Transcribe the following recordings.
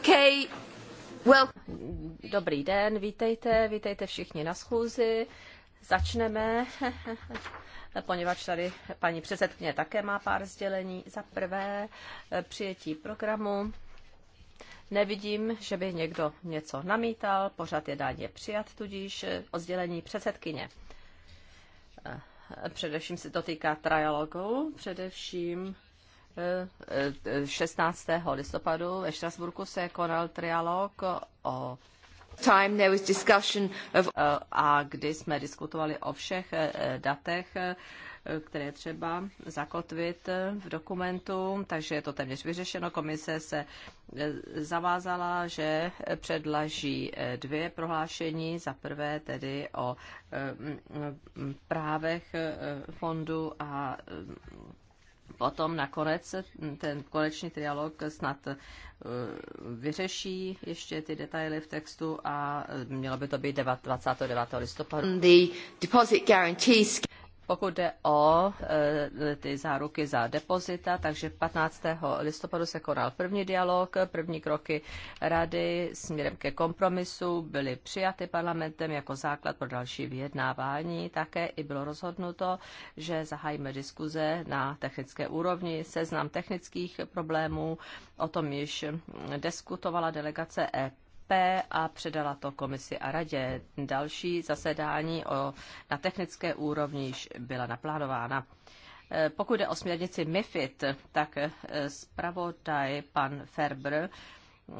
Okay. Well. Dobrý den, vítejte, vítejte všichni na schůzi. Začneme, poněvadž tady paní předsedkyně také má pár sdělení. Za prvé přijetí programu. Nevidím, že by někdo něco namítal, pořád je dáně přijat, tudíž o sdělení předsedkyně. Eh, především se to týká trialogu, především 16. Eh, eh, listopadu ve Štrasburku se konal trialog o time there was discussion of... Eh, a kdy jsme diskutovali o všech datech, které je třeba zakotvit v dokumentu, takže je to téměř vyřešeno. Komise se zavázala, že předlaží dvě prohlášení. Za prvé tedy o právech fondu a potom nakonec ten konečný trialog snad eh, vyřeší ještě ty detaily v textu a eh, mělo by to být 29. listopadu. The deposit guarantees... Pokud jde o e, ty záruky za depozita, takže 15. listopadu se konal první dialog, první kroky rady směrem ke kompromisu byly přijaty parlamentem jako základ pro další vyjednávání. Také i bylo rozhodnuto, že zahájíme diskuze na technické úrovni. Seznam technických problémů o tom již diskutovala delegace EP EP a předala to komisi a radě. Další zasedání o, na technické úrovni již byla naplánována. E, pokud jde o směrnici MIFID, tak e, zpravodaj pan Ferber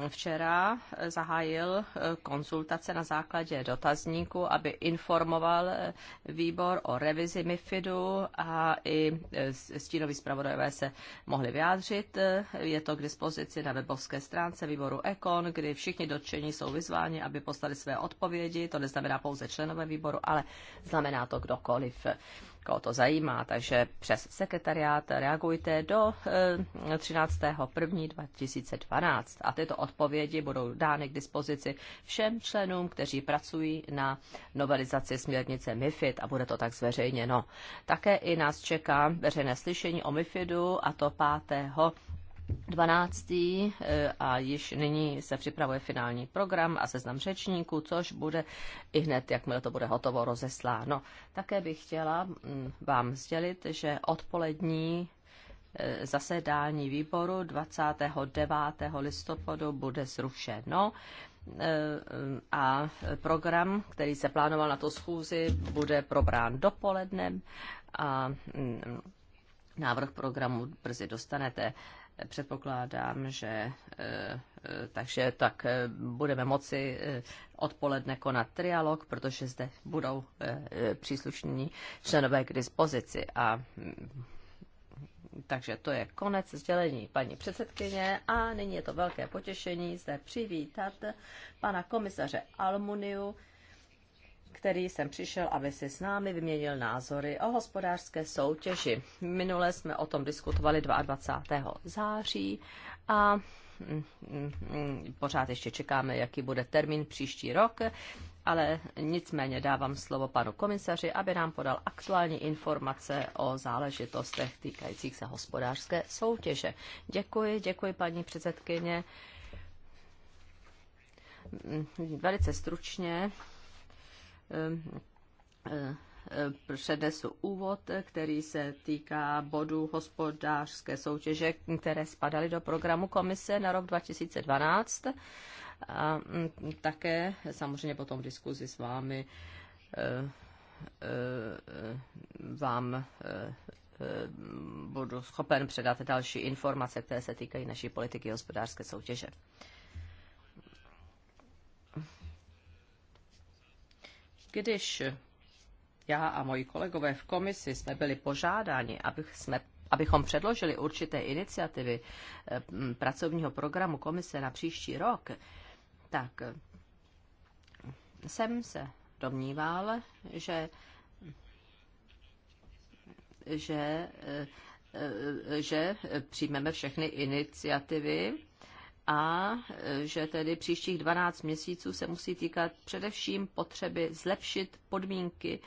včera zahájil eh, konzultace na základě dotazníku, aby informoval eh, výbor o revizi MIFIDu a i eh, stínoví zpravodajové se mohli vyjádřit. Je to k dispozici na webovské stránce výboru Econ, kdy všichni dotčení jsou vyzváni, aby poslali své odpovědi. To neznamená pouze členové výboru, ale znamená to kdokoliv koho to zajímá. Takže přes sekretariát reagujte do 13.1.2012 eh, a tyto odpovědi budou dány k dispozici všem členům, kteří pracují na novelizaci směrnice MIFID a bude to tak zveřejněno. Také i nás čeká veřejné slyšení o MIFIDu a to 5. 12. E, a již nyní se připravuje finální program a seznam řečníků, což bude i hned, jakmile to bude hotovo, rozesláno. Také bych chtěla mm, vám sdělit, že odpolední e, zasedání výboru 29. listopadu bude zrušeno e, a program, který se plánoval na tu schůzi, bude probrán dopolednem a mm, návrh programu brzy dostanete předpokládám, že eh, eh, takže tak eh, budeme moci odpoledne konat trialog, protože zde budou příslušní členové k dispozici a mm, takže to je konec sdělení paní předsedkyně a nyní je to velké potěšení zde přivítat pana komisaře Almuniu, který jsem přišel, aby si s námi vyměnil názory o hospodářské soutěži. Minule jsme o tom diskutovali 22. září a mm, mm, pořád ještě čekáme, jaký bude termín příští rok, ale nicméně dávám slovo panu komisaři, aby nám podal aktuální informace o záležitostech týkajících se hospodářské soutěže. Děkuji, děkuji paní předsedkyně. Mm, velice stručně přednesu úvod, který se týká bodu hospodářské soutěže, které spadaly do programu komise na rok 2012. A mm, také samozřejmě potom v diskuzi s vámi e, e, e, vám budu schopen předat další informace, které se týkají naší politiky hospodářské soutěže. Když já a moji kolegové v komisi jsme byli požádáni, abych jsme, abychom předložili určité iniciativy eh, pracovního programu komise na příští rok, tak jsem se domníval, že, že eh, eh, že přijmeme všechny iniciativy a že tedy příštích 12 měsíců se musí týkat především potřeby zlepšit podmínky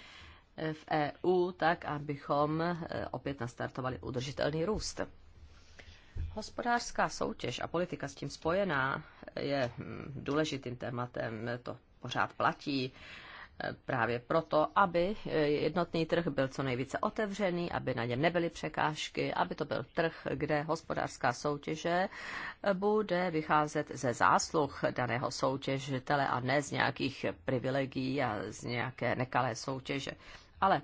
eh, v EU, tak abychom eh, opět nastartovali udržitelný růst. Hospodářská soutěž a politika s tím spojená eh, je hm, důležitým tématem, to pořád platí právě proto, aby jednotný trh byl co nejvíce otevřený, aby na něm nebyly překážky, aby to byl trh, kde hospodářská soutěže bude vycházet ze zásluh daného soutěžitele a ne z nějakých privilegií a z nějaké nekalé soutěže. Ale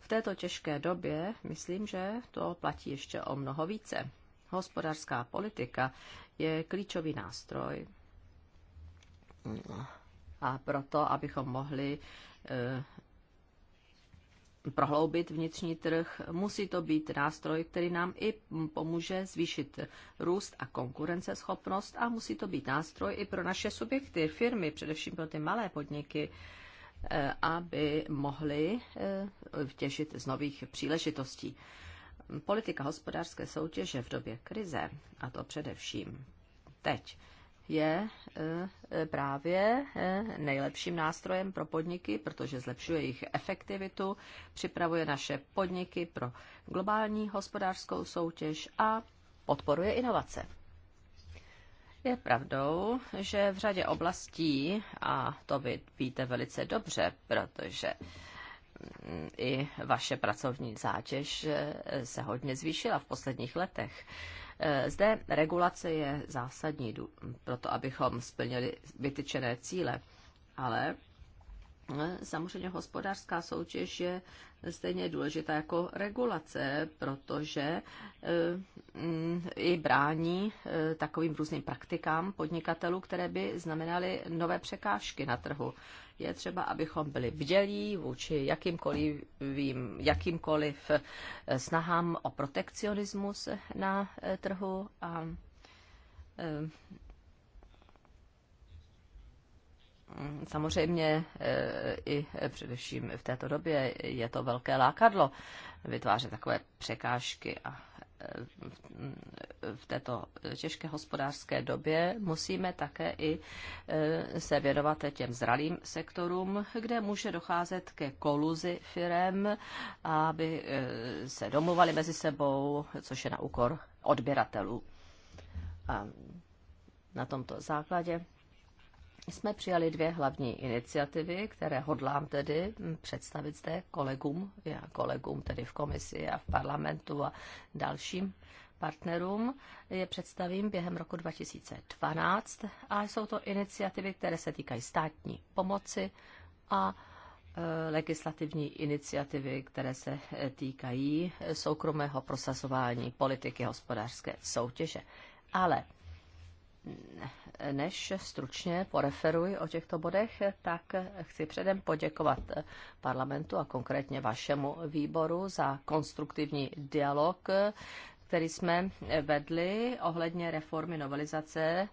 v této těžké době myslím, že to platí ještě o mnoho více. Hospodářská politika je klíčový nástroj a proto, abychom mohli eh, prohloubit vnitřní trh, musí to být nástroj, který nám i pomůže zvýšit růst a konkurenceschopnost a musí to být nástroj i pro naše subjekty, firmy, především pro ty malé podniky, eh, aby mohly eh, těžit z nových příležitostí. Politika hospodářské soutěže v době krize, a to především teď, je e, e, právě e, nejlepším nástrojem pro podniky, protože zlepšuje jejich efektivitu, připravuje naše podniky pro globální hospodářskou soutěž a podporuje inovace. Je pravdou, že v řadě oblastí, a to vy víte velice dobře, protože mm, i vaše pracovní zátěž se hodně zvýšila v posledních letech, Eh, zde regulace je zásadní pro to, abychom splnili vytyčené cíle, ale eh, Samozřejmě hospodářská soutěž je stejně důležitá jako regulace, protože eh, mm, i brání takovým různým praktikám podnikatelů, které by znamenaly nové překážky na trhu je třeba, abychom byli bdělí vůči jakýmkoliv, vím, eh, jakýmkoliv snahám o protekcionismus na eh, trhu a eh, Samozřejmě i především v této době je to velké lákadlo vytvářet takové překážky a v této těžké hospodářské době musíme také i eh, se věnovat těm zralým sektorům, kde může docházet ke koluzi firem, aby eh, se domluvali mezi sebou, což je na úkor odběratelů. A na tomto základě jsme přijali dvě hlavní iniciativy, které hodlám tedy představit zde kolegům, já kolegům tedy v komisi a v parlamentu a dalším partnerům. Je představím během roku 2012 a jsou to iniciativy, které se týkají státní pomoci a e, legislativní iniciativy, které se e, týkají soukromého prosazování politiky hospodářské soutěže. Ale než stručně poreferuji o těchto bodech, tak chci předem poděkovat parlamentu a konkrétně vašemu výboru za konstruktivní dialog, který jsme vedli ohledně reformy novelizace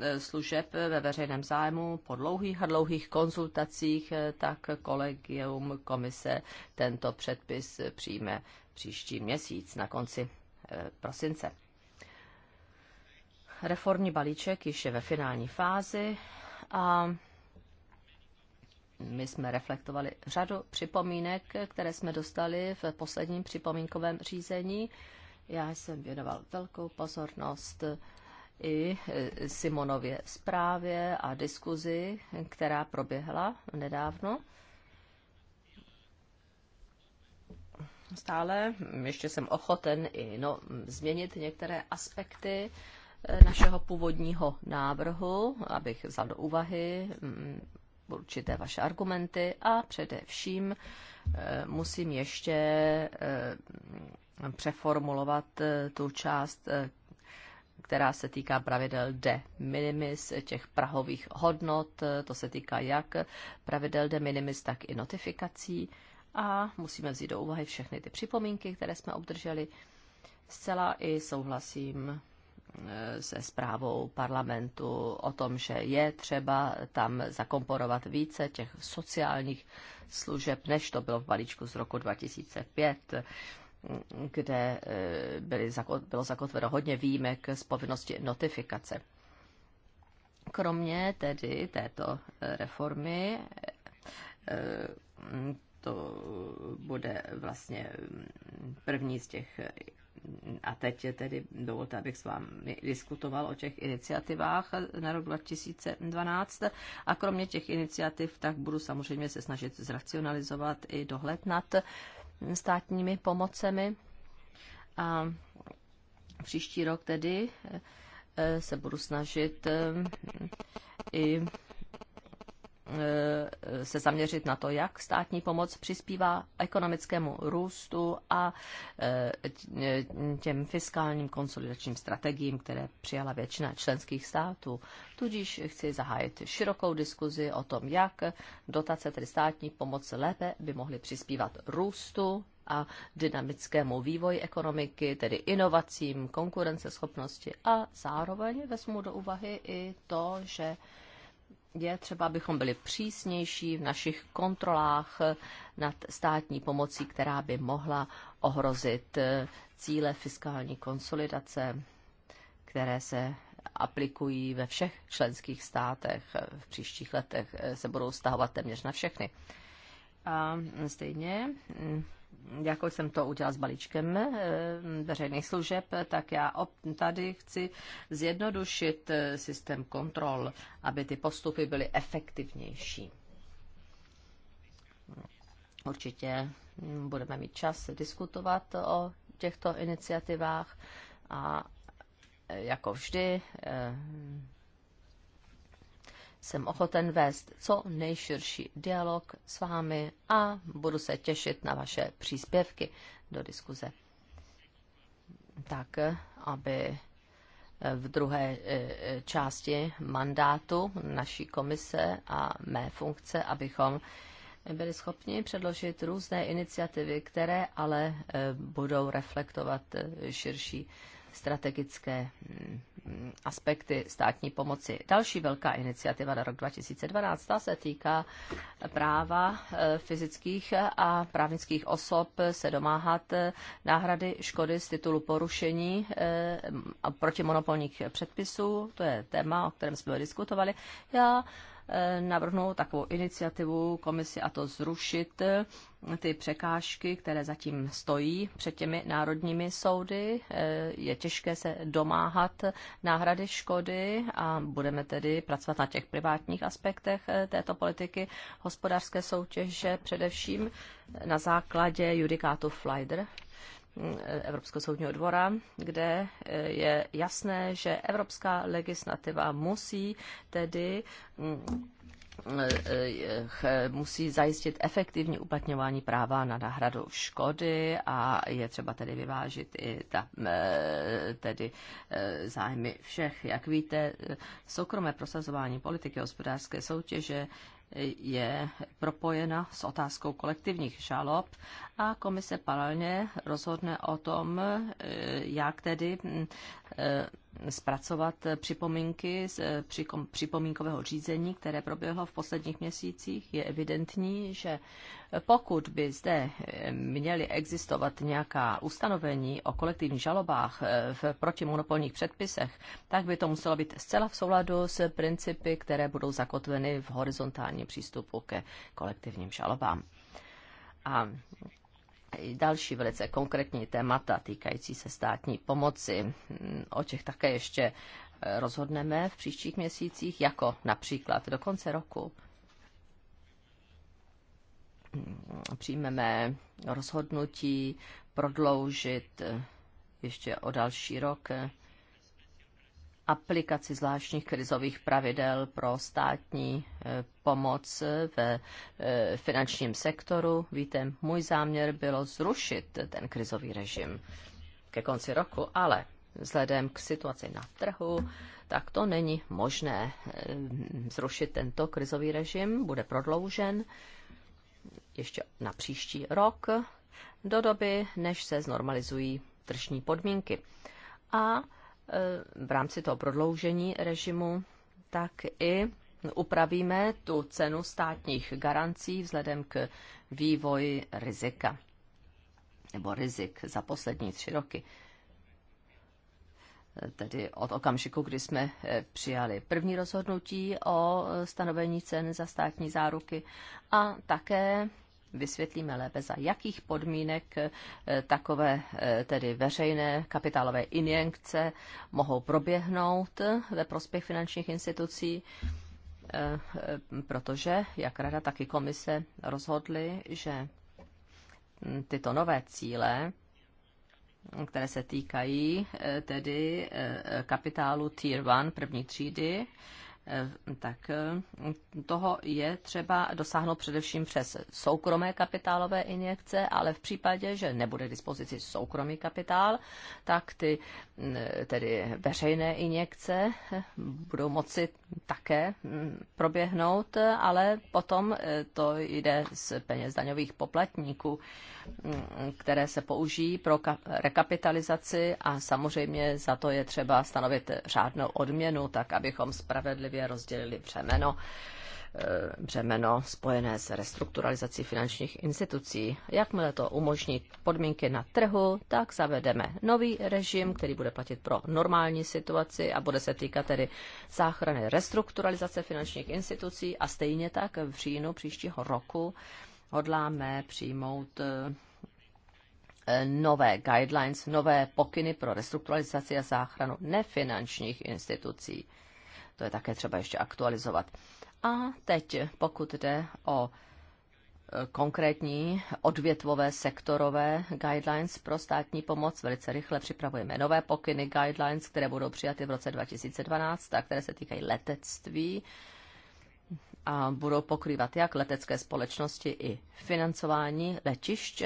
eh, služeb ve veřejném zájmu po dlouhých a dlouhých konzultacích, tak kolegium komise tento předpis přijme příští měsíc na konci eh, prosince reformní balíček již je ve finální fázi a my jsme reflektovali řadu připomínek, které jsme dostali v posledním připomínkovém řízení. Já jsem věnoval velkou pozornost i Simonově zprávě a diskuzi, která proběhla nedávno. Stále ještě jsem ochoten i no, změnit některé aspekty Eh, našeho původního návrhu, abych vzal do úvahy mm, určité vaše argumenty a především eh, musím ještě eh, přeformulovat tu část, která se týká pravidel de minimis, těch prahových hodnot, to se týká jak pravidel de minimis, tak i notifikací a musíme vzít do úvahy všechny ty připomínky, které jsme obdrželi. Zcela i souhlasím se zprávou parlamentu o tom, že je třeba tam zakomporovat více těch sociálních služeb, než to bylo v balíčku z roku 2005 kde eh, byly, bylo zakotveno hodně výjimek z povinnosti notifikace. Kromě tedy této eh, reformy, eh, to bude vlastně mm, první z těch a teď je tedy dovolte, abych s vámi diskutoval o těch iniciativách na rok 2012. A kromě těch iniciativ, tak budu samozřejmě se snažit zracionalizovat i dohled nad státními pomocemi. A příští rok tedy eh, se budu snažit eh, i E, se zaměřit na to, jak státní pomoc přispívá ekonomickému růstu a e, e, těm fiskálním konsolidačním strategiím, které přijala většina členských států. Tudíž chci zahájit širokou diskuzi o tom, jak dotace, tedy státní pomoc, lépe by mohly přispívat růstu a dynamickému vývoji ekonomiky, tedy inovacím, konkurenceschopnosti a zároveň vezmu do úvahy i to, že je třeba, abychom byli přísnější v našich kontrolách nad státní pomocí, která by mohla ohrozit eh, cíle fiskální konsolidace, které se aplikují ve všech členských státech. Eh, v příštích letech eh, se budou stahovat téměř na všechny. A stejně mm, jako jsem to udělal s balíčkem eh, veřejných služeb, tak já tady chci zjednodušit eh, systém kontrol, aby ty postupy byly efektivnější. Určitě budeme mít čas diskutovat o těchto iniciativách a eh, jako vždy jsem ochoten vést co nejširší dialog s vámi a budu se těšit na vaše příspěvky do diskuze. Tak, aby v druhé eh, části mandátu naší komise a mé funkce, abychom byli schopni předložit různé iniciativy, které ale eh, budou reflektovat eh, širší strategické mm, aspekty státní pomoci. Další velká iniciativa na rok 2012 ta se týká práva eh, fyzických a právnických osob se domáhat eh, náhrady škody z titulu porušení eh, protimonopolních předpisů. To je téma, o kterém jsme diskutovali. Já Eh, navrhnou takovou iniciativu komisi a to zrušit eh, ty překážky, které zatím stojí před těmi národními soudy. Eh, je těžké se domáhat náhrady škody a budeme tedy pracovat na těch privátních aspektech této politiky hospodářské soutěže, především na základě judikátu Flyder Evropského soudního dvora, kde eh, je jasné, že evropská legislativa musí tedy mm, eh, eh, musí zajistit efektivní uplatňování práva na náhradu škody a je třeba tedy vyvážit i ta, tedy zájmy všech. Jak víte, soukromé prosazování politiky hospodářské soutěže je propojena s otázkou kolektivních žalob a komise paralelně rozhodne o tom, eh, jak tedy mm, eh, zpracovat připomínky z eh, připomínkového řízení, které proběhlo v posledních měsících, je evidentní, že pokud by zde eh, měly existovat nějaká ustanovení o kolektivních žalobách eh, v protimonopolních předpisech, tak by to muselo být zcela v souladu s principy, které budou zakotveny v horizontálním přístupu ke kolektivním žalobám. A další velice konkrétní témata týkající se státní pomoci. O těch také ještě eh, rozhodneme v příštích měsících, jako například do konce roku hmm, přijmeme rozhodnutí prodloužit eh, ještě o další rok eh, aplikaci zvláštních krizových pravidel pro státní e, pomoc ve e, finančním sektoru. Víte, můj záměr bylo zrušit ten krizový režim ke konci roku, ale vzhledem k situaci na trhu, tak to není možné e, zrušit tento krizový režim, bude prodloužen ještě na příští rok do doby, než se znormalizují tržní podmínky. A v rámci toho prodloužení režimu, tak i upravíme tu cenu státních garancí vzhledem k vývoji rizika nebo rizik za poslední tři roky. Tedy od okamžiku, kdy jsme eh, přijali první rozhodnutí o eh, stanovení cen za státní záruky a také vysvětlíme lépe, za jakých podmínek eh, takové eh, tedy veřejné kapitálové injekce mohou proběhnout eh, ve prospěch finančních institucí, protože jak Rada, tak i Komise rozhodly, že hm, tyto nové cíle které se týkají tedy kapitálu Tier 1 první třídy, Eh, tak eh, toho je třeba dosáhnout především přes soukromé kapitálové injekce, ale v případě, že nebude k dispozici soukromý kapitál, tak ty mm, tedy veřejné injekce eh, budou moci také mm, proběhnout, ale potom to jde z peněz daňových poplatníků, mm, které se použijí pro rekapitalizaci a samozřejmě za to je třeba stanovit řádnou odměnu, tak abychom spravedlivě spravedlivě rozdělili břemeno eh, břemeno spojené s restrukturalizací finančních institucí. Jakmile to umožní podmínky na trhu, tak zavedeme nový režim, který bude platit pro normální situaci a bude se týkat tedy záchrany restrukturalizace finančních institucí a stejně tak v říjnu příštího roku hodláme přijmout eh, nové guidelines, nové pokyny pro restrukturalizaci a záchranu nefinančních institucí. To je také třeba ještě aktualizovat. A teď, pokud jde o e, konkrétní odvětvové sektorové guidelines pro státní pomoc. Velice rychle připravujeme nové pokyny guidelines, které budou přijaty v roce 2012 a které se týkají letectví a budou pokrývat jak letecké společnosti i financování letišť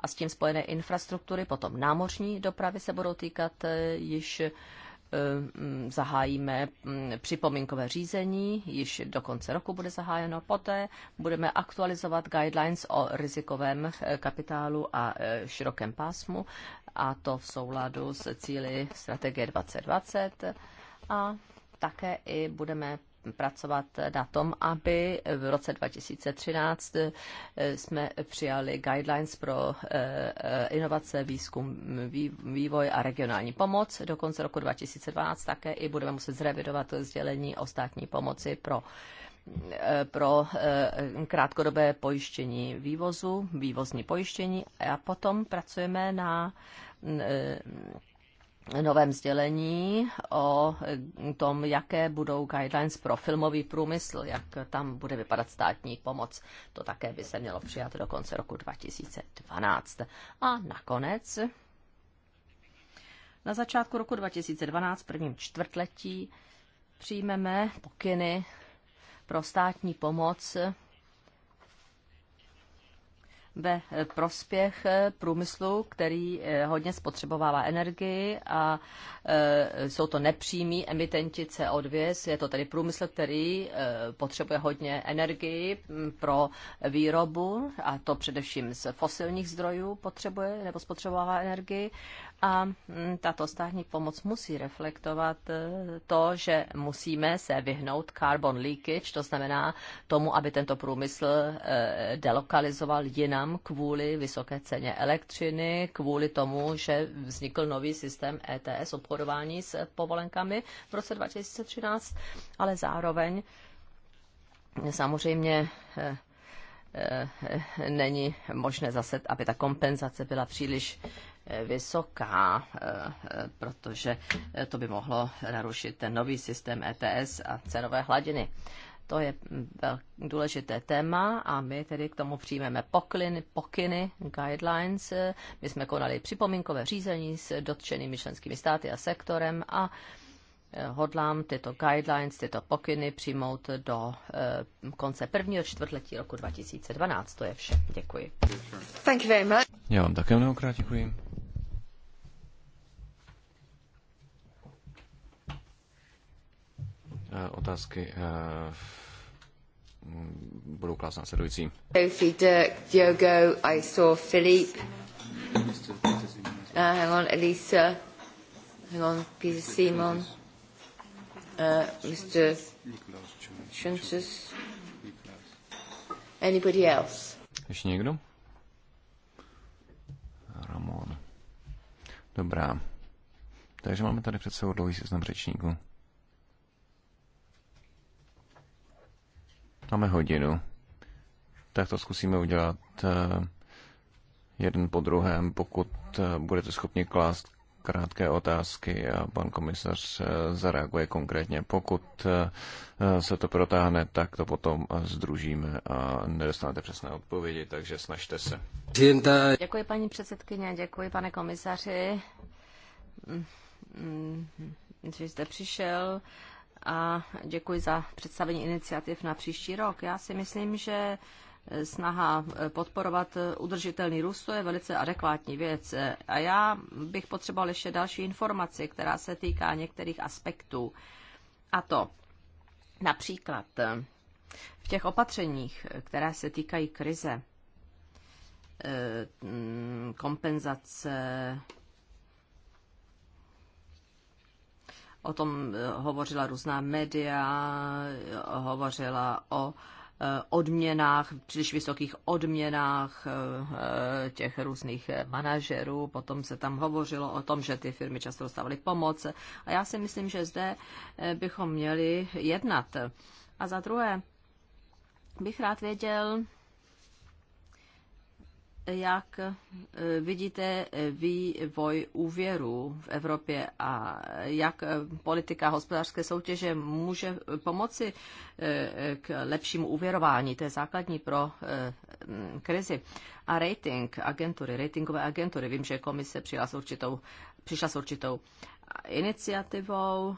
a s tím spojené infrastruktury, potom námořní dopravy se budou týkat e, již Eh, zahájíme mm, připomínkové řízení, již do konce roku bude zahájeno. Poté budeme aktualizovat guidelines o rizikovém eh, kapitálu a eh, širokém pásmu, a to v souladu s cíly strategie 2020. A také i budeme pracovat na tom, aby v roce 2013 eh, jsme přijali guidelines pro eh, inovace, výzkum, vývoj a regionální pomoc. Do konce roku 2012 také i budeme muset zrevidovat sdělení o státní pomoci pro eh, pro krátkodobé pojištění vývozu, vývozní pojištění a potom pracujeme na novém sdělení o tom, jaké budou guidelines pro filmový průmysl, jak tam bude vypadat státní pomoc. To také by se mělo přijat do konce roku 2012. A nakonec na začátku roku 2012, prvním čtvrtletí, přijmeme pokyny pro státní pomoc ve prospěch eh, průmyslu, který eh, hodně spotřebovává energii a eh, jsou to nepřímí emitenti CO2. Je to tedy průmysl, který potřebuje hodně energii mm, pro výrobu a to především z fosilních zdrojů potřebuje nebo spotřebovává energii a mm, tato státní pomoc musí reflektovat e, to, že musíme se vyhnout carbon leakage, to znamená tomu, aby tento průmysl e, delokalizoval jinam kvůli vysoké ceně elektřiny, kvůli tomu, že vznikl nový systém ETS obchodování s povolenkami v roce 2013, ale zároveň samozřejmě e, není možné zase, aby ta kompenzace byla příliš vysoká, eh, protože eh, to by mohlo narušit ten nový systém ETS a cenové hladiny. To je mm, důležité téma a my tedy k tomu přijmeme pokliny, pokyny, guidelines. My jsme konali připomínkové řízení s dotčenými členskými státy a sektorem a eh, hodlám tyto guidelines, tyto pokyny přijmout do konce prvního čtvrtletí roku 2012. To je vše. Děkuji. Thank you very much. Já vám také mnohokrát děkuji. Eh, otázky eh, budou klást následující. Sophie, Dirk, Diogo, I saw Philippe. Uh, hang on, Elisa. Hang on, Peter Simon. Uh, eh, Mr. Shuntus. Anybody else? Ještě někdo? Ramon. Dobrá. Takže máme tady před sebou dlouhý seznam řečníků. Máme hodinu, tak to zkusíme udělat eh, jeden po druhém, pokud eh, budete schopni klást krátké otázky a pan komisař eh, zareaguje konkrétně. Pokud se to protáhne, tak to potom združíme a nedostanete přesné odpovědi, takže snažte se. Děkuji paní předsedkyně, děkuji pane komisaři, mm, mm, že jste přišel a děkuji za představení iniciativ na příští rok. Já si myslím, že snaha podporovat udržitelný růst, to je velice adekvátní věc. A já bych potřeboval ještě další informaci, která se týká některých aspektů. A to například v těch opatřeních, která se týkají krize, eh, kompenzace o tom eh, hovořila různá média, eh, hovořila o eh, odměnách, příliš vysokých odměnách těch různých manažerů. Potom se tam hovořilo o tom, že ty firmy často dostávaly pomoc. A já si myslím, že zde bychom měli jednat. A za druhé bych rád věděl, jak eh, vidíte eh, vývoj úvěru v Evropě a jak eh, politika hospodářské soutěže může pomoci k lepšímu úvěrování. To je základní pro mm, krizi. A rating agentury, ratingové agentury. Vím, že komise přišla s určitou, přišla s určitou iniciativou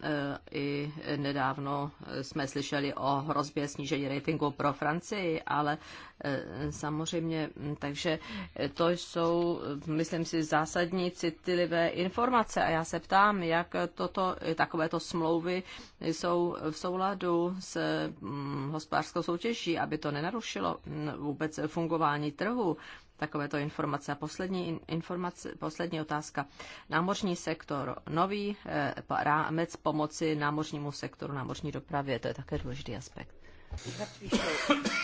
Eh, i nedávno jsme slyšeli o hrozbě snížení ratingu pro Francii, ale eh, samozřejmě, hm, takže eh, to jsou, hm, myslím si, zásadní citlivé informace a já se ptám, jak toto, takovéto smlouvy jsou v souladu s hm, hospodářskou soutěží, aby to nenarušilo vůbec fungování trhu takovéto informace. A poslední, informace, poslední otázka. Námořní sektor. Nový eh, rámec pomoci námořnímu sektoru, námořní dopravě. To je také důležitý aspekt.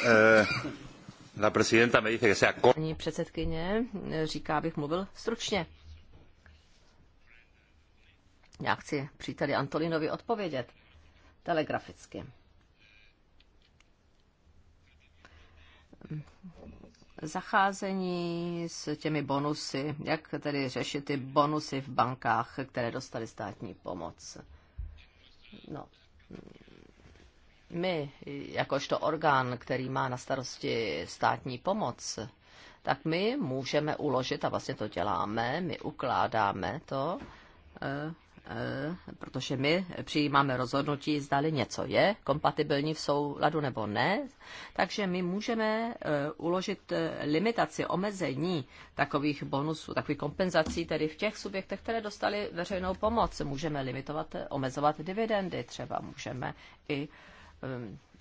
Eh, la prezidenta me dice que sea Paní předsedkyně eh, říká, abych mluvil stručně. Já chci příteli Antolinovi odpovědět telegraficky zacházení s těmi bonusy, jak tedy řešit ty bonusy v bankách, které dostaly státní pomoc. No, my, jakožto orgán, který má na starosti státní pomoc, tak my můžeme uložit, a vlastně to děláme, my ukládáme to eh, Eh, protože my přijímáme rozhodnutí, zdali něco je kompatibilní v souladu nebo ne, takže my můžeme eh, uložit eh, limitaci, omezení takových bonusů, takových kompenzací, tedy v těch subjektech, které dostali veřejnou pomoc. Můžeme limitovat, omezovat dividendy třeba, můžeme i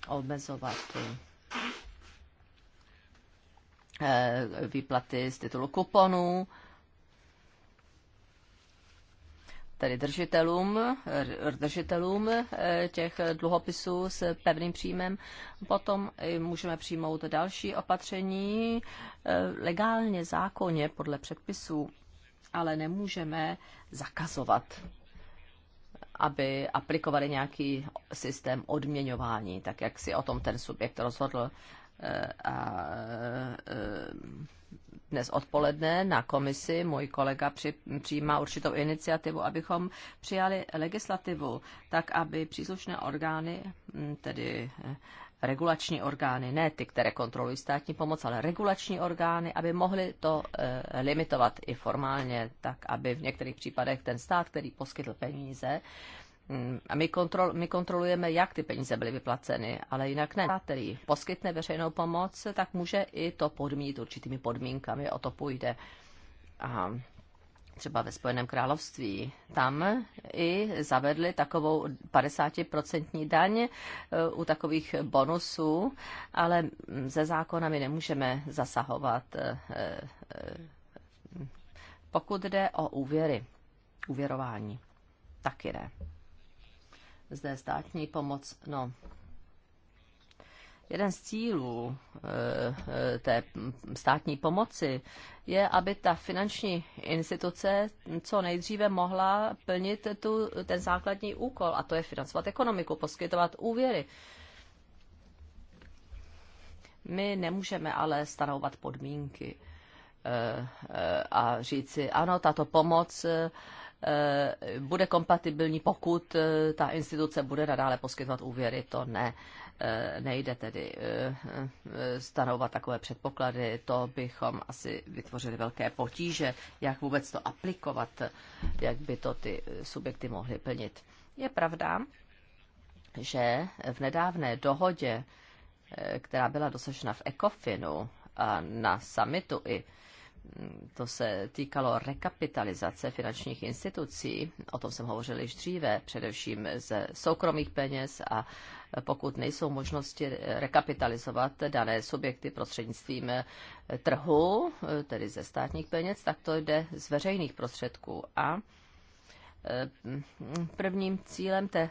omezovat výplaty z titulu kuponů, tedy držitelům, držitelům eh, těch dluhopisů s pevným příjmem. Potom můžeme přijmout další opatření eh, legálně, zákonně podle předpisů, ale nemůžeme zakazovat aby aplikovali nějaký systém odměňování, tak jak si o tom ten subjekt rozhodl. Eh, a dnes odpoledne na komisi můj kolega při, přijímá určitou iniciativu, abychom přijali legislativu tak, aby příslušné orgány, hm, tedy eh, regulační orgány, ne ty, které kontrolují státní pomoc, ale regulační orgány, aby mohly to e, limitovat i formálně, tak aby v některých případech ten stát, který poskytl peníze, e, Mm, a my, kontrol, my kontrolujeme, jak ty peníze byly vyplaceny, ale jinak ne. Který poskytne veřejnou pomoc, tak může i to podmít určitými podmínkami, o to půjde. A třeba ve Spojeném království. Tam i zavedli takovou 50% daň eh, u takových bonusů, ale ze zákona my nemůžeme zasahovat, eh, eh, mm, pokud jde o úvěry, úvěrování. Taky ne zde státní pomoc. No, jeden z cílů eh, eh, té státní pomoci je, aby ta finanční instituce co nejdříve mohla plnit tu, ten základní úkol, a to je financovat ekonomiku, poskytovat úvěry. My nemůžeme ale stanovat podmínky eh, a říci, ano, tato pomoc Eh, bude kompatibilní, pokud eh, ta instituce bude nadále poskytovat úvěry, to ne. Eh, nejde tedy stanovat takové předpoklady, to bychom asi vytvořili velké potíže, jak vůbec to aplikovat, jak by to ty subjekty mohly plnit. Je pravda, že v nedávné dohodě, která byla dosažena v ECOFINu a na summitu i to se týkalo rekapitalizace finančních institucí, o tom jsem hovořil již dříve, především ze soukromých peněz a pokud nejsou možnosti rekapitalizovat dané subjekty prostřednictvím trhu, tedy ze státních peněz, tak to jde z veřejných prostředků. A mm, prvním cílem té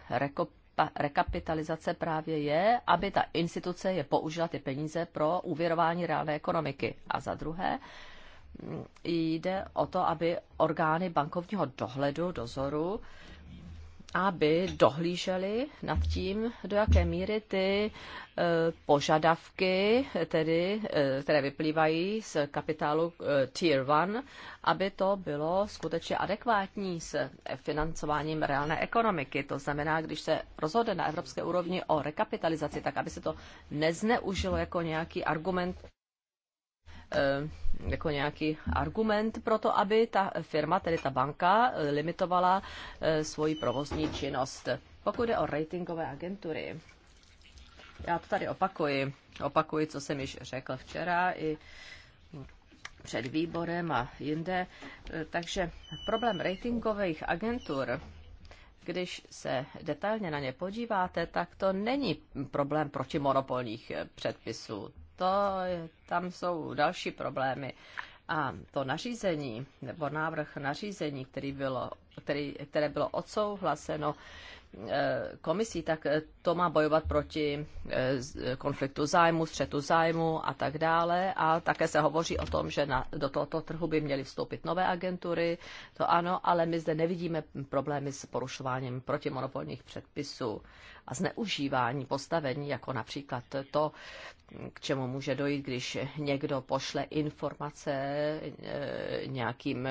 rekapitalizace právě je, aby ta instituce je použila ty peníze pro uvěrování reálné ekonomiky. A za druhé, jde o to, aby orgány bankovního dohledu, dozoru, aby dohlíželi nad tím, do jaké míry ty eh, požadavky, tedy, eh, které vyplývají z kapitálu eh, Tier 1, aby to bylo skutečně adekvátní s financováním reálné ekonomiky. To znamená, když se rozhodne na evropské úrovni o rekapitalizaci, tak aby se to nezneužilo jako nějaký argument Eh, jako nějaký argument pro to, aby ta firma, tedy ta banka, eh, limitovala eh, svoji provozní činnost. Pokud jde o ratingové agentury, já to tady opakuji, opakuji, co jsem již řekl včera i před výborem a jinde. Takže problém ratingových agentur když se detailně na ně podíváte, tak to není problém protimonopolních předpisů to, tam jsou další problémy. A to nařízení, nebo návrh nařízení, který bylo, který, které bylo odsouhlaseno Eh, komisí, tak eh, to má bojovat proti eh, konfliktu zájmu, střetu zájmu a tak dále. A také se hovoří o tom, že na, do tohoto trhu by měly vstoupit nové agentury. To ano, ale my zde nevidíme problémy s porušováním protimonopolních předpisů a zneužívání postavení, jako například to, k čemu může dojít, když někdo pošle informace nějakým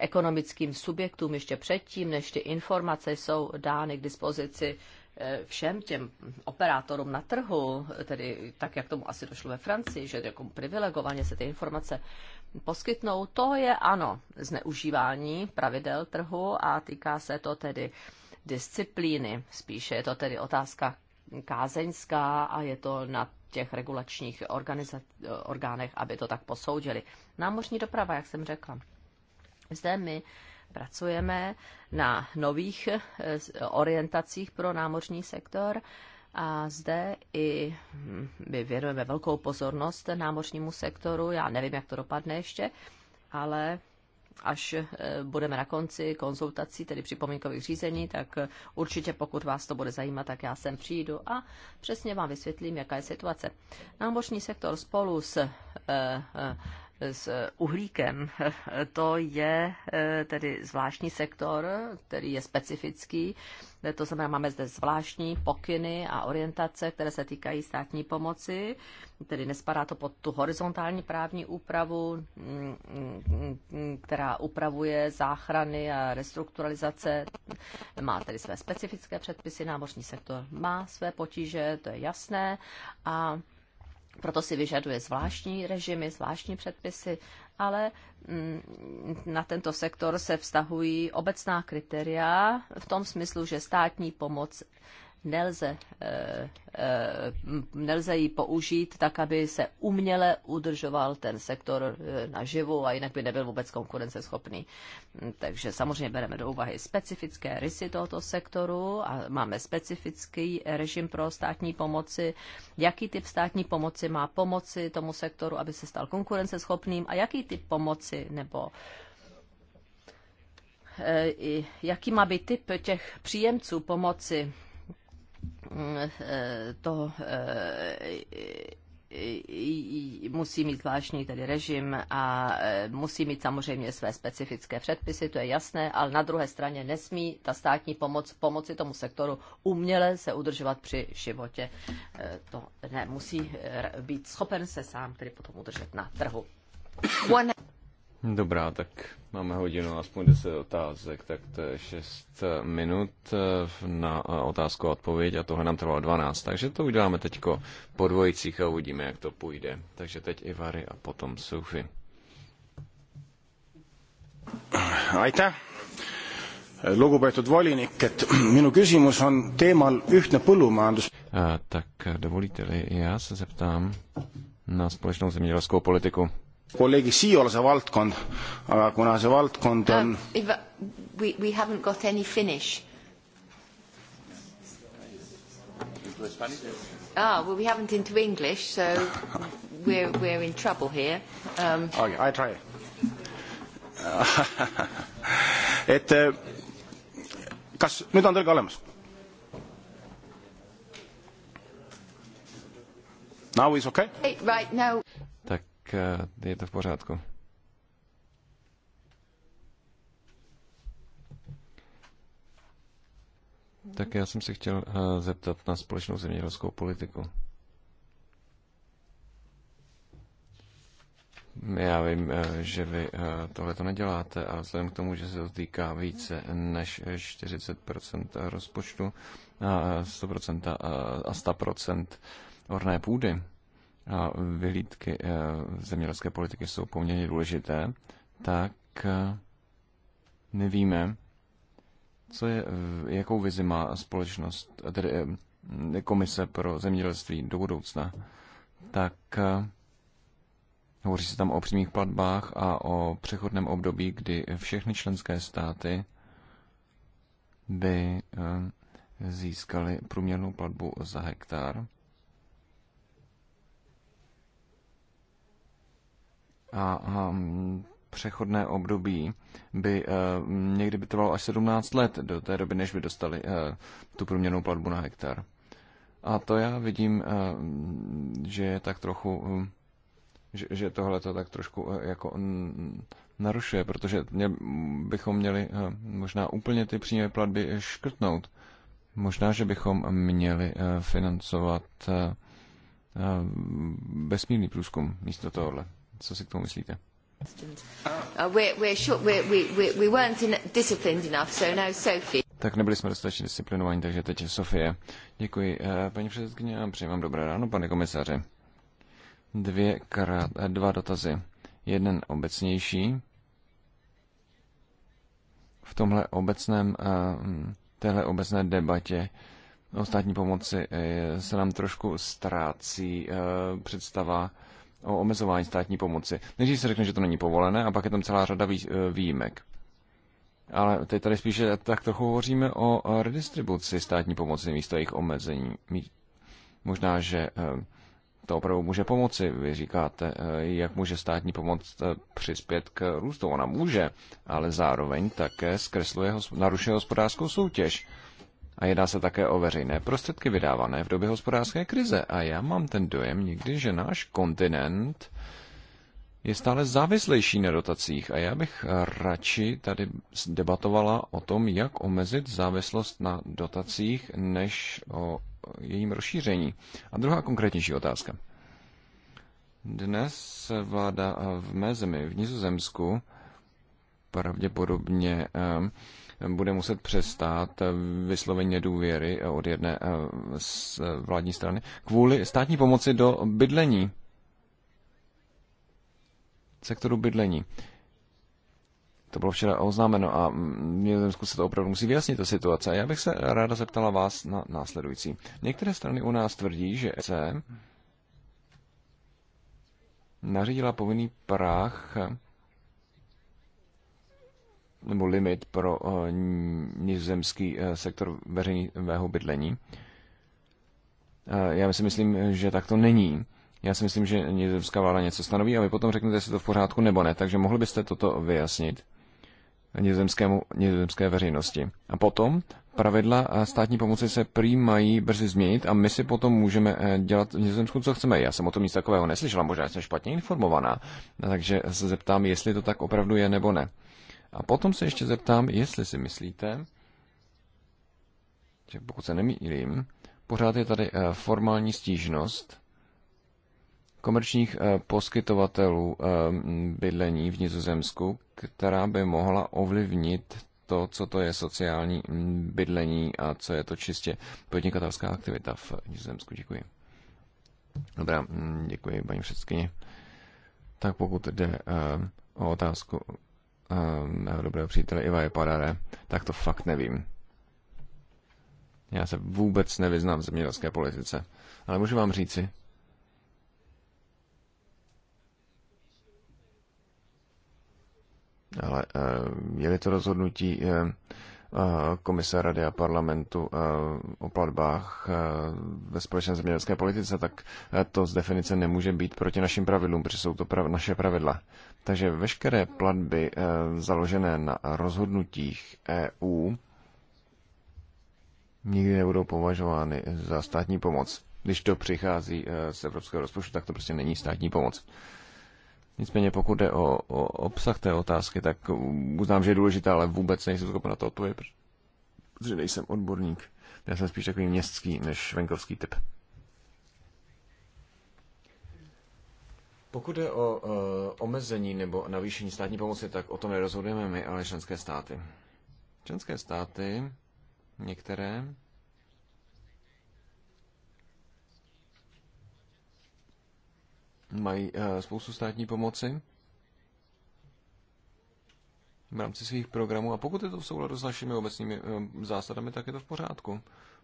ekonomickým subjektům ještě předtím, než ty informace jsou dány k dispozici eh, všem těm operátorům na trhu, tedy tak, jak tomu asi došlo ve Francii, že jako privilegovaně se ty informace poskytnou, to je ano, zneužívání pravidel trhu a týká se to tedy disciplíny. Spíše je to tedy otázka kázeňská a je to na těch regulačních organiza- orgánech, aby to tak posoudili. Námořní doprava, jak jsem řekla. Zde my pracujeme na nových eh, orientacích pro námořní sektor a zde i hm, my věnujeme velkou pozornost námořnímu sektoru. Já nevím, jak to dopadne ještě, ale až eh, budeme na konci konzultací, tedy připomínkových řízení, tak eh, určitě pokud vás to bude zajímat, tak já sem přijdu a přesně vám vysvětlím, jaká je situace. Námořní sektor spolu s s uhlíkem. To je eh, tedy zvláštní sektor, který je specifický. Eh, to znamená, máme zde zvláštní pokyny a orientace, které se týkají státní pomoci, tedy nespadá to pod tu horizontální právní úpravu, mm, která upravuje záchrany a restrukturalizace, má tedy své specifické předpisy, námořní sektor má své potíže, to je jasné a proto si vyžaduje zvláštní režimy, zvláštní předpisy, ale mm, na tento sektor se vztahují obecná kritéria v tom smyslu, že státní pomoc nelze, eh, eh, nelze ji použít tak, aby se uměle udržoval ten sektor eh, naživu a jinak by nebyl vůbec konkurenceschopný. Takže samozřejmě bereme do úvahy specifické rysy tohoto sektoru a máme specifický režim pro státní pomoci, jaký typ státní pomoci má pomoci tomu sektoru, aby se stal konkurenceschopným a jaký typ pomoci nebo jaký má být typ těch příjemců pomoci, to eh, musí mít zvláštní tedy režim a eh, musí mít samozřejmě své specifické předpisy, to je jasné, ale na druhé straně nesmí ta státní pomoc pomoci tomu sektoru uměle se udržovat při životě. Eh, to ne, musí být schopen se sám tedy potom udržet na trhu. Dobrá, tak máme hodinu, aspoň 10 otázek, tak to je 6 minut eh, na eh, otázku a odpověď a tohle nám trvalo 12, takže to uděláme teď po dvojicích a uvidíme, jak to půjde. Takže teď Ivary a potom Sufi. Aitäh! Lugupeetud volinik, et minu küsimus on teemal ühtne põllumajandus. Eh, tak dovolíte-li, já se zeptám na společnou zemědělskou politiku kolleegi Siiola valdkond, aga kuna see valdkond uh, on um, we, we haven't got any finish. Ah, well, we haven't into English, so we're, we're in trouble here. Um, okay, I try. et äh, kas nüüd on tõlge olemas? Now is okay? Right, now tak eh, je to v pořádku. Tak já jsem se chtěl eh, zeptat na společnou zemědělskou politiku. Já vím, eh, že vy tohle to neděláte, ale vzhledem k tomu, že se to týká více než 40% rozpočtu a 100% a 100% orné půdy, a vyhlídky eh, zemědělské politiky jsou poměrně důležité, tak eh, nevíme, co je, jakou vizi má společnost, eh, tedy komise pro zemědělství do budoucna, tak hovoří se tam o přímých platbách a o přechodném období, kdy všechny členské státy by získali průměrnou platbu za hektar a, a mm, přechodné období by eh, někdy by trvalo až 17 let do té doby, než by dostali eh, tu průměrnou platbu na hektar. A to já vidím, eh, že je tak trochu, hm, že tohle to tak trošku jako narušuje, protože bychom měli možná úplně ty přímé platby škrtnout. Možná, že bychom měli financovat bezmírný průzkum místo tohohle. Co si k tomu myslíte? Tak nebyli jsme dostatečně disciplinovaní, takže teď je Sofie. Děkuji, eh, paní předsedkyně, a přeji vám dobré ráno, pane komisaři. Dvě krát, eh, dva dotazy. Jeden obecnější. V tomhle obecném, eh, téhle obecné debatě o státní pomoci se nám trošku ztrácí představa, o omezování státní pomoci. Nejdřív se řekne, že to není povolené a pak je tam celá řada eh, výjimek. Ale teď tady spíše tak trochu hovoříme o eh, redistribuci státní pomoci místo jejich omezení. Možná, že eh, to opravdu může pomoci. Vy říkáte, jak může státní pomoc přispět k růstu. Ona může, ale zároveň také zkresluje, narušuje hospodářskou soutěž. A jedná se také o veřejné prostředky vydávané v době hospodářské krize. A já mám ten dojem někdy, že náš kontinent je stále závislejší na dotacích a já bych radši tady debatovala o tom, jak omezit závislost na dotacích, než o jejím rozšíření. A druhá konkrétnější otázka. Dnes vláda v mé zemi, v Nizozemsku, pravděpodobně eh, bude muset přestát vysloveně důvěry od jedné eh, z eh, vládní strany kvůli státní pomoci do bydlení, sektoru bydlení. To bylo včera oznámeno a Nizozemsku se to opravdu musí vyjasnit, ta situace. Já bych se ráda zeptala vás na následující. Některé strany u nás tvrdí, že se nařídila povinný práh nebo limit pro eh, nizozemský eh, sektor veřejného bydlení. Eh, já si myslím, že tak to není. Já si myslím, že nizozemská vláda něco stanoví a vy potom řeknete, jestli to v pořádku nebo ne. Takže mohli byste toto vyjasnit nizozemské veřejnosti. A potom pravidla státní pomoci se prý mají brzy změnit a my si potom můžeme dělat v Nizozemsku, co chceme. Já jsem o tom nic takového neslyšela, možná jsem špatně informovaná, no, takže se zeptám, jestli to tak opravdu je nebo ne. A potom se ještě zeptám, jestli si myslíte, že pokud se nemýlím, pořád je tady eh, formální stížnost komerčních eh, poskytovatelů eh, bydlení v Nizozemsku, která by mohla ovlivnit to, co to je sociální mm, bydlení a co je to čistě podnikatelská aktivita v Nizozemsku. Děkuji. Dobrá, mm, děkuji, paní předsedkyně. Tak pokud jde o otázku Ehm, mého dobrého přítele Iva Jepadare, tak to fakt nevím. Já se vůbec nevyznám v zemědělské politice. Ale můžu vám říci, Ale eh, je-li to rozhodnutí eh, eh, komise Rady a parlamentu o platbách ve společné zemědělské politice, tak to z definice nemůže být proti našim pravidlům, protože jsou to prav, naše pravidla. Takže veškeré platby eh, založené na rozhodnutích EU nikdy nebudou považovány za státní pomoc. Když to přichází eh, z evropského rozpočtu, tak to prostě není státní pomoc. Nicméně pokud jde o, o obsah té otázky, tak uznám, že je důležitá, ale vůbec nejsem schopen na to odpovědět, protože nejsem odborník. Já jsem spíš takový městský než venkovský typ. Pokud je o eh, omezení nebo navýšení státní pomoci, tak o tom nerozhodujeme my, ale členské státy. Členské státy, některé, mají eh, spoustu státní pomoci v rámci svých programů a pokud je to v souladu s našimi obecnými eh, zásadami, tak je to v pořádku.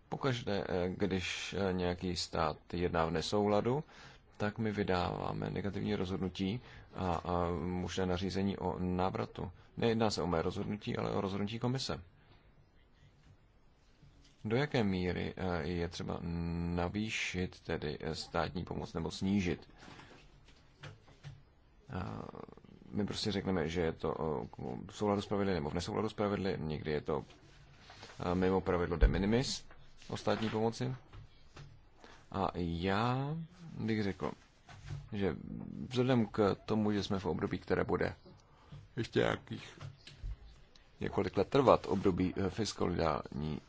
Pokaždé, když nějaký stát jedná v nesouladu, tak my vydáváme negativní rozhodnutí a, a možné nařízení o návratu. Nejedná se o mé rozhodnutí, ale o rozhodnutí komise. Do jaké míry e, je třeba navýšit tedy státní pomoc nebo snížit? My prostě řekneme, že je to e, v souladu s pravidly nebo v nesouladu s pravidly, někdy je to e, mimo pravidlo de minimis o státní pomoci. A já bych řekl, že vzhledem k tomu, že jsme v období, které bude ještě nějakých několik let trvat období eh, fiskální,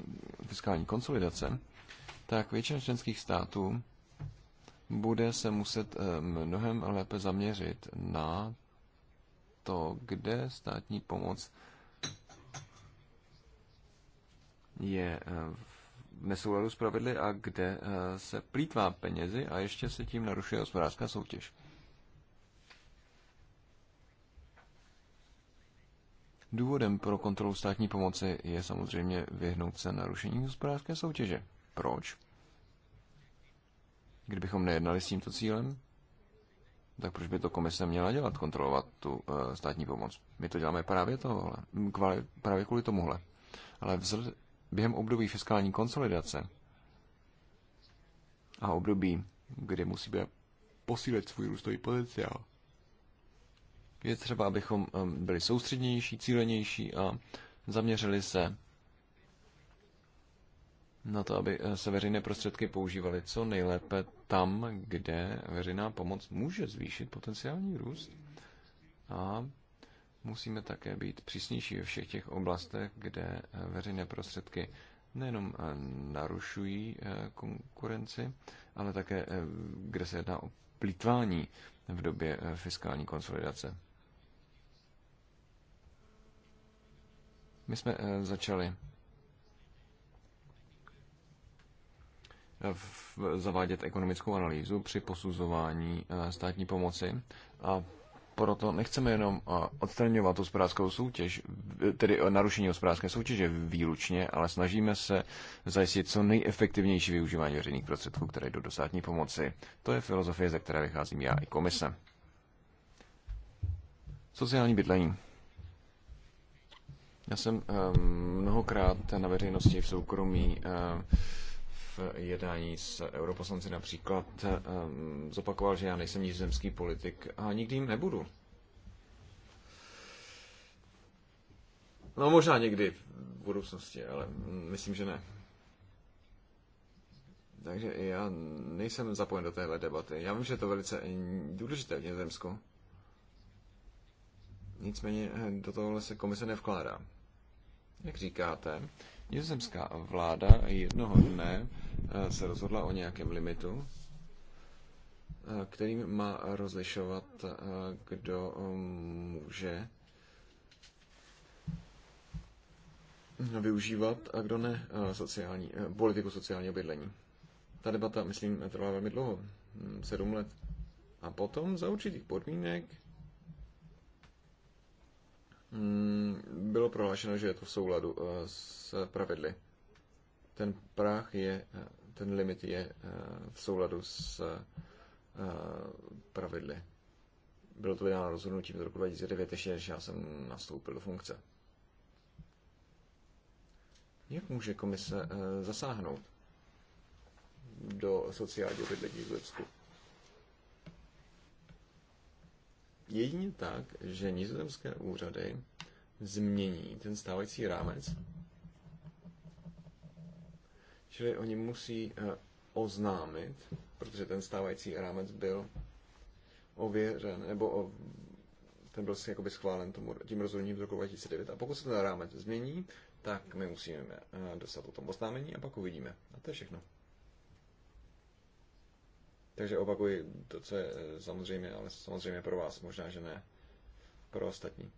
fiskální konsolidace, tak většina členských států bude se muset eh, mnohem lépe zaměřit na to, kde státní pomoc je eh, v nesouladu s pravidly a kde eh, se plítvá penězi a ještě se tím narušuje hospodářská soutěž. Důvodem pro kontrolu státní pomoci je samozřejmě vyhnout se narušení hospodářské soutěže. Proč? Kdybychom nejednali s tímto cílem, tak proč by to komise měla dělat, kontrolovat tu eh, státní pomoc? My to děláme právě tohle, právě kvůli tomuhle. Ale vzhled, během období fiskální konsolidace a období, kdy musíme posílit svůj růstový potenciál, je třeba, abychom um, byli soustřednější, cílenější a zaměřili se na to, aby eh, se veřejné prostředky používaly co nejlépe tam, kde veřejná pomoc může zvýšit potenciální růst a musíme také být přísnější ve všech těch oblastech, kde eh, veřejné prostředky nejenom eh, narušují eh, konkurenci, ale také kde se jedná o plítvání v době fiskální konsolidace. My jsme začali zavádět ekonomickou analýzu při posuzování státní pomoci a proto nechceme jenom eh, odstraňovat hospodářskou soutěž, tedy eh, narušení hospodářské soutěže výlučně, ale snažíme se zajistit co nejefektivnější využívání veřejných prostředků, které jdou do státní pomoci. To je filozofie, ze které vycházím já i komise. Sociální bydlení. Já jsem eh, mnohokrát na veřejnosti v soukromí jednání s europoslanci například ehm, zopakoval, že já nejsem nizozemský politik a nikdy jim nebudu. No možná někdy v budoucnosti, ale myslím, že ne. Takže já nejsem zapojen do téhle debaty. Já vím, že je to velice důležité v Nizozemsku. Nicméně eh, do tohohle se komise nevkládá. Jak říkáte, Nizozemská vláda jednoho dne eh, se rozhodla o nějakém limitu, eh, kterým má rozlišovat, eh, kdo může využívat a kdo ne sociální, politiku sociálního bydlení. Ta debata, myslím, trvala velmi dlouho, hm, sedm let. A potom za určitých podmínek Mm, bylo prohlášeno, že je to v souladu eh, s pravidly. Ten práh je, eh, ten limit je eh, v souladu s pravidly. Bylo to vydáno rozhodnutím z roku 2009, ještě než já jsem nastoupil do funkce. Jak může komise zasáhnout do sociálního bydlení v Lipsku? jedině tak, že nizozemské úřady změní ten stávající rámec. Čili oni musí eh, oznámit, protože ten stávající rámec byl ověřen, nebo o, ten byl si jakoby schválen tomu, tím rozhodnutím z roku 2009. A pokud se ten rámec změní, tak my musíme eh, dostat o tom oznámení a pak uvidíme. A to je všechno. Takže opakuji to, co je eh, samozřejmě, ale samozřejmě pro vás, možná, že ne pro ostatní.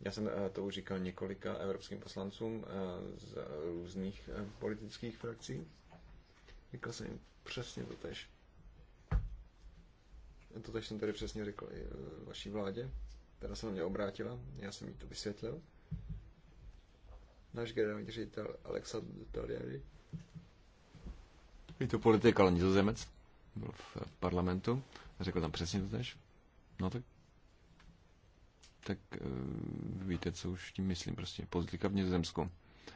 Já jsem eh, to už říkal několika evropským poslancům eh, z různých politických frakcí. Říkal jsem jim přesně to tež. To tež jsem tady přesně řekl i vaší vládě, která se na mě obrátila, já jsem jí to vysvětlil. Náš generální ředitel Alexa Taliari. Je to politik, ale nizozemec byl v parlamentu a řekl tam přesně to tež. No tak tak eh, víte, co už tím myslím, prostě pozlika v Nizozemsku.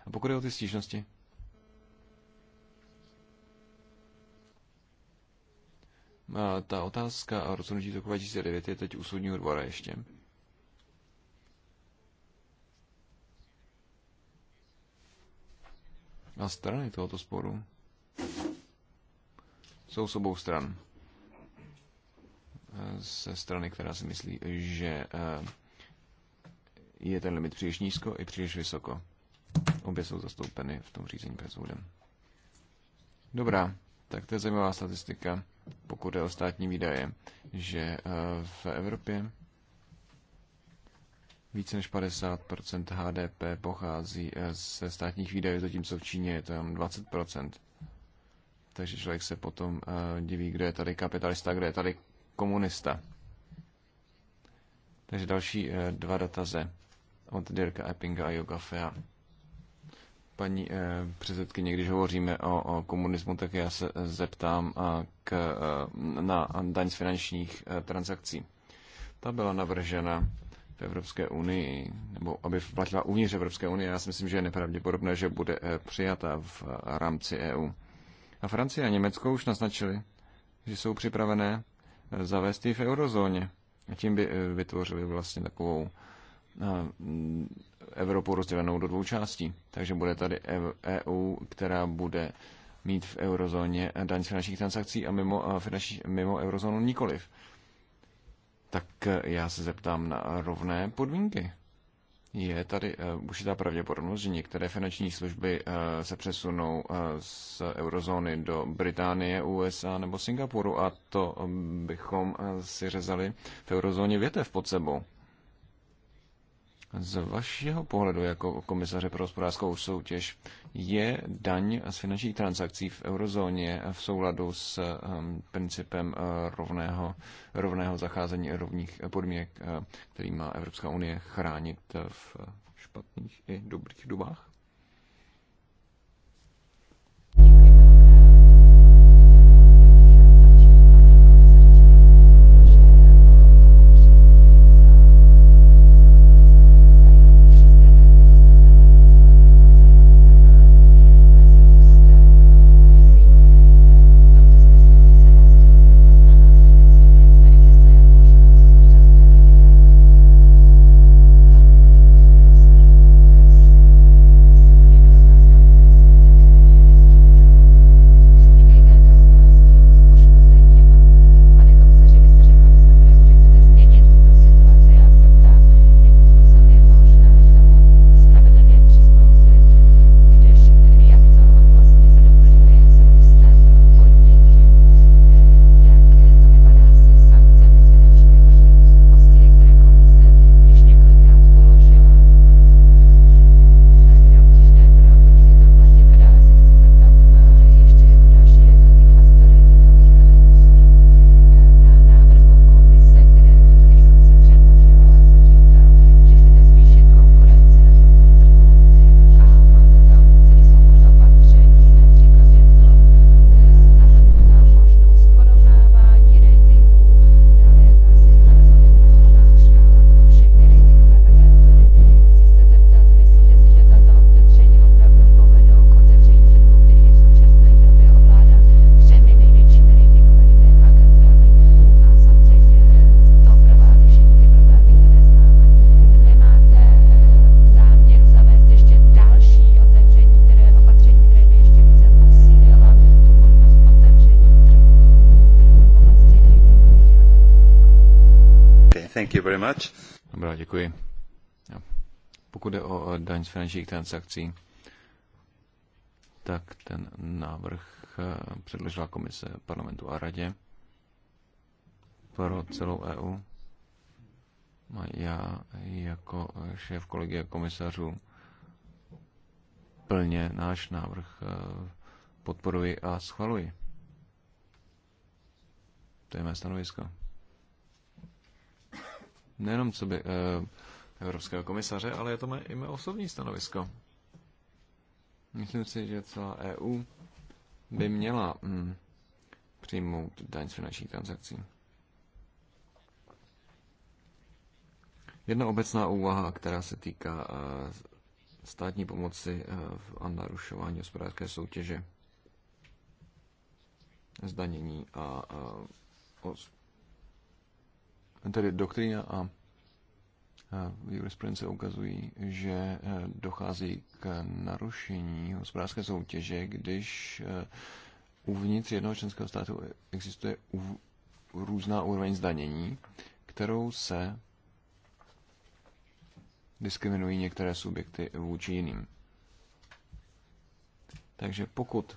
A pokud je o ty stížnosti? A ta otázka a rozhodnutí roku 2009 je teď u soudního dvora ještě. A strany tohoto sporu jsou s obou stran. Se strany, která si myslí, že eh, je ten limit příliš nízko i příliš vysoko. Obě jsou zastoupeny v tom řízení před soudem. Dobrá, tak to je zajímavá statistika, pokud je o státní výdaje, že eh, v Evropě více než 50% HDP pochází eh, ze státních výdajů, zatímco v Číně je tam 20% takže člověk se potom eh, diví, kdo je tady kapitalista, kdo je tady komunista. Takže další eh, dva dataze od Dirka Eppinga a Yoga Fea. Paní eh, předsedkyně, když hovoříme o, komunismu, tak já se zeptám k, na daň z finančních transakcí. Ta byla navržena v Evropské unii, nebo aby platila uvnitř Evropské unie. Já si myslím, že je nepravděpodobné, že bude přijata v rámci EU. A Francie a Německo už naznačili, že jsou připravené eh, zavést ji v eurozóně. A tím by eh, vytvořili vlastně takovou eh, mm, Evropu rozdělenou do dvou částí. Takže bude tady EU, e která bude mít v eurozóně daň z finančních transakcí a mimo, finanční, mimo eurozónu nikoliv. Tak já se zeptám na rovné podmínky je tady eh, určitá pravděpodobnost, že některé finanční služby eh, se přesunou eh, z eurozóny do Británie, USA nebo Singapuru a to bychom si řezali v eurozóně větev pod sebou. Z vašeho pohledu jako komisaře pro hospodářskou soutěž je daň z finančních transakcí v eurozóně v souladu s ehm, principem eh, rovného, rovného zacházení rovných podmínek, eh, který má Evropská unie chránit v špatných i dobrých dobách? pokud je o daň z finančních transakcí, tak ten návrh eh, předložila komise parlamentu a radě pro celou EU. A já jako šéf kolegie komisařů plně náš návrh eh, podporuji a schvaluji. To je mé stanovisko. Nejenom co by eh, evropského komisaře, ale je to mé, i mé osobní stanovisko. Myslím si, že celá EU by měla mm, přijmout daň z finančních transakcí. Jedna obecná úvaha, která se týká e, státní pomoci e, a narušování hospodářské soutěže, zdanění a, uh, os, tedy doktrína a jurisprudence ukazují, že e, dochází k narušení hospodářské soutěže, když e, uvnitř jednoho členského státu existuje různá úroveň zdanění, kterou se diskriminují některé subjekty vůči jiným. Takže pokud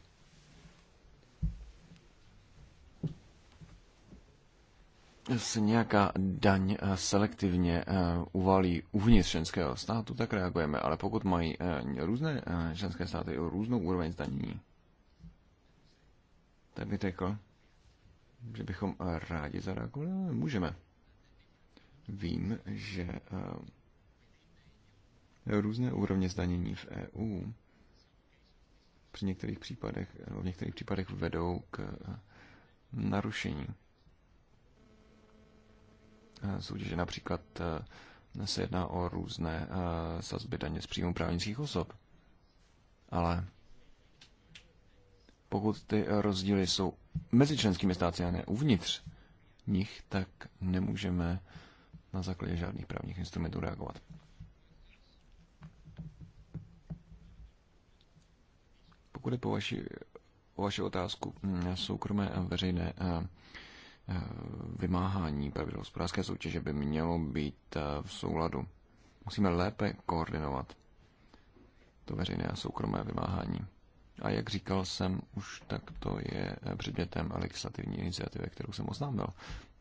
se nějaká daň eh, selektivně eh, uvalí uvnitř ženského státu, tak reagujeme. Ale pokud mají eh, různé ženské státy o různou úroveň zdanění, tak by řekl, že bychom rádi zareagovali, ale můžeme. Vím, že různé úrovně zdanění v EU při některých případech, v některých případech vedou k narušení Eh, soutěže. Například eh, se jedná o různé eh, sazby daně z příjmu právnických osob. Ale pokud ty rozdíly jsou mezi členskými státy a ne uvnitř nich, tak nemůžeme na základě žádných právních instrumentů reagovat. Pokud je po vaši, o vaši otázku mm, soukromé a veřejné vymáhání pravidel hospodářské soutěže by mělo být eh, v souladu. Musíme lépe koordinovat to veřejné a soukromé vymáhání. A jak říkal jsem, už tak to je eh, předmětem legislativní iniciativy, kterou jsem oznámil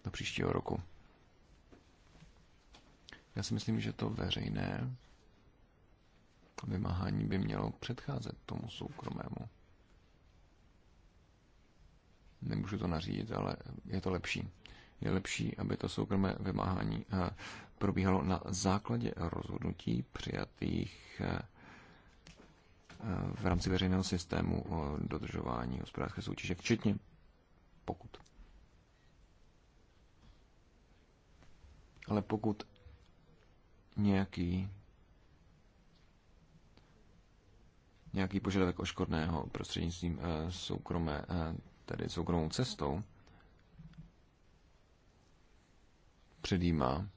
do příštího roku. Já si myslím, že to veřejné vymáhání by mělo předcházet tomu soukromému. Nemůžu to nařídit, ale je to lepší. Je lepší, aby to soukromé vymáhání eh, probíhalo na základě rozhodnutí přijatých eh, v rámci veřejného systému eh, dodržování hospodářské soutěže, včetně pokud. Ale pokud nějaký nějaký požadavek oškodného prostřednictvím soukromé tedy soukromou cestou, předjímá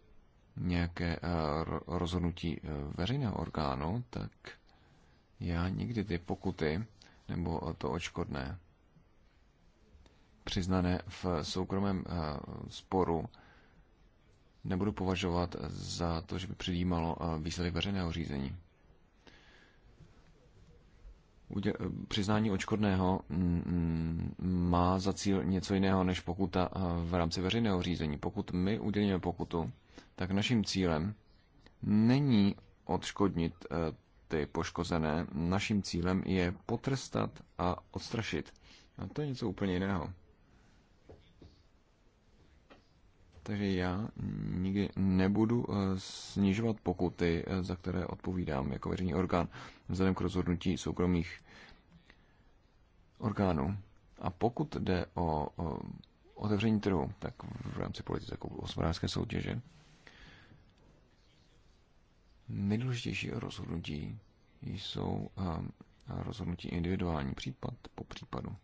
nějaké eh, rozhodnutí eh, veřejného orgánu, tak já nikdy ty pokuty nebo to očkodné přiznané v soukromém eh, sporu nebudu považovat za to, že by předjímalo výsledek veřejného řízení přiznání očkodného mm, mm, má za cíl něco jiného než pokuta eh, v rámci veřejného řízení. Pokud my udělíme pokutu, tak naším cílem není odškodnit eh, ty poškozené, naším cílem je potrestat a odstrašit. A to je něco úplně jiného. Takže já nikdy nebudu eh, snižovat pokuty, eh, za které odpovídám jako veřejný orgán, vzhledem k rozhodnutí soukromých orgánů. A pokud jde o otevření trhu, tak v rámci politice jako hospodářské soutěže, nejdůležitější rozhodnutí jsou eh, rozhodnutí individuální případ po případu.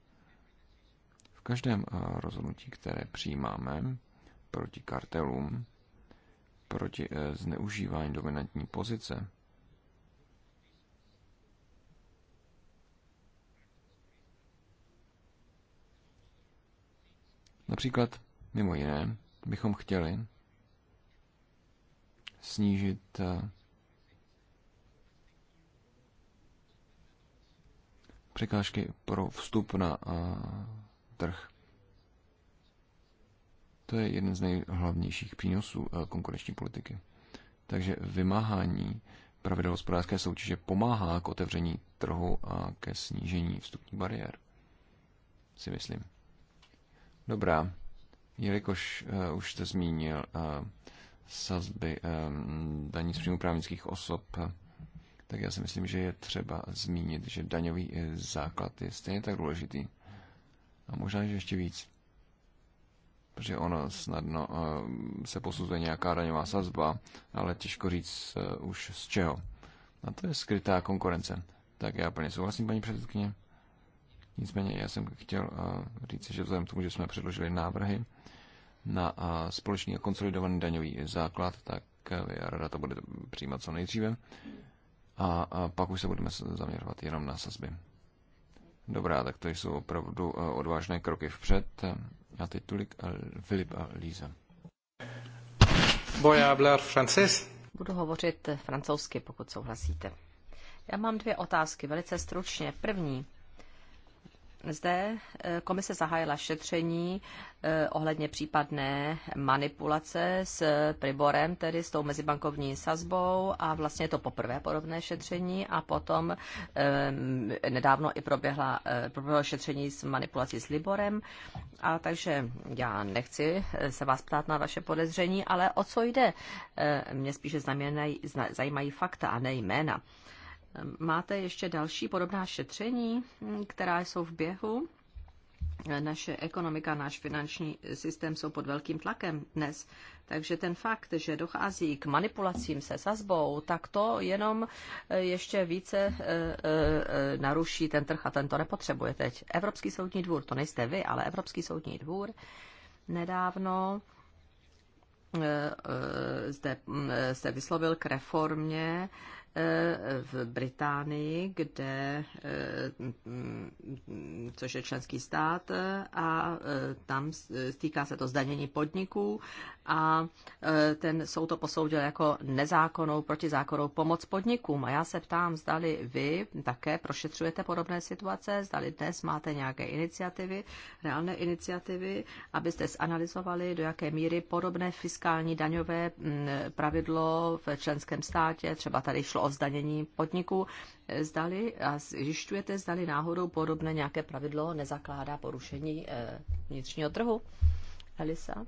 V každém rozhodnutí, které přijímáme, proti kartelům, proti eh, zneužívání dominantní pozice, Například, mimo jiné, bychom chtěli snížit eh, překážky pro vstup na eh, trh to je jeden z nejhlavnějších přínosů eh, konkurenční politiky. Takže vymáhání pravidel hospodářské soutěže pomáhá k otevření trhu a ke snížení vstupních bariér. Si myslím. Dobrá. Jelikož uh, už jste zmínil uh, sazby um, daní z příjmu právnických osob, tak já si myslím, že je třeba zmínit, že daňový základ je stejně tak důležitý. A možná, že ještě víc protože ono snadno eh, se posuzuje nějaká daňová sazba, ale těžko říct eh, už z čeho. A to je skrytá konkurence. Tak já plně souhlasím, paní předsedkyně. Nicméně já jsem chtěl eh, říct, že vzhledem k tomu, že jsme předložili návrhy na společný a konsolidovaný daňový základ, tak rada to bude přijímat co nejdříve. A, a pak už se budeme zaměřovat jenom na sazby. Dobrá, tak to jsou opravdu odvážné kroky vpřed a teď tolik eh, Filip a Líza. hablar francés. Budu hovořit eh, francouzsky, pokud souhlasíte. Já mám dvě otázky, velice stručně. První, zde eh, komise zahájila šetření eh, ohledně případné manipulace s Priborem, tedy s tou mezibankovní sazbou a vlastně to poprvé podobné šetření a potom eh, nedávno i proběhla, proběhlo šetření s manipulací s Liborem a takže já nechci se vás ptát na vaše podezření, ale o co jde? Mě spíše zajímají fakta a ne jména. Máte ještě další podobná šetření, která jsou v běhu? Naše ekonomika, náš finanční systém jsou pod velkým tlakem dnes. Takže ten fakt, že dochází k manipulacím se sazbou, tak to jenom eh, ještě více eh, eh, naruší ten trh a ten to nepotřebuje teď. Evropský soudní dvůr, to nejste vy, ale Evropský soudní dvůr nedávno zde se mm, vyslovil k reformě v Británii, kde, eh, což je členský stát, a eh, tam týká se to zdanění podniků a eh, ten soud to posoudil jako nezákonnou, protizákonnou pomoc podnikům. A já se ptám, zdali vy také prošetřujete podobné situace, zdali dnes máte nějaké iniciativy, reálné iniciativy, abyste zanalizovali, do jaké míry podobné fiskální daňové mm, pravidlo v členském státě, třeba tady šlo o zdanění podniků, zdali a zjišťujete, zdali náhodou podobné nějaké pravidlo nezakládá porušení eh, vnitřního trhu. Elisa?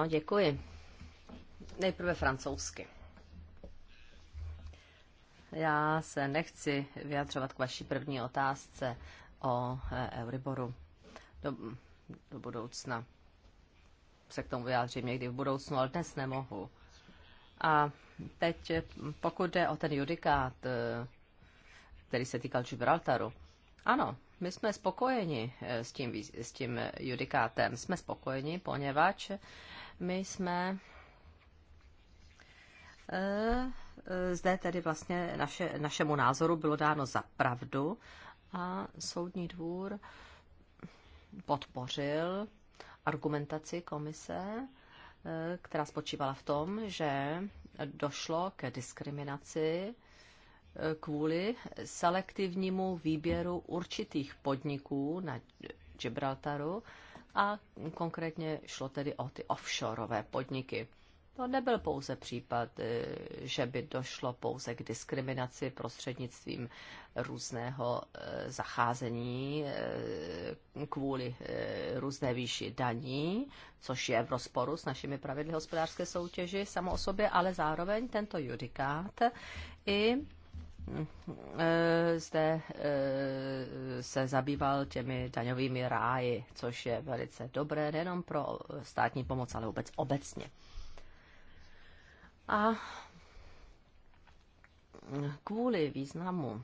Ano, děkuji. Nejprve francouzsky. Já se nechci vyjadřovat k vaší první otázce o eh, Euriboru do, do budoucna. Se k tomu vyjádřím někdy v budoucnu, ale dnes nemohu. A teď, pokud jde o ten judikát, eh, který se týkal Gibraltaru, ano, my jsme spokojeni eh, s tím, s tím judikátem. Jsme spokojeni, poněvadž my jsme eh, zde tedy vlastně naše, našemu názoru bylo dáno za pravdu a soudní dvůr podpořil argumentaci komise, eh, která spočívala v tom, že došlo ke diskriminaci eh, kvůli selektivnímu výběru určitých podniků na Gibraltaru a konkrétně šlo tedy o ty offshoreové podniky. To nebyl pouze případ, eh, že by došlo pouze k diskriminaci prostřednictvím různého eh, zacházení eh, kvůli různé výši daní, což je v rozporu s našimi pravidly hospodářské soutěži samo o sobě, ale zároveň tento judikát i Eh, zde eh, se zabýval těmi daňovými ráji, což je velice dobré nejenom pro státní pomoc, ale vůbec obecně. A kvůli významu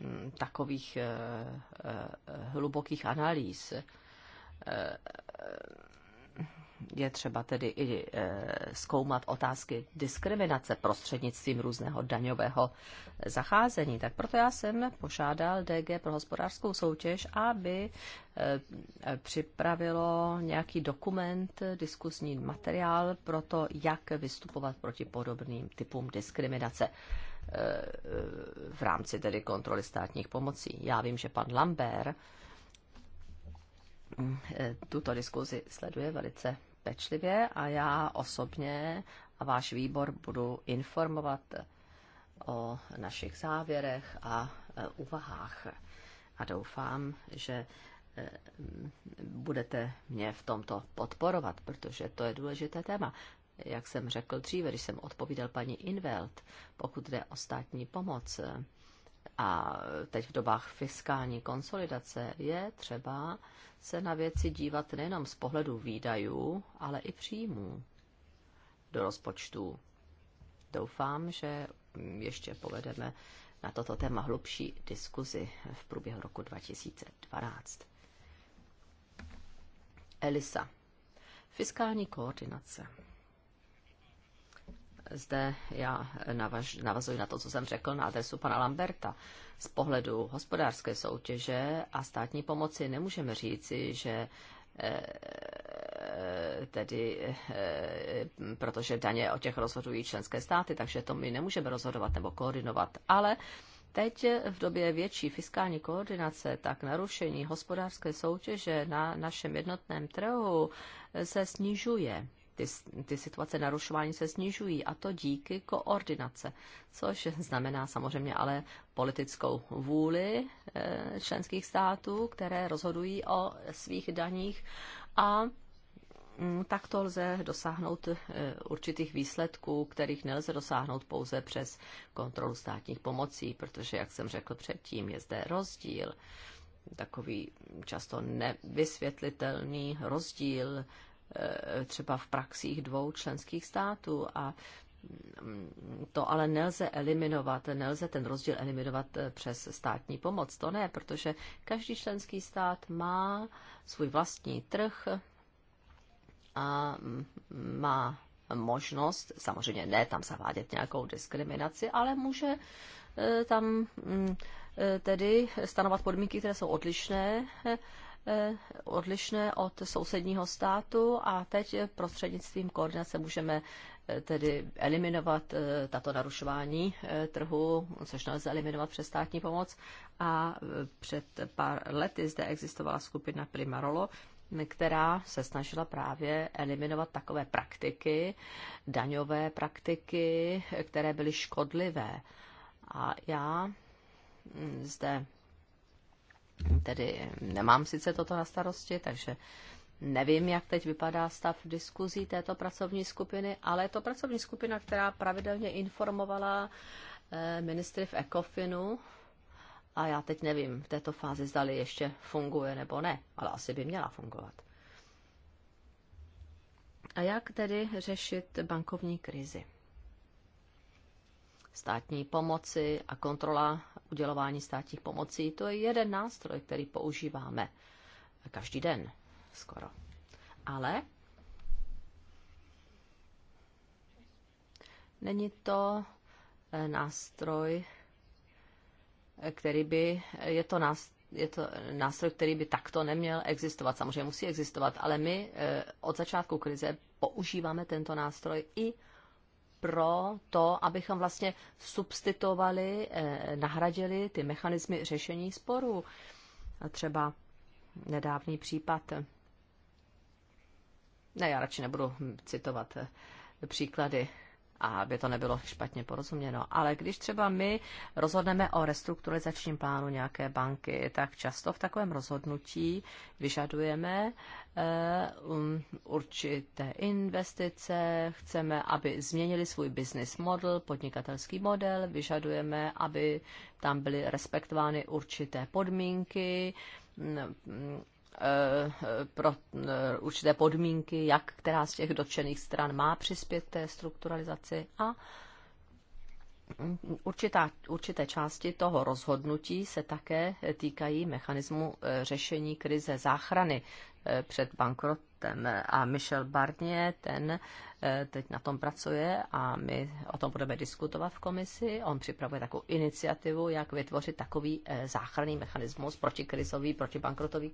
mm, takových eh, hlubokých analýz je třeba tedy i e, zkoumat otázky diskriminace prostřednictvím různého daňového zacházení. Tak proto já jsem požádal DG pro hospodářskou soutěž, aby e, připravilo nějaký dokument, diskusní materiál pro to, jak vystupovat proti podobným typům diskriminace e, v rámci tedy kontroly státních pomocí. Já vím, že pan Lambert tuto diskuzi sleduje velice pečlivě a já osobně a váš výbor budu informovat o našich závěrech a uvahách. E, a doufám, že e, budete mě v tomto podporovat, protože to je důležité téma. Jak jsem řekl dříve, když jsem odpovídal paní Invelt, pokud jde o státní pomoc, a teď v dobách fiskální konsolidace je třeba se na věci dívat nejenom z pohledu výdajů, ale i příjmů do rozpočtu. Doufám, že ještě povedeme na toto téma hlubší diskuzi v průběhu roku 2012. Elisa. Fiskální koordinace zde já navaž, navazuji na to, co jsem řekl na adresu pana Lamberta. Z pohledu hospodářské soutěže a státní pomoci nemůžeme říci, že eh, tedy, eh, protože daně o těch rozhodují členské státy, takže to my nemůžeme rozhodovat nebo koordinovat. Ale teď v době větší fiskální koordinace, tak narušení hospodářské soutěže na našem jednotném trhu se snižuje ty, ty situace narušování se snižují a to díky koordinace, což znamená samozřejmě ale politickou vůli eh, členských států, které rozhodují o svých daních a mm, takto lze dosáhnout eh, určitých výsledků, kterých nelze dosáhnout pouze přes kontrolu státních pomocí, protože, jak jsem řekl předtím, je zde rozdíl, takový často nevysvětlitelný rozdíl Eh, třeba v praxích dvou členských států a to ale nelze eliminovat, nelze ten rozdíl eliminovat eh, přes státní pomoc. To ne, protože každý členský stát má svůj vlastní trh a má možnost, samozřejmě ne tam zavádět nějakou diskriminaci, ale může eh, tam mm, tedy stanovat podmínky, které jsou odlišné Eh, odlišné od sousedního státu a teď prostřednictvím koordinace můžeme eh, tedy eliminovat eh, tato narušování trhu, což nelze eliminovat přes státní pomoc. A před pár lety zde existovala skupina Primarolo, která se snažila právě eliminovat takové praktiky, daňové praktiky, které byly škodlivé. A já mm, zde tedy nemám sice toto na starosti, takže nevím, jak teď vypadá stav diskuzí této pracovní skupiny, ale je to pracovní skupina, která pravidelně informovala eh, ministry v ECOFINu a já teď nevím v této fázi, zdali ještě funguje nebo ne, ale asi by měla fungovat. A jak tedy řešit bankovní krizi? státní pomoci a kontrola udělování státních pomocí, to je jeden nástroj, který používáme každý den skoro. Ale není to eh, nástroj, eh, který by, je to nástroj, je to nástroj, který by takto neměl existovat. Samozřejmě musí existovat, ale my eh, od začátku krize používáme tento nástroj i pro to, abychom vlastně substituovali, eh, nahradili ty mechanismy řešení sporů. A Třeba nedávný případ. Ne, já radši nebudu citovat eh, příklady a aby to nebylo špatně porozuměno. Ale když třeba my rozhodneme o restrukturalizačním plánu nějaké banky, tak často v takovém rozhodnutí vyžadujeme eh, um, určité investice, chceme, aby změnili svůj business model, podnikatelský model, vyžadujeme, aby tam byly respektovány určité podmínky, pro eh, určité podmínky, jak která z těch dotčených stran má přispět té strukturalizaci a Určitá, určité části toho rozhodnutí se také týkají mechanismu eh, řešení krize záchrany Eh, před bankrotem. A Michel Barnier, ten eh, teď na tom pracuje a my o tom budeme diskutovat v komisi. On připravuje takovou iniciativu, jak vytvořit takový eh, záchranný mechanismus, protikrizový, protibankrotový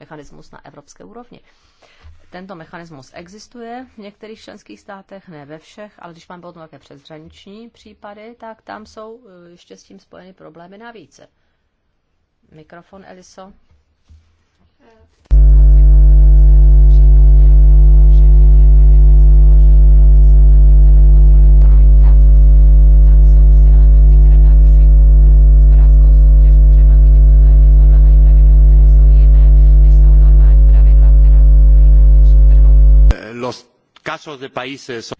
mechanismus na evropské úrovni. Tento mechanismus existuje v některých členských státech, ne ve všech, ale když máme potom nějaké přeshraniční případy, tak tam jsou ještě s tím spojeny problémy navíc. Mikrofon, Eliso. casos de países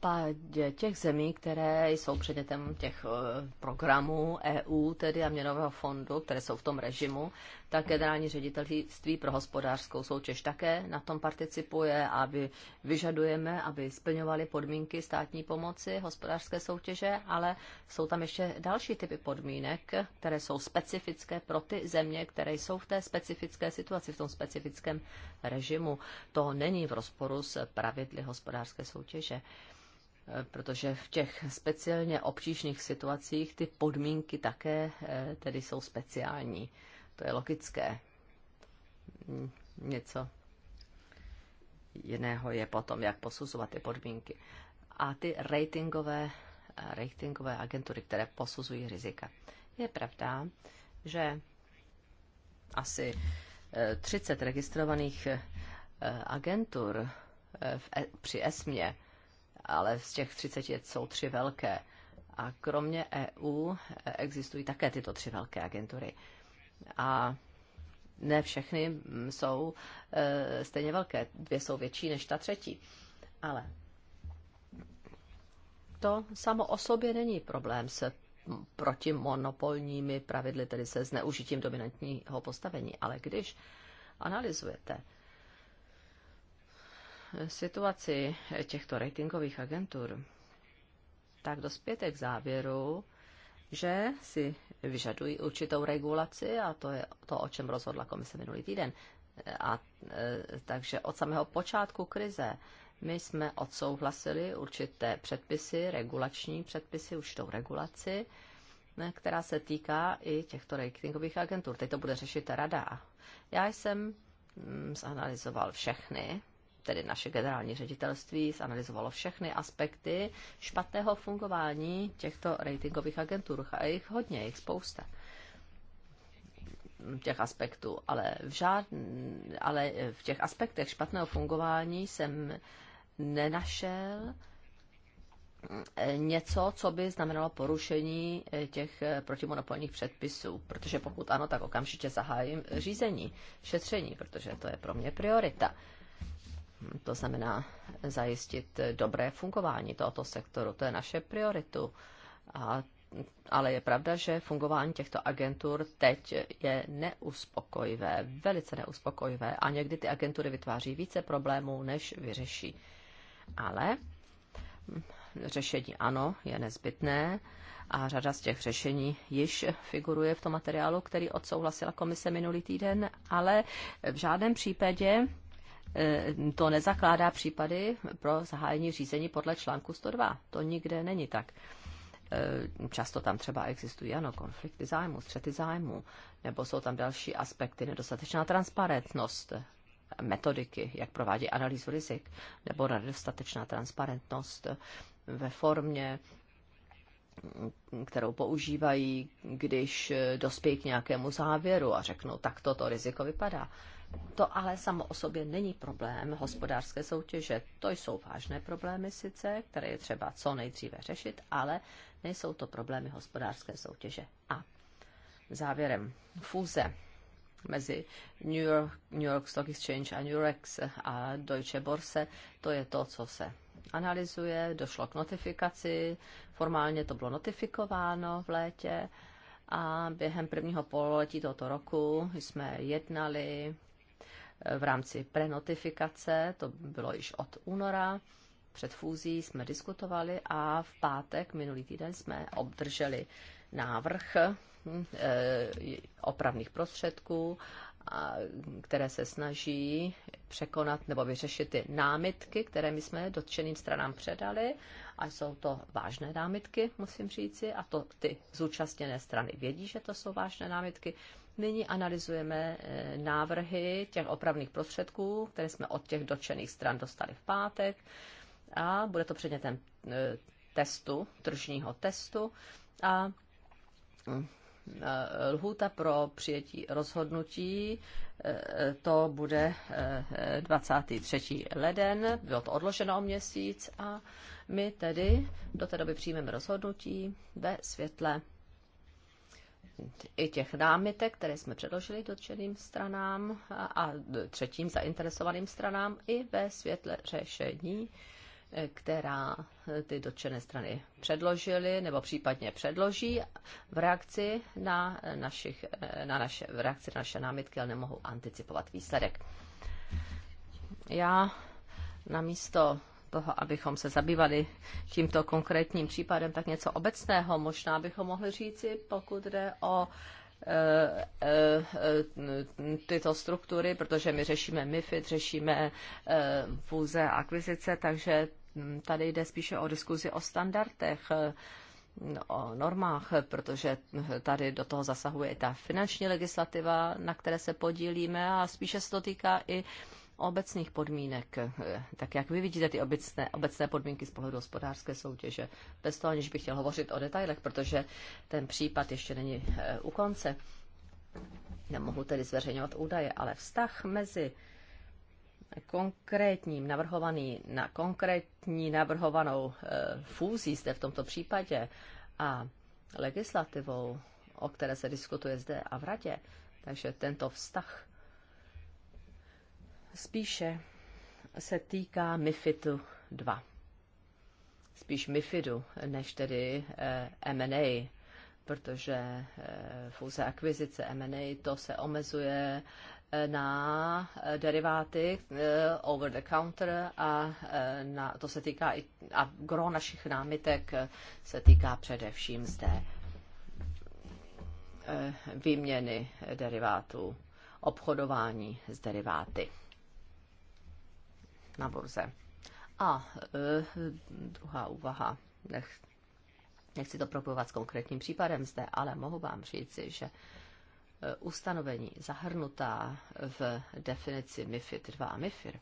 případě těch zemí, které jsou předmětem těch eh, programů EU, tedy a měnového fondu, které jsou v tom režimu, tak generální ředitelství pro hospodářskou soutěž také na tom participuje, aby vyžadujeme, aby splňovali podmínky státní pomoci hospodářské soutěže, ale jsou tam ještě další typy podmínek, které jsou specifické pro ty země, které jsou v té specifické situaci, v tom specifickém režimu. To není v rozporu s pravidly hospodářské soutěže protože v těch speciálně obtížných situacích ty podmínky také eh, tedy jsou speciální. To je logické. Hmm, něco jiného je potom, jak posuzovat ty podmínky. A ty ratingové, ratingové agentury, které posuzují rizika. Je pravda, že asi 30 eh, registrovaných eh, agentur v, e- při ESMě e ale z těch 30 jsou tři velké. A kromě EU existují také tyto tři velké agentury. A ne všechny mm, jsou e, stejně velké. Dvě jsou větší než ta třetí. Ale to samo o sobě není problém se protimonopolními pravidly, tedy se zneužitím dominantního postavení. Ale když analyzujete situaci těchto ratingových agentur, tak dospěte k závěru, že si vyžadují určitou regulaci a to je to, o čem rozhodla komise minulý týden. A e, takže od samého počátku krize my jsme odsouhlasili určité předpisy, regulační předpisy, určitou regulaci, e, která se týká i těchto ratingových agentur. Teď to bude řešit rada. Já jsem mm, zanalizoval všechny tedy naše generální ředitelství zanalizovalo všechny aspekty špatného fungování těchto ratingových agentur. A jich hodně, jich spousta těch aspektů, ale v, žádn, ale v těch aspektech špatného fungování jsem nenašel něco, co by znamenalo porušení těch protimonopolních předpisů, protože pokud ano, tak okamžitě zahájím řízení, šetření, protože to je pro mě priorita to znamená zajistit dobré fungování tohoto sektoru. To je naše prioritu. A, ale je pravda, že fungování těchto agentur teď je neuspokojivé, velice neuspokojivé a někdy ty agentury vytváří více problémů, než vyřeší. Ale řešení ano, je nezbytné a řada z těch řešení již figuruje v tom materiálu, který odsouhlasila komise minulý týden, ale v žádném případě Eh, to nezakládá případy pro zahájení řízení podle článku 102. To nikde není tak. Eh, často tam třeba existují, ano, konflikty zájmu, střety zájmu, nebo jsou tam další aspekty, nedostatečná transparentnost metodiky, jak provádí analýzu rizik, nebo nedostatečná transparentnost ve formě kterou používají, když dospějí k nějakému závěru a řeknou, tak toto riziko vypadá. To ale samo o sobě není problém hospodářské soutěže. To jsou vážné problémy sice, které je třeba co nejdříve řešit, ale nejsou to problémy hospodářské soutěže. A závěrem fúze mezi New York, New York Stock Exchange a New York a Deutsche Börse, to je to, co se analyzuje, došlo k notifikaci, formálně to bylo notifikováno v létě a během prvního pololetí tohoto roku jsme jednali v rámci prenotifikace, to bylo již od února, před fúzí jsme diskutovali a v pátek minulý týden jsme obdrželi návrh eh, opravných prostředků, které se snaží překonat nebo vyřešit ty námitky, které my jsme dotčeným stranám předali. A jsou to vážné námitky, musím říci, a to ty zúčastněné strany vědí, že to jsou vážné námitky. Nyní analyzujeme eh, návrhy těch opravných prostředků, které jsme od těch dotčených stran dostali v pátek a bude to předmětem eh, testu, tržního testu a mm, eh, lhůta pro přijetí rozhodnutí to bude 23. leden, bylo to odloženo o měsíc a my tedy do té doby přijmeme rozhodnutí ve světle i těch námitek, které jsme předložili dotčeným stranám a třetím zainteresovaným stranám i ve světle řešení, která ty dotčené strany předložily nebo případně předloží v reakci na, našich, na naše, v reakci na naše námitky, ale nemohou anticipovat výsledek. Já na místo toho, abychom se zabývali tímto konkrétním případem, tak něco obecného možná bychom mohli říci, pokud jde o eh, eh, tyto struktury, protože my řešíme MIFID, řešíme eh, fůze a akvizice, takže hm, tady jde spíše o diskuzi o standardech, o normách, protože hm, tady do toho zasahuje ta finanční legislativa, na které se podílíme a spíše se to týká i obecných podmínek, eh, tak jak vy vidíte ty obecné, obecné podmínky z pohledu hospodářské soutěže, bez toho, aniž bych chtěl hovořit o detailech, protože ten případ ještě není eh, u konce. Nemohu tedy zveřejňovat údaje, ale vztah mezi konkrétním navrhovaný, na konkrétní navrhovanou eh, fúzí zde v tomto případě a legislativou, o které se diskutuje zde a v radě, takže tento vztah spíše se týká MIFIDu 2. Spíš MIFIDu, než tedy eh, M&A, protože eh, fúze akvizice M&A, to se omezuje eh, na deriváty over the counter a na, to se týká i, a gro našich námitek se týká především zde výměny derivátů, obchodování s deriváty na burze. A e, druhá úvaha, nech, nechci to propojovat s konkrétním případem zde, ale mohu vám říci, že e, ustanovení zahrnutá v definici MIFID 2 a MIFIR,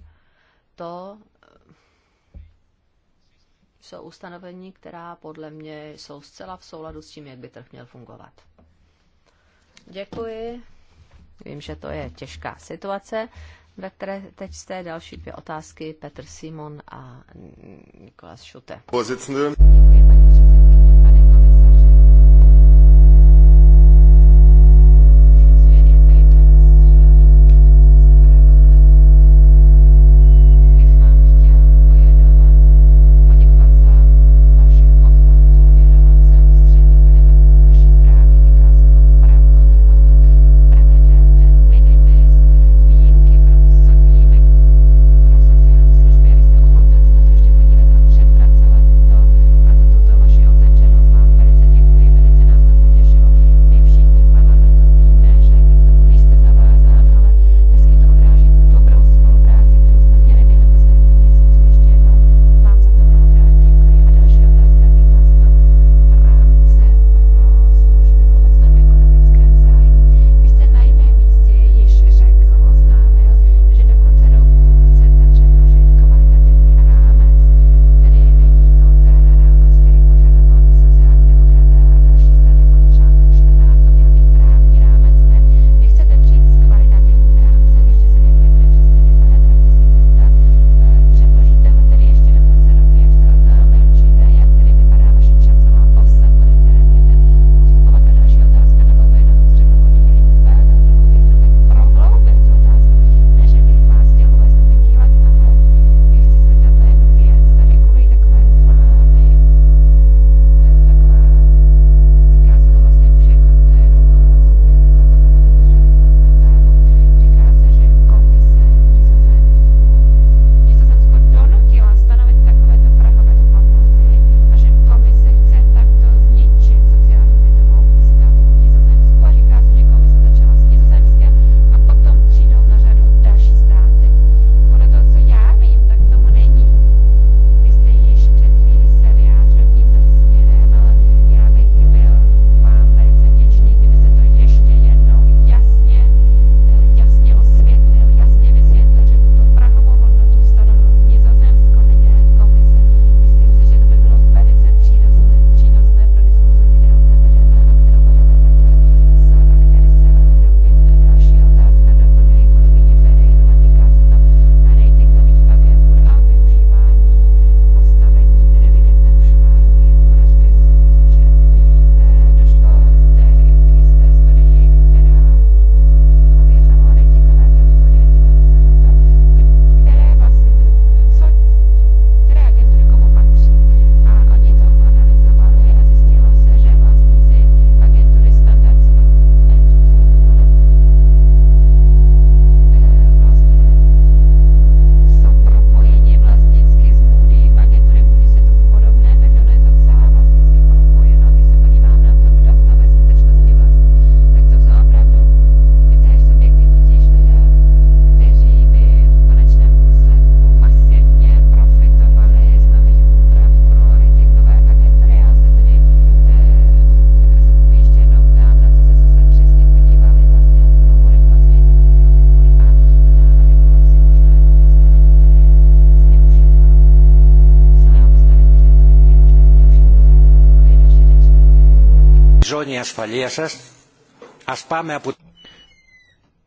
to e, jsou ustanovení, která podle mě jsou zcela v souladu s tím, jak by trh měl fungovat. Děkuji. Vím, že to je těžká situace ve které teď jste další dvě otázky Petr Simon a Nikolas Šute.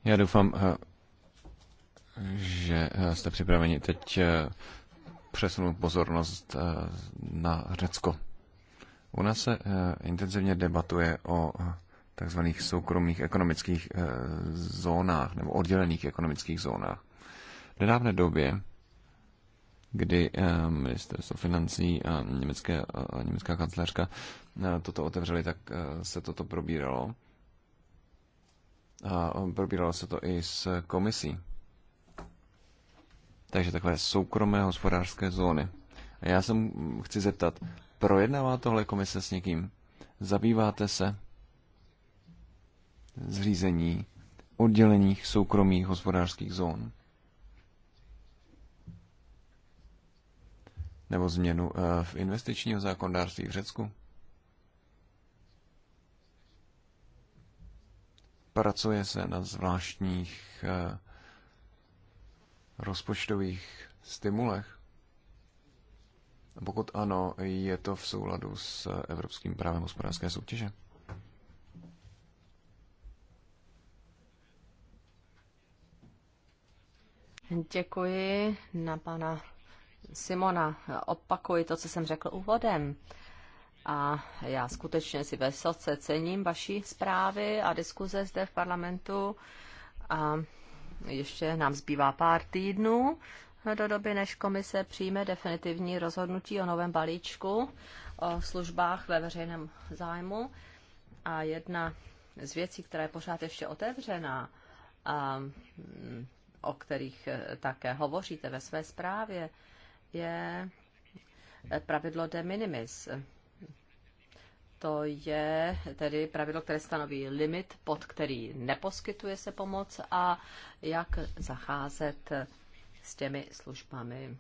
Já doufám, eh, že eh, jste připraveni teď eh, přesunout pozornost na Řecko. U nás se intenzivně debatuje o takzvaných soukromých ekonomických zónách nebo oddělených ekonomických zónách. V nedávné době kdy eh, ministerstvo financí a, německé, a eh, německá kancelářka eh, toto otevřeli, tak se toto probíralo. A probíralo se to i s komisí. Takže takové soukromé hospodářské zóny. A já se chci zeptat, projednává tohle komise s někým? Zabýváte se zřízení oddělených soukromých hospodářských zón? nebo změnu eh, v investičního zákonodárství v Řecku? Pracuje se na zvláštních eh, rozpočtových stimulech? Pokud ano, je to v souladu s eh, evropským právem hospodářské soutěže? Děkuji na pana Simona, opakuji to, co jsem řekl úvodem. A já skutečně si vysoce cením vaší zprávy a diskuze zde v parlamentu. A ještě nám zbývá pár týdnů do doby, než komise přijme definitivní rozhodnutí o novém balíčku o službách ve veřejném zájmu. A jedna z věcí, která je pořád ještě otevřená, a, mm, o kterých eh, také hovoříte ve své zprávě, je pravidlo de minimis. To je tedy pravidlo, které stanoví limit, pod který neposkytuje se pomoc a jak zacházet s těmi službami,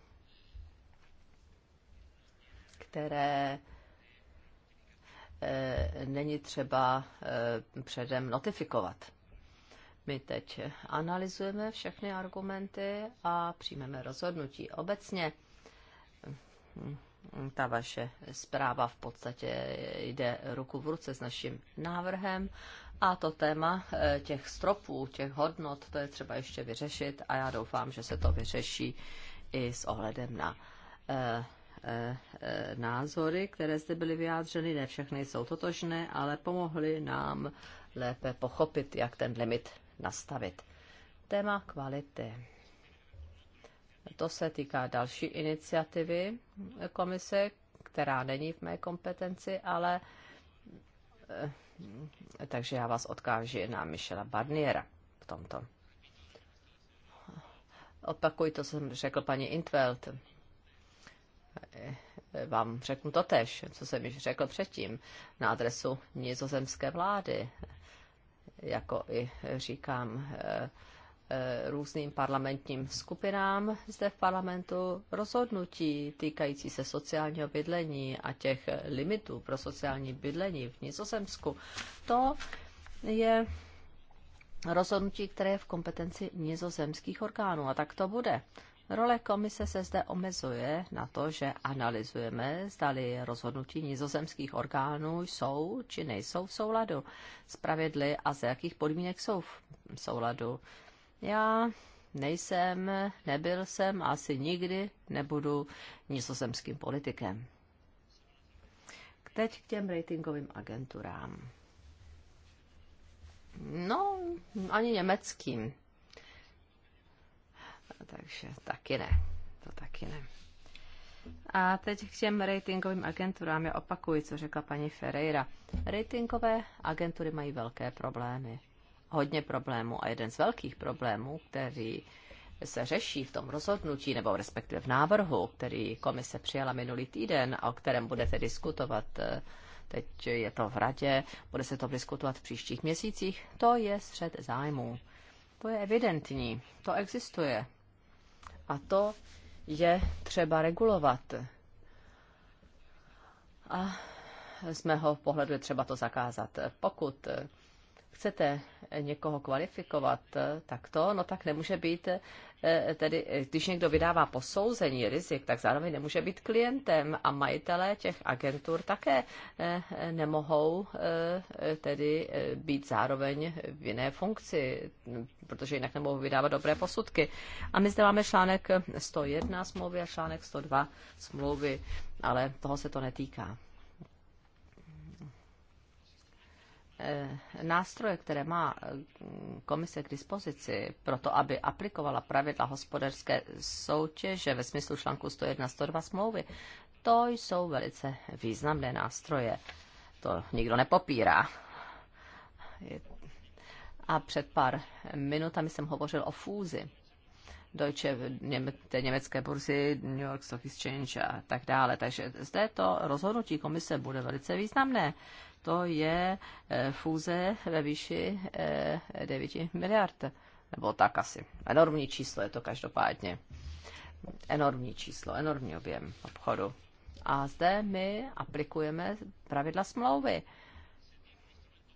které eh, není třeba eh, předem notifikovat. My teď analyzujeme všechny argumenty a přijmeme rozhodnutí. Obecně ta vaše zpráva v podstatě jde ruku v ruce s naším návrhem a to téma eh, těch stropů, těch hodnot, to je třeba ještě vyřešit a já doufám, že se to vyřeší i s ohledem na eh, eh, názory, které zde byly vyjádřeny, ne všechny jsou totožné, ale pomohly nám lépe pochopit, jak ten limit nastavit. Téma kvality. To se týká další iniciativy komise, která není v mé kompetenci, ale eh, takže já vás odkážu na Michela Barniera v tomto. Opakuj to, jsem řekl paní Intveld. Eh, vám řeknu to tež, co jsem již řekl předtím, na adresu nizozemské vlády. Jako i říkám, eh, Eh, různým parlamentním skupinám zde v parlamentu rozhodnutí týkající se sociálního bydlení a těch limitů pro sociální bydlení v Nizozemsku. To je rozhodnutí, které je v kompetenci nizozemských orgánů. A tak to bude. Role komise se zde omezuje na to, že analyzujeme, zdali rozhodnutí nizozemských orgánů jsou či nejsou v souladu s pravidly a z jakých podmínek jsou v souladu. Já nejsem, nebyl jsem, asi nikdy nebudu nizozemským politikem. Teď k těm ratingovým agenturám. No, ani německým. Takže taky ne. To taky ne. A teď k těm ratingovým agenturám. Já opakuji, co řekla paní Ferreira. Ratingové agentury mají velké problémy hodně problémů a jeden z velkých problémů, který se řeší v tom rozhodnutí nebo respektive v návrhu, který komise přijala minulý týden a o kterém budete diskutovat, eh, teď je to v radě, bude se to diskutovat v příštích měsících, to je střed zájmů. To je evidentní, to existuje. A to je třeba regulovat. A z mého pohledu je třeba to zakázat. Pokud chcete někoho kvalifikovat takto, no tak nemůže být, eh, tedy eh, když někdo vydává posouzení rizik, tak zároveň nemůže být klientem a majitelé těch agentur také eh, nemohou tedy být zároveň v jiné funkci, protože jinak nemohou vydávat dobré posudky. A my zde máme článek 101 smlouvy a článek 102 smlouvy, ale toho se to netýká. Eh, nástroje, které má eh, komise k dispozici pro to, aby aplikovala pravidla hospodářské soutěže ve smyslu článku 101-102 smlouvy, to jsou velice významné nástroje. To nikdo nepopírá. A před pár minutami jsem hovořil o fúzi. Deutsche, té německé burzy, New York Stock Exchange a tak dále. Takže zde to rozhodnutí komise bude velice významné to je eh, fúze ve výši 9 eh, miliard. Nebo tak asi. Enormní číslo je to každopádně. Enormní číslo, enormní objem obchodu. A zde my aplikujeme pravidla smlouvy.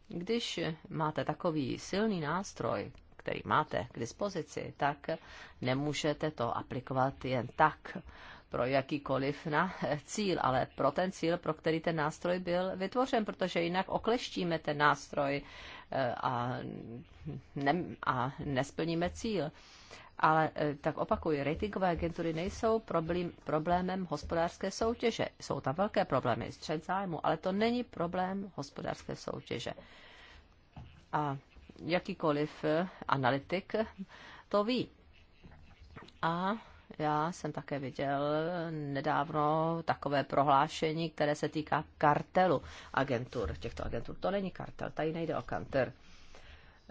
Když máte takový silný nástroj, který máte k dispozici, tak nemůžete to aplikovat jen tak pro jakýkoliv na cíl, ale pro ten cíl, pro který ten nástroj byl vytvořen, protože jinak okleštíme ten nástroj eh, a, ne, a nesplníme cíl. Ale eh, tak opakuju, ratingové agentury nejsou problém, problémem hospodářské soutěže. Jsou tam velké problémy, střed zájmu, ale to není problém hospodářské soutěže. A jakýkoliv eh, analytik to ví. A já jsem také viděl nedávno takové prohlášení, které se týká kartelu agentur, těchto agentur. To není kartel, tady nejde o kanter.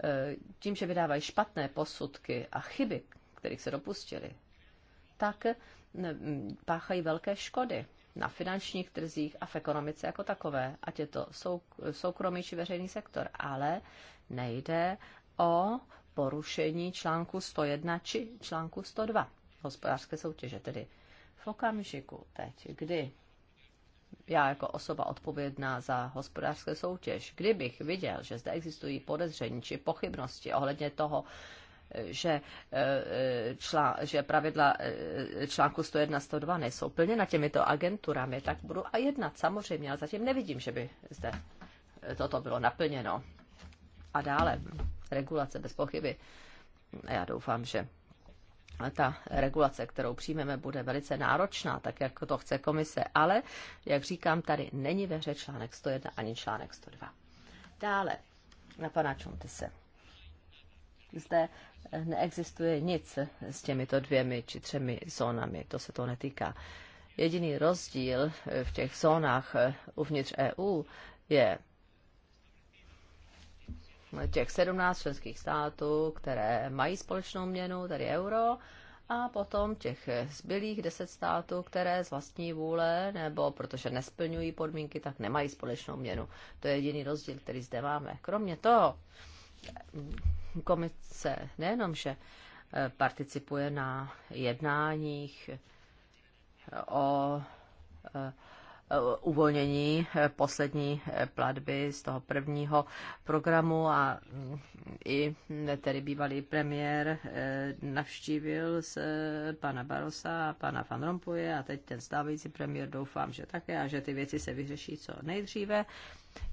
E, tím, že vydávají špatné posudky a chyby, kterých se dopustili, tak e, páchají velké škody na finančních trzích a v ekonomice jako takové, ať je to soukromý či veřejný sektor. Ale nejde o porušení článku 101 či článku 102 hospodářské soutěže. Tedy v okamžiku teď, kdy já jako osoba odpovědná za hospodářské soutěž, kdybych viděl, že zde existují podezření či pochybnosti ohledně toho, že, eh, člá, že pravidla eh, článku 101 102 nejsou na těmito agenturami, tak budu a jednat samozřejmě, ale zatím nevidím, že by zde eh, toto bylo naplněno. A dále regulace bez pochyby. Já doufám, že ta regulace, kterou přijmeme, bude velice náročná, tak jak to chce komise, ale, jak říkám, tady není ve hře článek 101 ani článek 102. Dále, na pana Čuntise. Zde neexistuje nic s těmito dvěmi či třemi zónami, to se to netýká. Jediný rozdíl v těch zónách uvnitř EU je těch 17 členských států, které mají společnou měnu, tedy euro, a potom těch zbylých 10 států, které z vlastní vůle nebo protože nesplňují podmínky, tak nemají společnou měnu. To je jediný rozdíl, který zde máme. Kromě toho, komice nejenom, že eh, participuje na jednáních eh, o eh, Eh, uvolnění eh, poslední eh, platby z toho prvního programu a mm, i mm, tedy bývalý premiér navštívil s pana Barosa a pana Van Rompuje a teď ten stávající premiér doufám, že také a že ty věci se vyřeší co nejdříve.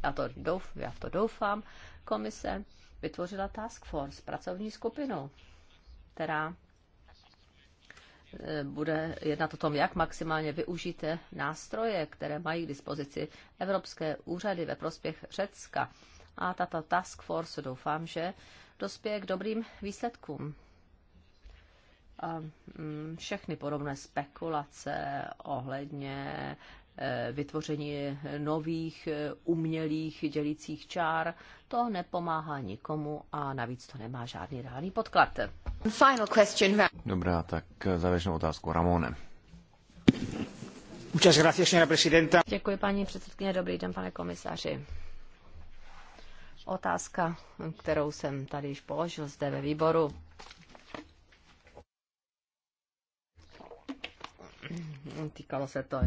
Já, to douf, já to doufám. Komise vytvořila task force, pracovní skupinu, která bude jednat o tom, jak maximálně využijte nástroje, které mají k dispozici evropské úřady ve prospěch Řecka. A tato task force doufám, že dospěje k dobrým výsledkům. A mm, všechny podobné spekulace ohledně Eh, vytvoření nových eh, umělých dělících čár. To nepomáhá nikomu a navíc to nemá žádný reálný podklad. Final question. Dobrá, tak závěrečnou otázku Ramone. Děkuji, paní předsedkyně. Dobrý den, pane komisaři. Otázka, kterou jsem tady již položil zde ve výboru, týkalo se to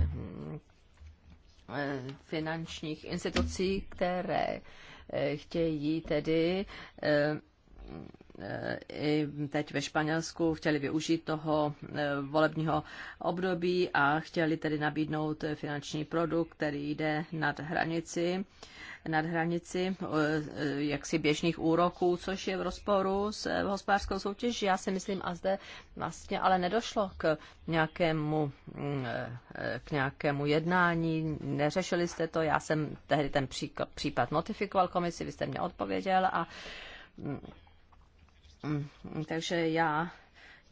Eh, finančních institucí, které eh, chtějí tedy eh, Eh, i teď ve Španělsku chtěli využít toho eh, volebního období a chtěli tedy nabídnout finanční produkt, který jde nad hranici nad hranici eh, jaksi běžných úroků, což je v rozporu s hospodářskou soutěží. Já si myslím, a zde vlastně ale nedošlo k nějakému, mm, k nějakému jednání, neřešili jste to. Já jsem tehdy ten případ notifikoval komisi, vy jste mě odpověděl a mm, Mm, takže já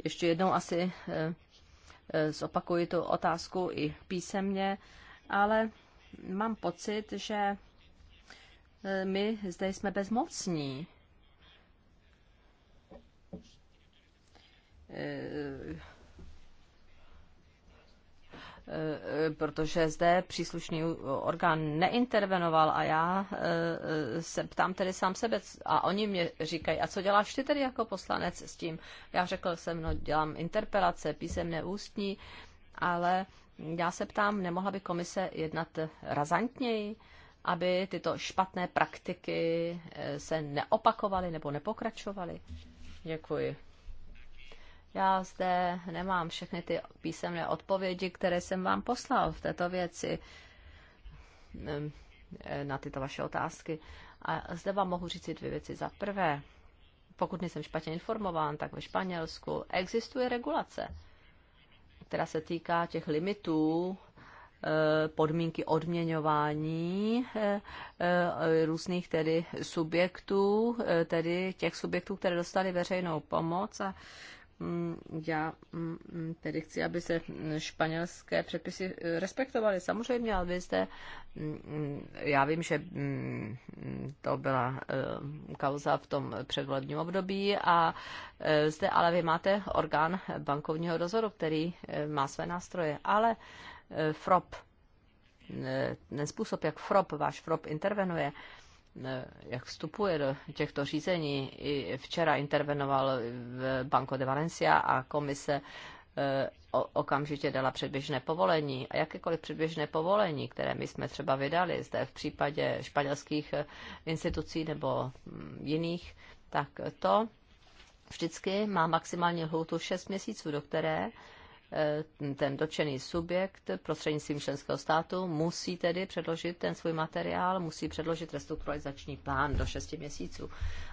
ještě jednou asi eh, eh, zopakuji tu otázku i písemně, ale mám pocit, že eh, my zde jsme bezmocní. Eh, protože zde příslušný orgán neintervenoval a já eh, se ptám tedy sám sebe a oni mě říkají, a co děláš ty tedy jako poslanec s tím? Já řekl jsem, no dělám interpelace, písemné ústní, ale já se ptám, nemohla by komise jednat razantněji, aby tyto špatné praktiky eh, se neopakovaly nebo nepokračovaly? Děkuji. Já zde nemám všechny ty písemné odpovědi, které jsem vám poslal v této věci ehm, eh, na tyto vaše otázky. A zde vám mohu říct dvě věci. Za prvé, pokud nejsem špatně informován, tak ve Španělsku existuje regulace, která se týká těch limitů eh, podmínky odměňování eh, různých tedy subjektů, tedy těch subjektů, které dostali veřejnou pomoc a Mm, já mm, mm, tedy chci, aby se španělské předpisy eh, respektovaly. Samozřejmě, ale vy jste, já vím, že to byla eh, kauza v tom předvolebním období a eh, zde ale vy máte orgán bankovního dozoru, který má své nástroje, ale FROP, ten způsob, jak FROP, váš FROP intervenuje, jak vstupuje do těchto řízení. I včera intervenoval v Banco de Valencia a komise eh, okamžitě dala předběžné povolení a jakékoliv předběžné povolení, které my jsme třeba vydali zde v případě španělských eh, institucí nebo mm, jiných, tak to vždycky má maximální lhoutu 6 měsíců, do které Eh, ten dotčený subjekt prostřednictvím členského státu musí tedy předložit ten svůj materiál, musí předložit restrukturalizační plán do 6 měsíců.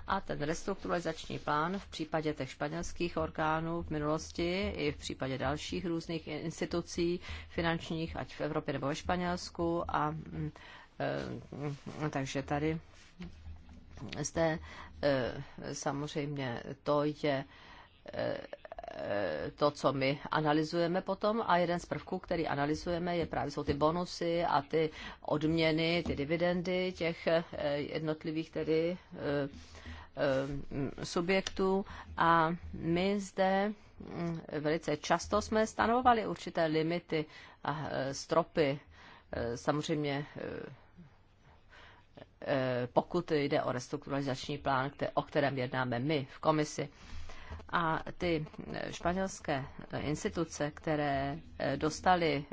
A ten restrukturalizační plán v případě těch španělských orgánů v minulosti i v případě dalších různých institucí finančních, ať v Evropě nebo ve Španělsku. A, eh, takže tady zde eh, samozřejmě to je to, co my analyzujeme potom. A jeden z prvků, který analyzujeme, je právě jsou ty bonusy a ty odměny, ty dividendy těch eh, jednotlivých tedy eh, eh, subjektů. A my zde hm, velice často jsme stanovovali určité limity a stropy. Samozřejmě pokud jde o restrukturalizační plán, o kterém jednáme my v komisi. A ty eh, španělské eh, instituce, které eh, dostaly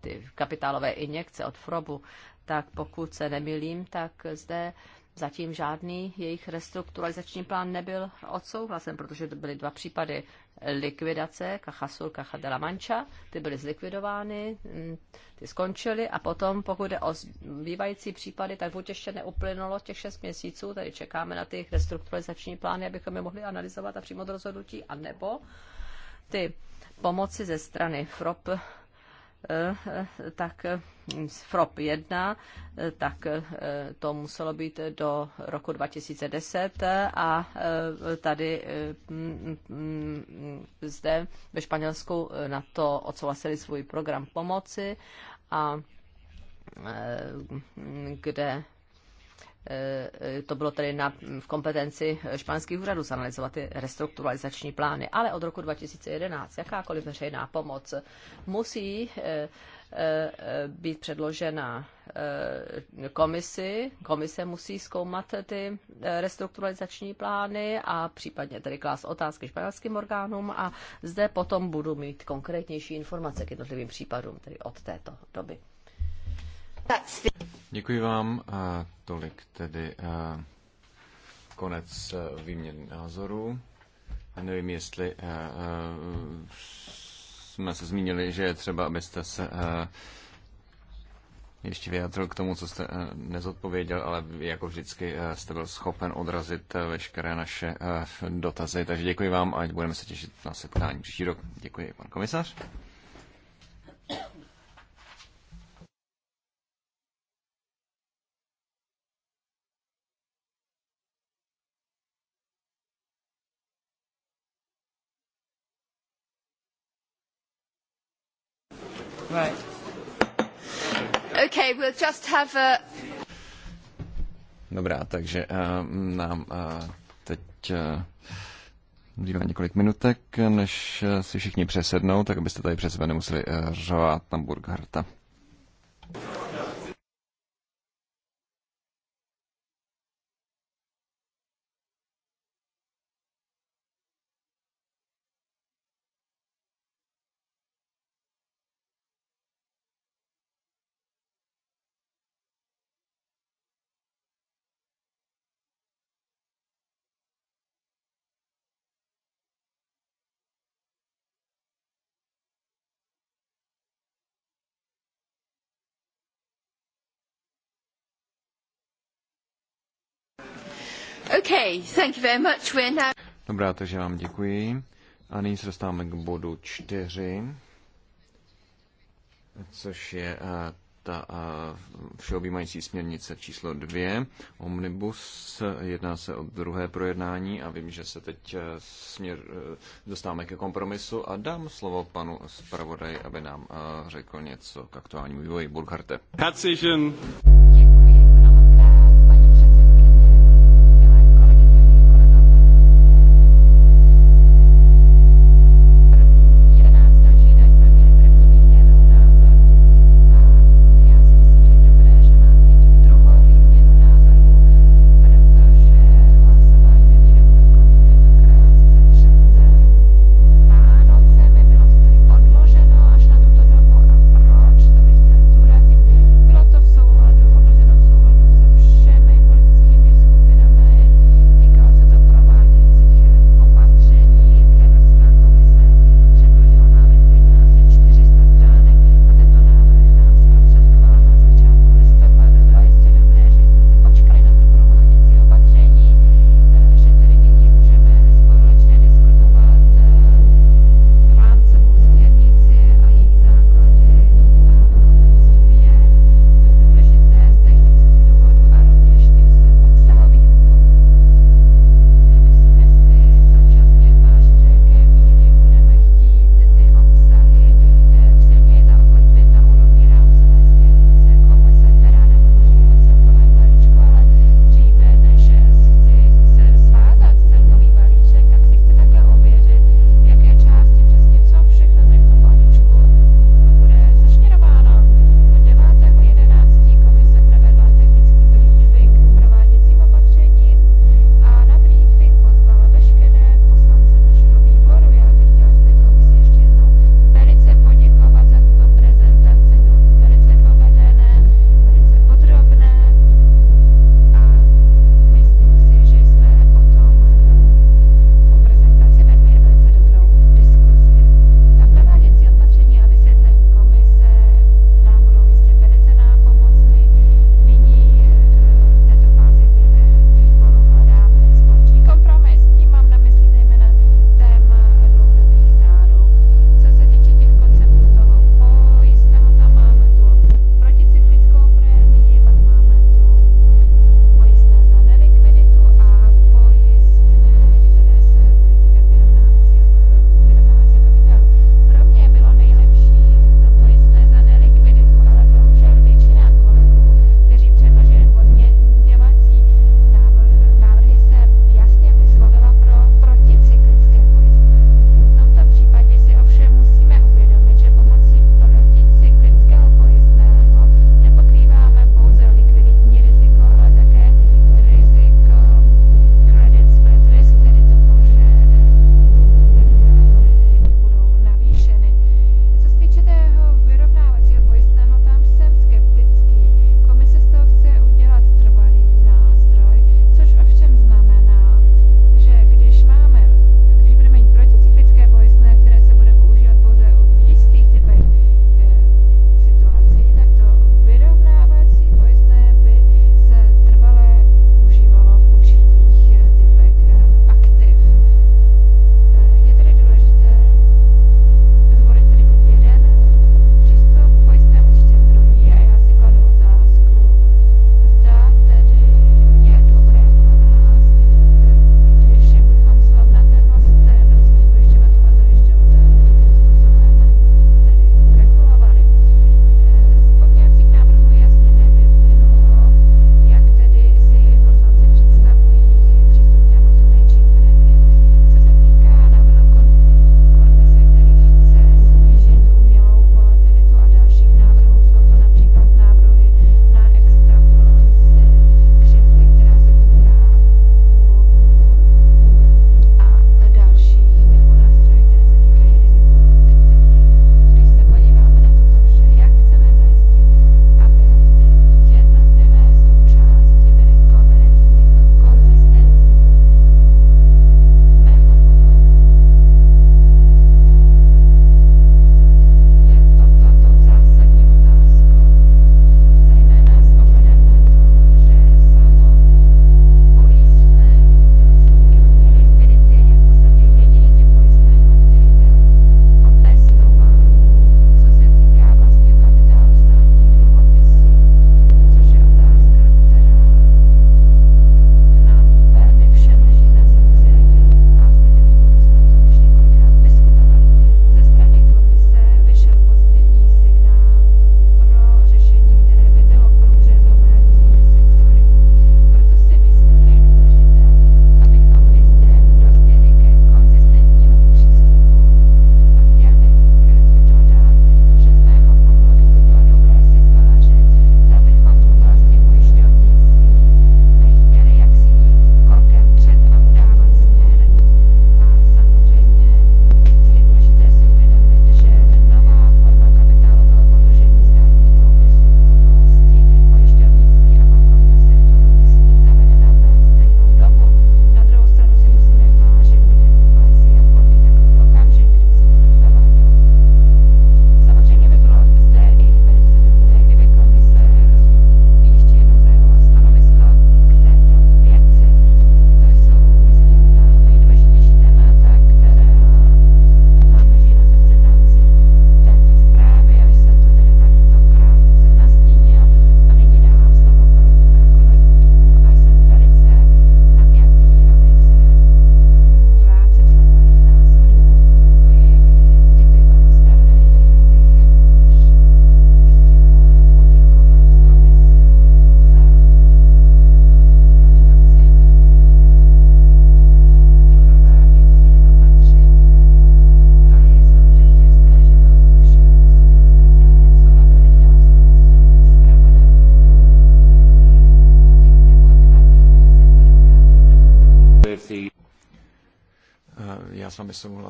ty kapitálové injekce od Frobu, tak pokud se nemilím, tak zde zatím žádný jejich restrukturalizační plán nebyl odsouhlasen, protože to byly dva případy likvidace Cajasul, Caja de la Mancha, ty byly zlikvidovány, mm, ty skončily a potom, pokud jde o zbývající případy, tak buď ještě neuplynulo těch šest měsíců, tady čekáme na ty restrukturalizační plány, abychom je mohli analyzovat a přijmout rozhodnutí, anebo ty pomoci ze strany FROP tak mm, z FROP 1, tak eh, to muselo být do roku 2010 a eh, tady eh, mm, mm, zde ve Španělsku na to odsouhlasili svůj program pomoci a kde Eh, to bylo tedy na, v kompetenci španských úřadů zanalizovat ty restrukturalizační plány, ale od roku 2011 jakákoliv veřejná pomoc musí eh, eh, být předložena komisi. Komise musí zkoumat ty restrukturalizační plány a případně tedy klást otázky španělským orgánům a zde potom budu mít konkrétnější informace k jednotlivým případům, tedy od této doby. Děkuji vám. A tolik tedy a konec výměn názorů. Já nevím, jestli a, a, jsme se zmínili, že je třeba, abyste se a, ještě vyjádřil k tomu, co jste nezodpověděl, ale jako vždycky jste byl schopen odrazit veškeré naše dotazy. Takže děkuji vám a budeme se těšit na setkání příští rok. Děkuji, pan komisař. Right. Okay, we'll just have a... Dobrá, takže uh, nám uh, teď uh, eh, zbývá několik minutek, než uh, si všichni přesednou, tak abyste tady přes sebe nemuseli uh, řovat na Burgharta. Okay, thank you very much. We're now... Dobrá, takže vám děkuji. A nyní se dostáváme k bodu čtyři, což je eh, ta eh, všeobjímající směrnice číslo dvě. Omnibus. Jedná se o druhé projednání a vím, že se teď eh, směr, dostáváme ke kompromisu a dám slovo panu zpravodaji, aby nám řekl něco k aktuálnímu vývoji. Burkharte. Herzlichen. Děkuji.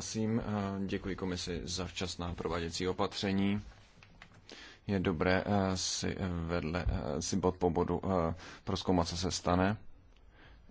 souhlasím. Děkuji komisi za včasná prováděcí opatření. Je dobré eh, si vedle eh, si bod po bodu eh, proskoumat, co se stane.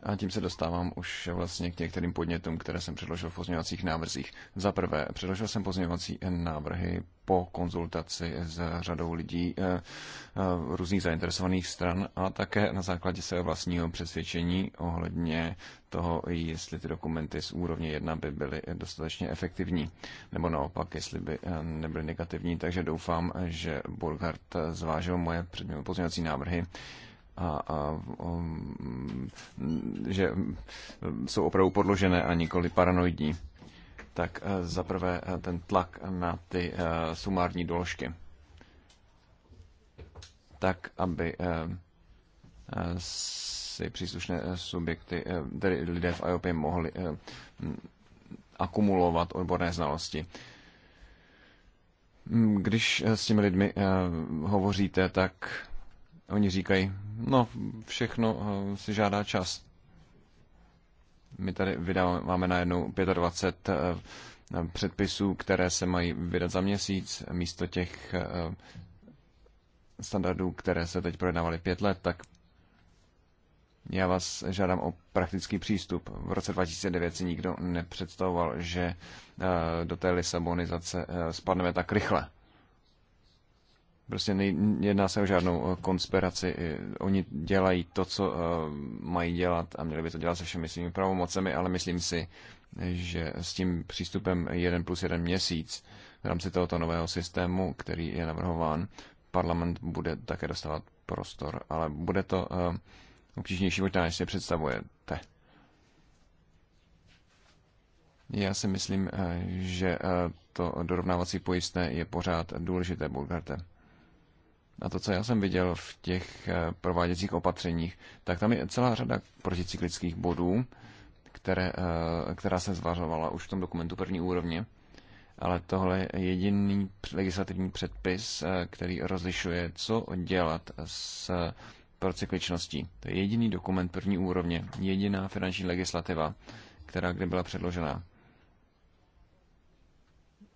A tím se dostávám už vlastně k některým podnětům, které jsem předložil v pozměňovacích návrzích. Za prvé, předložil jsem pozměňovací návrhy po konzultaci s řadou lidí eh, eh, různých zainteresovaných stran a také na základě svého vlastního přesvědčení ohledně toho, jestli ty dokumenty z úrovně 1 by byly dostatečně efektivní, nebo naopak, jestli by eh, nebyly negativní. Takže doufám, že Burghardt zvážil moje pozměňovací návrhy a, a um, že jsou opravdu podložené a nikoli paranoidní, tak eh, zaprvé eh, ten tlak na ty eh, sumární doložky. Tak, aby si příslušné subjekty, tedy lidé v IOP mohli akumulovat odborné znalosti. Když s těmi lidmi hovoříte, tak Oni říkají, no všechno eh, si žádá čas. My tady vydáváme najednou 25 eh, předpisů, které se mají vydat za měsíc, místo těch eh, standardů, které se teď projednávaly pět let, tak já vás žádám o praktický přístup. V roce 2009 si nikdo nepředstavoval, že do té Lisabonizace spadneme tak rychle. Prostě nejedná se o žádnou eh, konspiraci. Oni dělají to, co eh, mají dělat a měli by to dělat se všemi svými pravomocemi, ale myslím si, že s tím přístupem 1 plus 1 měsíc v rámci tohoto nového systému, který je navrhován, parlament bude také dostávat prostor, ale bude to eh, obtížnější možná, než si představujete. Já si myslím, že to dorovnávací pojistné je pořád důležité, Bulgarte a to, co já jsem viděl v těch eh, prováděcích opatřeních, tak tam je celá řada proticyklických bodů, které, eh, která se zvařovala už v tom dokumentu první úrovně. Ale tohle je jediný legislativní předpis, eh, který rozlišuje, co dělat s procykličností. To je jediný dokument první úrovně, jediná finanční legislativa, která kdy byla předložena.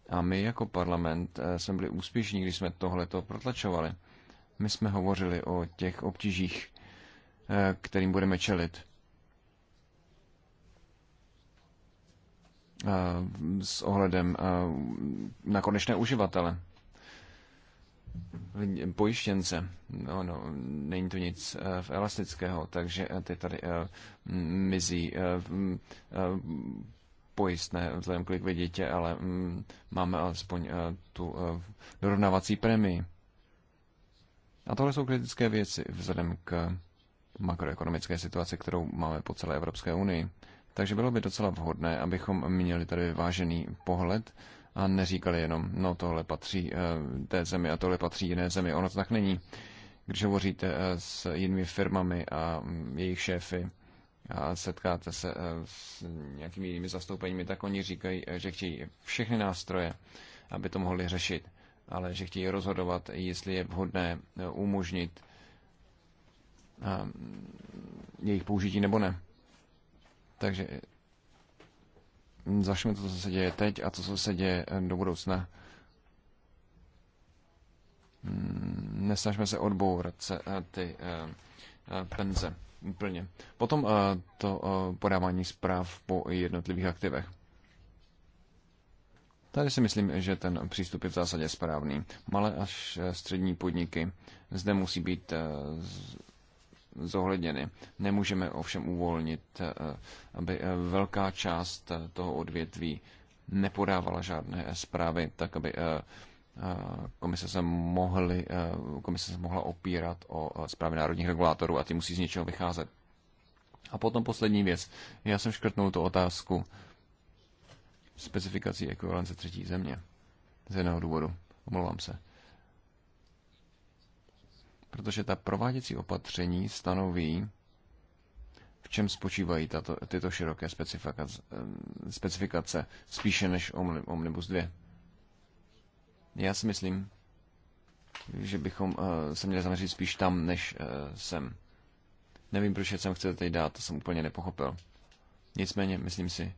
A my jako parlament jsme byli úspěšní, když jsme tohleto protlačovali. My jsme hovořili o těch obtížích, eh, kterým budeme čelit. Eh, s ohledem eh, na konečné uživatele pojištěnce. No, no, není to nic v elastického, takže ty tady mizí pojistné vzhledem k likviditě, ale mm, máme alespoň tu dorovnávací prémii. A tohle jsou kritické věci vzhledem k makroekonomické situaci, kterou máme po celé Evropské unii. Takže bylo by docela vhodné, abychom měli tady vážený pohled a neříkali jenom, no tohle patří eh, té zemi a tohle patří jiné zemi. Ono to tak není. Když hovoříte eh, s jinými firmami a mm, jejich šéfy a setkáte se eh, s nějakými jinými zastoupeními, tak oni říkají, že chtějí všechny nástroje, aby to mohli řešit ale že chtějí rozhodovat, jestli je vhodné eh, umožnit eh, jejich použití nebo ne. Takže eh, zašme to, co se děje teď a to, co se děje do budoucna. Hmm, nesnažme se odbourat se ty penze úplně. Potom to podávání zpráv po jednotlivých aktivech. Tady si myslím, že ten přístup je v zásadě správný. Malé až střední podniky zde musí být eh, zohledněny. Nemůžeme ovšem uvolnit, eh, aby eh, velká část toho odvětví nepodávala žádné zprávy, tak aby komise se, mohly, komise se mohla opírat o zprávy národních regulátorů a ty musí z něčeho vycházet. A potom poslední věc. Já jsem škrtnul tu otázku specifikací ekvivalence třetí země. Z jednoho důvodu. Omlouvám se. Protože ta prováděcí opatření stanoví, v čem spočívají tato, tyto široké specifikace, specifikace spíše než Omnibus 2. Já si myslím, že bychom eh, se měli zaměřit spíš tam, než eh, sem. Nevím, proč je sem chcete teď dát, to jsem úplně nepochopil. Nicméně, myslím si,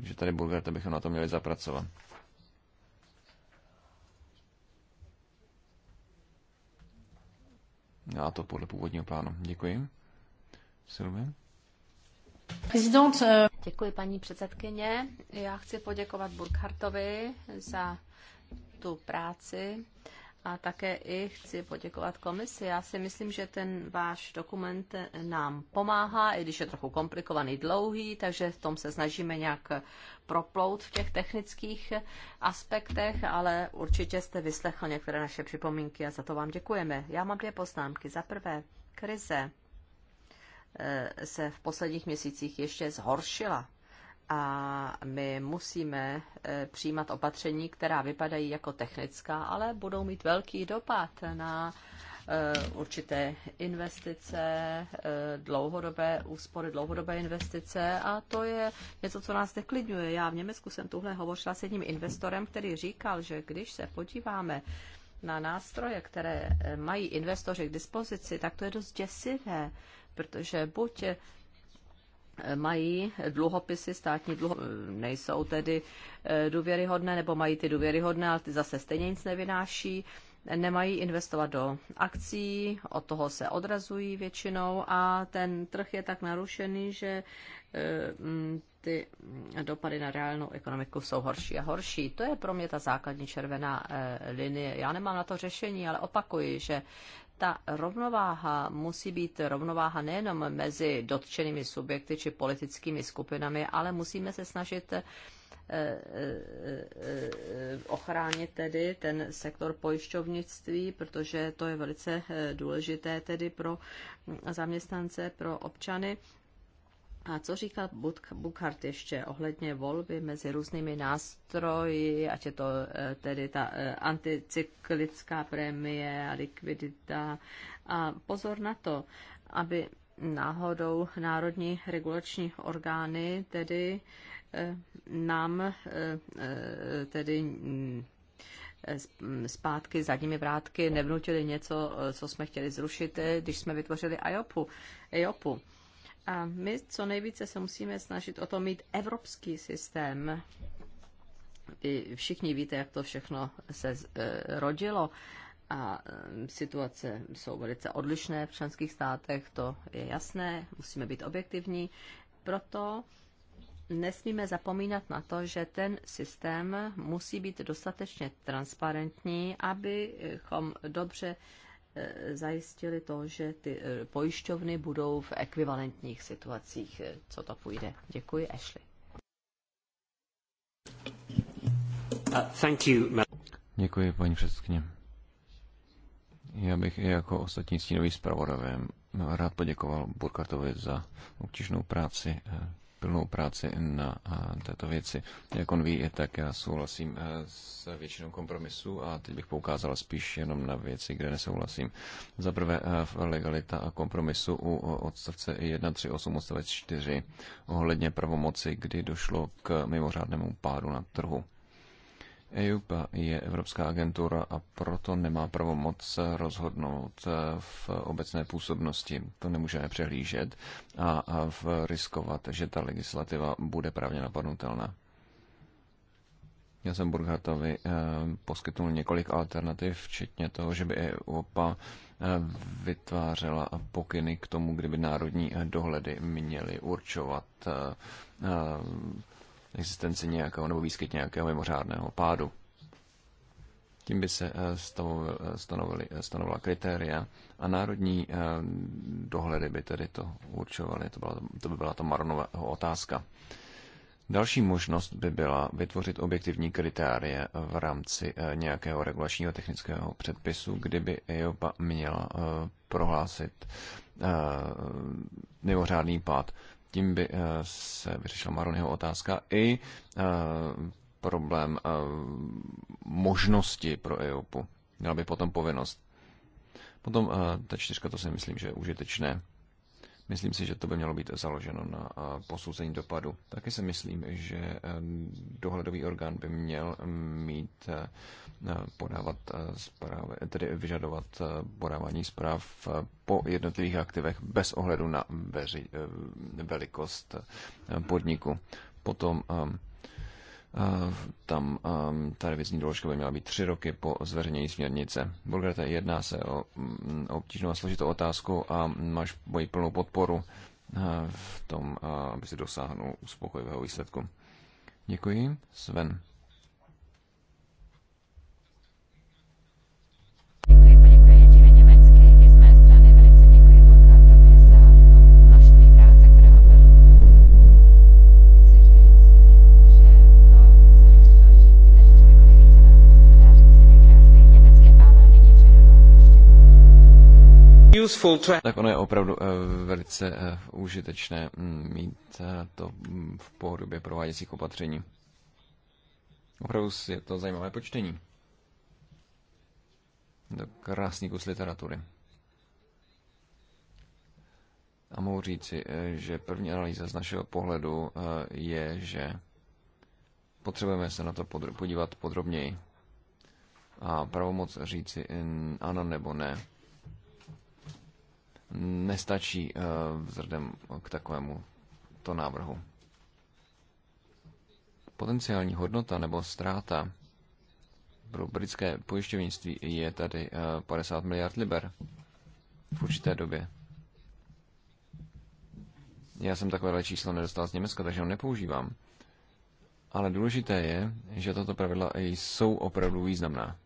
takže tady to bychom na to měli zapracovat. Já to podle původního plánu. Děkuji. Silvie? Eh, Děkuji, paní předsedkyně. Já chci poděkovat Burkhartovi za tu práci, a také i chci poděkovat komisi. Já si myslím, že ten váš dokument nám pomáhá, i když je trochu komplikovaný, dlouhý, takže v tom se snažíme nějak proplout v těch technických aspektech, ale určitě jste vyslechl některé naše připomínky a za to vám děkujeme. Já mám dvě poznámky. Za prvé, krize eh, se v posledních měsících ještě zhoršila a my musíme e, přijímat opatření, která vypadají jako technická, ale budou mít velký dopad na e, určité investice, e, dlouhodobé úspory, dlouhodobé investice a to je něco, co nás neklidňuje. Já v Německu jsem tuhle hovořila s jedním investorem, který říkal, že když se podíváme na nástroje, které mají investoři k dispozici, tak to je dost děsivé, protože buď mají dluhopisy, státní dluhopisy, nejsou tedy eh, důvěryhodné, nebo mají ty důvěryhodné, ale ty zase stejně nic nevynáší, nemají investovat do akcí, od toho se odrazují většinou a ten trh je tak narušený, že eh, mm, ty dopady na reálnou ekonomiku jsou horší a horší. To je pro mě ta základní červená eh, linie. Já nemám na to řešení, ale opakuji, že ta rovnováha musí být rovnováha nejenom mezi dotčenými subjekty či politickými skupinami, ale musíme se snažit eh, eh, eh, ochránit tedy ten sektor pojišťovnictví, protože to je velice důležité tedy pro zaměstnance, pro občany a co říkal Bukhart ještě ohledně volby mezi různými nástroji, ať je to e, tedy ta e, anticyklická prémie a likvidita. A pozor na to, aby náhodou národní regulační orgány tedy e, nám tedy zpátky zadními vrátky nevnutili něco, co jsme chtěli zrušit, když jsme vytvořili IOPu. IOPu. A my co nejvíce se musíme snažit o to mít evropský systém. Vy všichni víte, jak to všechno se e, rodilo a e, situace jsou velice odlišné v členských státech, to je jasné, musíme být objektivní. Proto nesmíme zapomínat na to, že ten systém musí být dostatečně transparentní, abychom dobře E, zajistili to, že ty e, pojišťovny budou v ekvivalentních situacích, e, co to půjde. Děkuji, Ashley. Uh, thank you. Děkuji, paní předsedkyně. Já bych i jako ostatní stínový zpravodavem rád poděkoval Burkartovi za obtížnou práci plnou práci na této věci. Jak on ví, tak já souhlasím e, s většinou kompromisů a teď bych poukázal spíš jenom na věci, kde nesouhlasím. Za prvé e, legalita a kompromisu u odstavce 138 odstavec 4 ohledně pravomoci, kdy došlo k mimořádnému pádu na trhu. EUPA je Evropská agentura a proto nemá pravomoc rozhodnout eh, v obecné působnosti. To nemůžeme přehlížet a riskovat, že ta legislativa bude právně napadnutelná. Já jsem Burghartovi eh, poskytnul několik alternativ, včetně toho, že by EUPA eh, vytvářela pokyny k tomu, kdyby národní dohledy měly určovat existenci nějakého nebo výskyt nějakého mimořádného pádu. Tím by se eh, eh, stanovili, eh, stanovila kritéria a národní dohledy by tedy to určovaly. To, byla, to by byla ta Maronova otázka. Další možnost by byla vytvořit objektivní kritérie v rámci nějakého regulačního technického předpisu, kdyby EOPA měla prohlásit mimořádný pád. Tím by eh, se vyřešila Maronyho otázka i eh, problém eh, možnosti pro EOPu. Měla by potom povinnost. Potom ta čtyřka, to si myslím, že je užitečné. Myslím si, že to by mělo být založeno na eh, posouzení dopadu. Taky si myslím, že eh, dohledový orgán by měl mm, mít eh, podávat zprávy, tedy vyžadovat podávání zpráv po jednotlivých aktivech bez ohledu na veři, velikost podniku. Potom tam um, ta revizní doložka by měla být tři roky po zveřejnění směrnice. Bulgarete, jedná se o, mm, o obtížnou a složitou otázku a máš moji plnou podporu uh, v tom, uh, aby si dosáhnul uspokojivého výsledku. Děkuji. Sven. tak ono je opravdu eh, velice eh, užitečné mm, mít eh, to mm, v pohodobě prováděcích opatření. Opravdu je to zajímavé počtení. To krásný kus literatury. A mohu říci, že první analýza z našeho pohledu je, že potřebujeme se na to podr- podívat podrobněji a pravomoc říci ano nebo ne nestačí eh, vzhledem k takovému to návrhu. Potenciální hodnota nebo ztráta pro britské pojišťovnictví je tady 50 eh, miliard liber v určité době. Já jsem takovéhle číslo nedostal z Německa, takže ho nepoužívám. Ale důležité je, že tato pravidla jsou opravdu významná.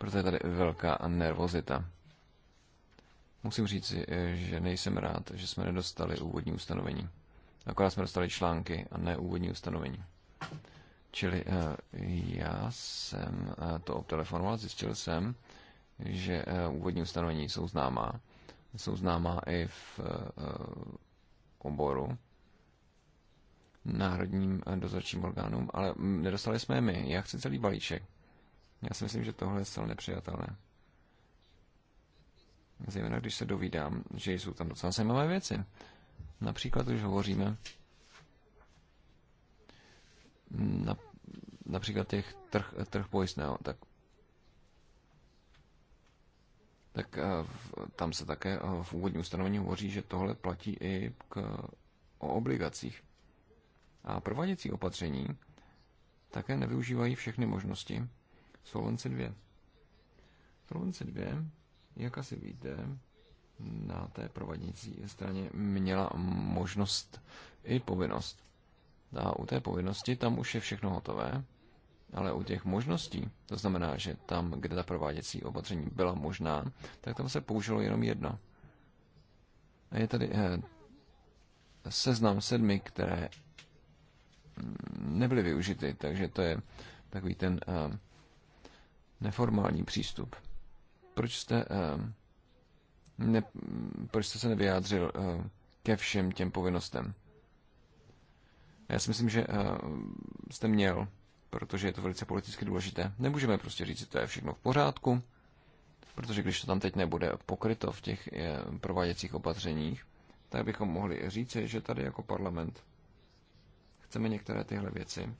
Proto je tady velká nervozita. Musím říct, eh, že nejsem rád, že jsme nedostali úvodní ustanovení. Akorát jsme dostali články a ne úvodní ustanovení. Čili eh, já jsem eh, to obtelefonoval, zjistil jsem, že úvodní ustanovení jsou známá. Jsou známá i v oboru národním dozorčím orgánům, ale mm, nedostali jsme je my. Já chci celý balíček. Já si myslím, že tohle je zcela nepřijatelné. Zejména když se dovídám, že jsou tam docela zajímavé věci. Například když hovoříme na, například těch trh, trh pojistného, tak tak eh, tam se také eh, v úvodním ustanovení hovoří, že tohle platí i k, o obligacích. A prováděcí opatření také nevyužívají všechny možnosti, Solvence 2. Solvence 2, jak asi víte, na té provádějící straně měla možnost i povinnost. A u té povinnosti tam už je všechno hotové, ale u těch možností, to znamená, že tam, kde ta prováděcí opatření byla možná, tak tam se použilo jenom jedno. A je tady eh, seznam sedmi, které mm, nebyly využity, takže to je takový ten eh, neformální přístup. Proč jste, ehm, ne, proč jste se nevyjádřil ehm, ke všem těm povinnostem? Já si myslím, že ehm, jste měl, protože je to velice politicky důležité. Nemůžeme prostě říct, že to je všechno v pořádku, protože když to tam teď nebude pokryto v těch prováděcích opatřeních, tak bychom mohli říci, že tady jako parlament chceme některé tyhle věci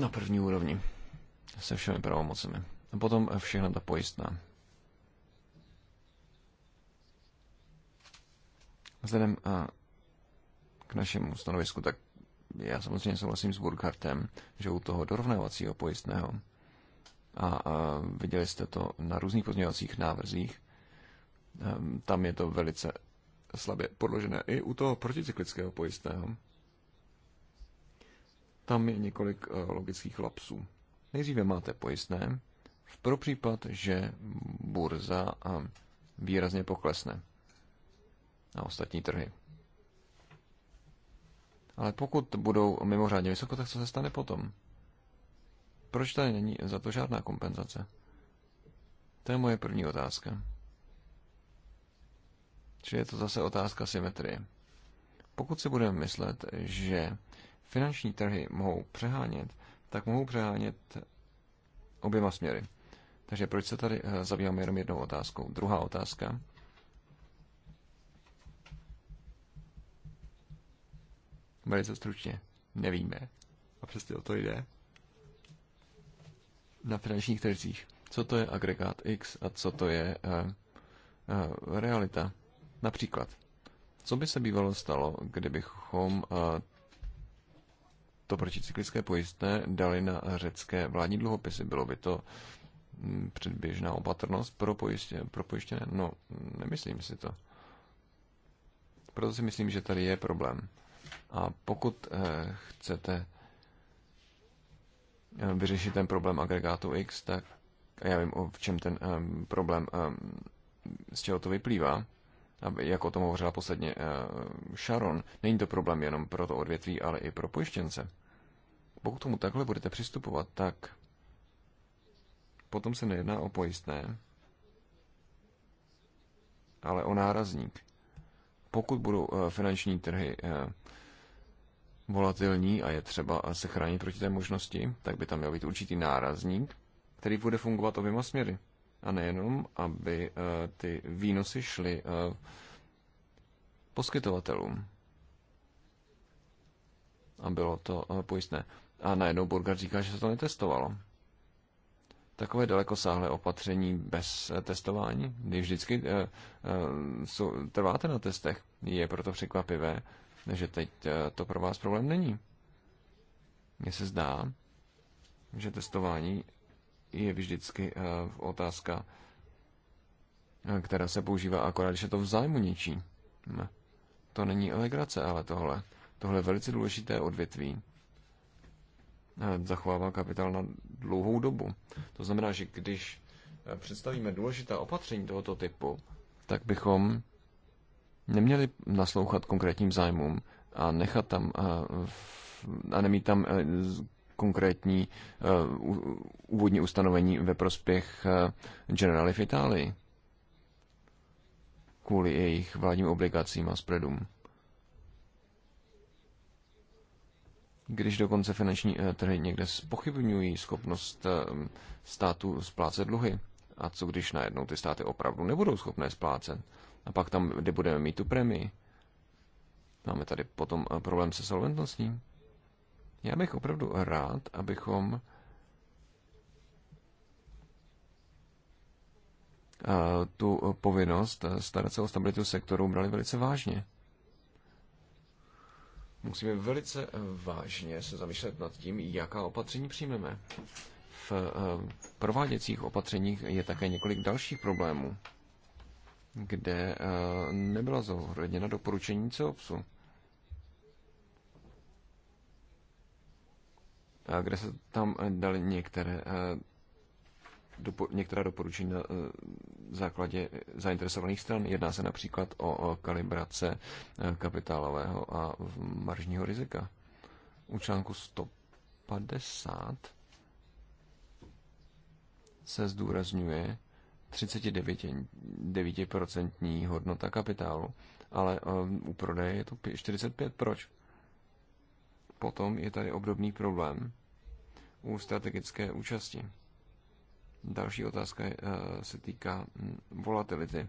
na první úrovni se všemi pravomocemi. A potom všechno ta pojistná. Vzhledem a k našemu stanovisku, tak já samozřejmě souhlasím s Burkhartem, že u toho dorovnávacího pojistného, a, a viděli jste to na různých pozměňovacích návrzích, tam je to velice slabě podložené i u toho proticyklického pojistného. Tam je několik eh, logických lapsů. Nejdříve máte pojistné, pro případ, že burza eh, výrazně poklesne na ostatní trhy. Ale pokud budou mimořádně vysoko, tak co se stane potom? Proč tady není za to žádná kompenzace? To je moje první otázka. Čili je to zase otázka symetrie. Pokud si budeme myslet, že finanční trhy mohou přehánět, tak mohou přehánět oběma směry. Takže proč se tady eh, zabýváme jenom jednou otázkou? Druhá otázka. Velice stručně. Nevíme. A přesně o to jde. Na finančních trzích. Co to je agregát X a co to je uh, uh, realita? Například, co by se bývalo stalo, kdybychom uh, to proticyklické pojistné dali na řecké vládní dluhopisy. Bylo by to mm, předběžná opatrnost pro, pojistě, pro pojištěné? No, nemyslím si to. Proto si myslím, že tady je problém. A pokud eh, chcete eh, vyřešit ten problém agregátu X, tak já vím, v čem ten eh, problém, z čeho to vyplývá, aby, jak o tom hovořila posledně eh, Sharon, není to problém jenom pro to odvětví, ale i pro pojištěnce. Pokud tomu takhle budete přistupovat, tak potom se nejedná o pojistné, ale o nárazník. Pokud budou eh, finanční trhy eh, volatilní a je třeba se chránit proti té možnosti, tak by tam měl být určitý nárazník, který bude fungovat oběma směry a nejenom, aby eh, ty výnosy šly eh, poskytovatelům. A bylo to eh, pojistné. A najednou Burger říká, že se to netestovalo. Takové dalekosáhlé opatření bez testování, když vždycky trváte na testech, je proto překvapivé, že teď to pro vás problém není. Mně se zdá, že testování je vždycky eh, otázka, eh, která se používá akorát, když je to v zájmu něčí. Ne. To není alegrace, ale tohle. Tohle je velice důležité odvětví. Eh, zachovává kapitál na dlouhou dobu. To znamená, že když představíme důležitá opatření tohoto typu, tak bychom neměli naslouchat konkrétním zájmům a nechat tam a, a nemít tam konkrétní eh, úvodní ustanovení ve prospěch eh, generály v Itálii kvůli jejich vládním obligacím a spreadům. Když dokonce finanční eh, trhy někde spochybňují schopnost státu splácet dluhy, a co když najednou ty státy opravdu nebudou schopné splácet? A pak tam, kde budeme mít tu prémii. Máme tady potom problém se solventností. Já bych opravdu rád, abychom eh, tu povinnost starat se o stabilitu sektoru brali velice vážně. Musíme velice eh, vážně se zamýšlet nad tím, jaká opatření přijmeme. V eh, prováděcích opatřeních je také několik dalších problémů, kde nebyla zohledněna doporučení COPSu. kde se tam eh, dali některé eh, dopo, některá doporučení na eh, základě zainteresovaných stran. Jedná se například o kalibrace kapitálového a maržního rizika. U článku 150 se zdůrazňuje 39% hodnota kapitálu, ale u prodeje je to 45%. Proč? potom je tady obdobný problém u strategické účasti. Další otázka eh, se týká hm, volatility,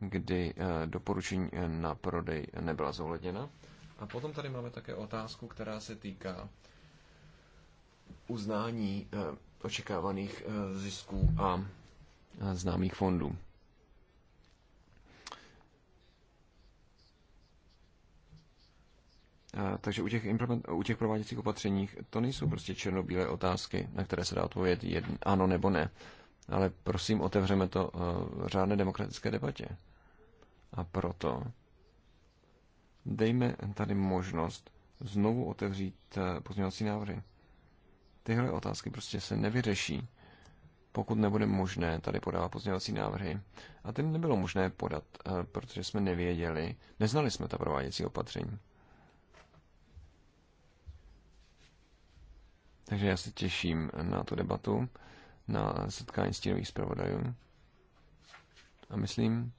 kdy eh, doporučení eh, na prodej nebyla zohledněna. A potom tady máme také otázku, která se týká uznání očekávaných zisků a známých fondů. Takže u těch, implement, u těch prováděcích opatřeních to nejsou prostě černobílé otázky, na které se dá odpovědět ano nebo ne. Ale prosím, otevřeme to eh, řádné demokratické debatě. A proto dejme tady možnost znovu otevřít eh, pozměňovací návrhy. Tyhle otázky prostě se nevyřeší, pokud nebude možné tady podávat pozměňovací návrhy. A ten nebylo možné podat, eh, protože jsme nevěděli, neznali jsme ta prováděcí opatření. Takže já se těším na tu debatu, na setkání stínových zpravodajů. A myslím,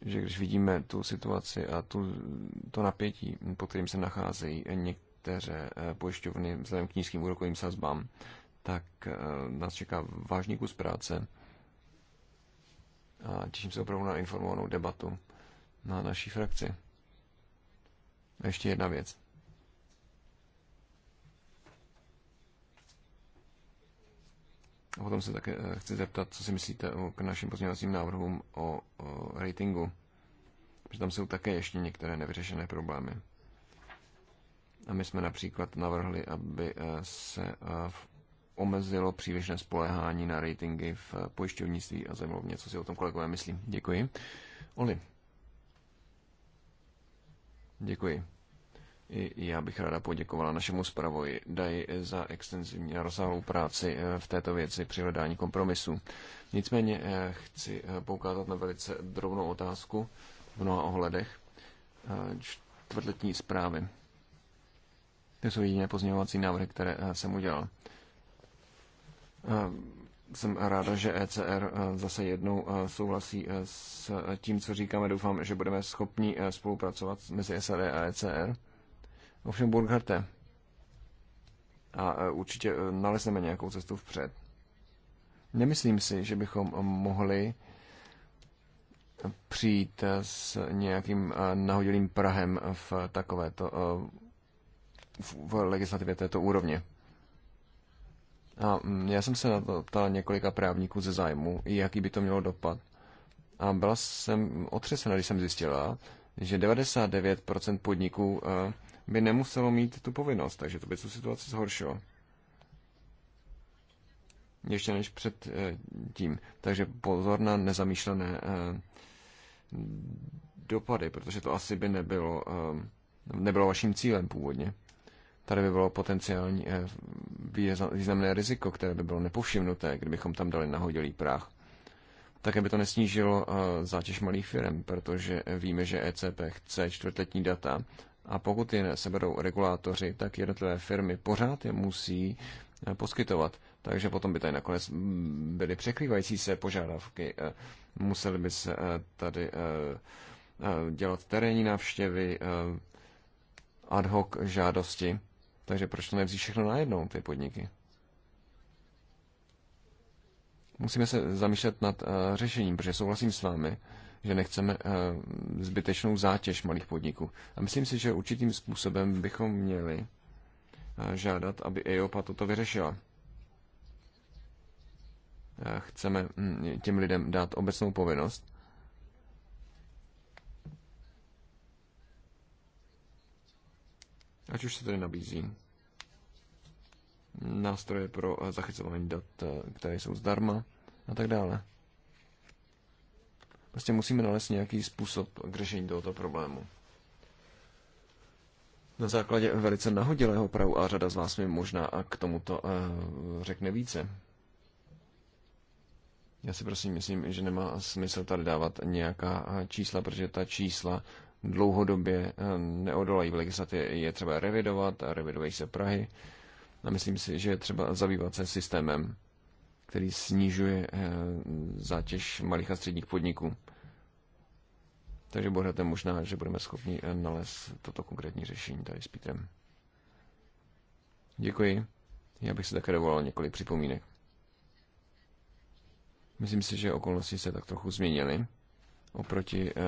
že když vidíme tu situaci a tu, to napětí, po kterým se nacházejí některé eh, pojišťovny vzhledem k nízkým úrokovým sazbám, tak eh, nás čeká vážný kus práce. A těším se opravdu na informovanou debatu na naší frakci. A ještě jedna věc. A Potom se také eh, chci zeptat, co si myslíte o, k našim pozměňovacím návrhům o, o ratingu. Protože tam jsou také ještě některé nevyřešené problémy. A my jsme například navrhli, aby eh, se eh, omezilo přílišné spoléhání na ratingy v pojišťovnictví a zajímavě, co si o tom kolegové myslí. Děkuji. Oli. Děkuji. I já bych ráda poděkovala našemu zpravoji Daj za extenzivní a rozsáhlou práci eh, v této věci při hledání kompromisu. Nicméně eh, chci eh, poukázat na velice drobnou otázku v mnoha ohledech čtvrtletní zprávy. To jsou jediné pozměňovací návrhy, které jsem udělal. Jsem ráda, že ECR zase jednou souhlasí s tím, co říkáme. Doufám, že budeme schopni spolupracovat mezi SAD a ECR Ovšem Burgharte. A e, určitě e, nalezneme nějakou cestu vpřed. Nemyslím si, že bychom mohli přijít e, s nějakým nahodilým Prahem v takovéto v legislativě této úrovně. A mm, já jsem se na to ptal několika právníků ze zájmu, jaký by to mělo dopad. A byla jsem otřesena, když jsem zjistila, že 99% podniků by nemuselo mít tu povinnost, takže to by tu situaci zhoršilo. Ještě než před eh, tím. Takže pozor na nezamýšlené eh, dopady, protože to asi by nebylo, eh, nebylo vaším cílem původně. Tady by bylo potenciální významné riziko, které by bylo nepovšimnuté, kdybychom tam dali nahodilý práh. Také by to nesnížilo zátěž malých firm, protože víme, že ECP chce čtvrtletní data a pokud je seberou regulátoři, tak jednotlivé firmy pořád je musí eh, poskytovat. Takže potom by tady nakonec mm, byly překrývající se požádavky. Eh, museli by se eh, tady dělat terénní návštěvy, ad hoc žádosti. Takže proč to nevzít všechno najednou, ty podniky? Musíme se zamýšlet nad řešením, protože souhlasím s vámi, že nechceme eh, zbytečnou zátěž malých podniků. A myslím si, že určitým způsobem bychom měli eh, žádat, aby EOPA toto vyřešila. Eh, chceme hm, těm lidem dát obecnou povinnost, Ať už se tedy nabízí nástroje pro zachycování dat, které jsou zdarma a tak dále. Prostě musíme nalézt nějaký způsob k řešení tohoto problému. Na základě velice nahodilého pravu a řada z vás mi možná a k tomuto eh, řekne více. Já si prosím myslím, že nemá smysl tady dávat nějaká eh, čísla, protože ta čísla dlouhodobě eh, neodolají v legislativě. Je třeba revidovat a revidují se Prahy. A myslím si, že je třeba zabývat se systémem, který snižuje zátěž malých a středních podniků. Takže budete možná, že budeme schopni eh, nalézt toto konkrétní řešení tady s Petrem. Děkuji. Já bych si také dovolal několik připomínek. Myslím si, že okolnosti se tak trochu změnily oproti eh,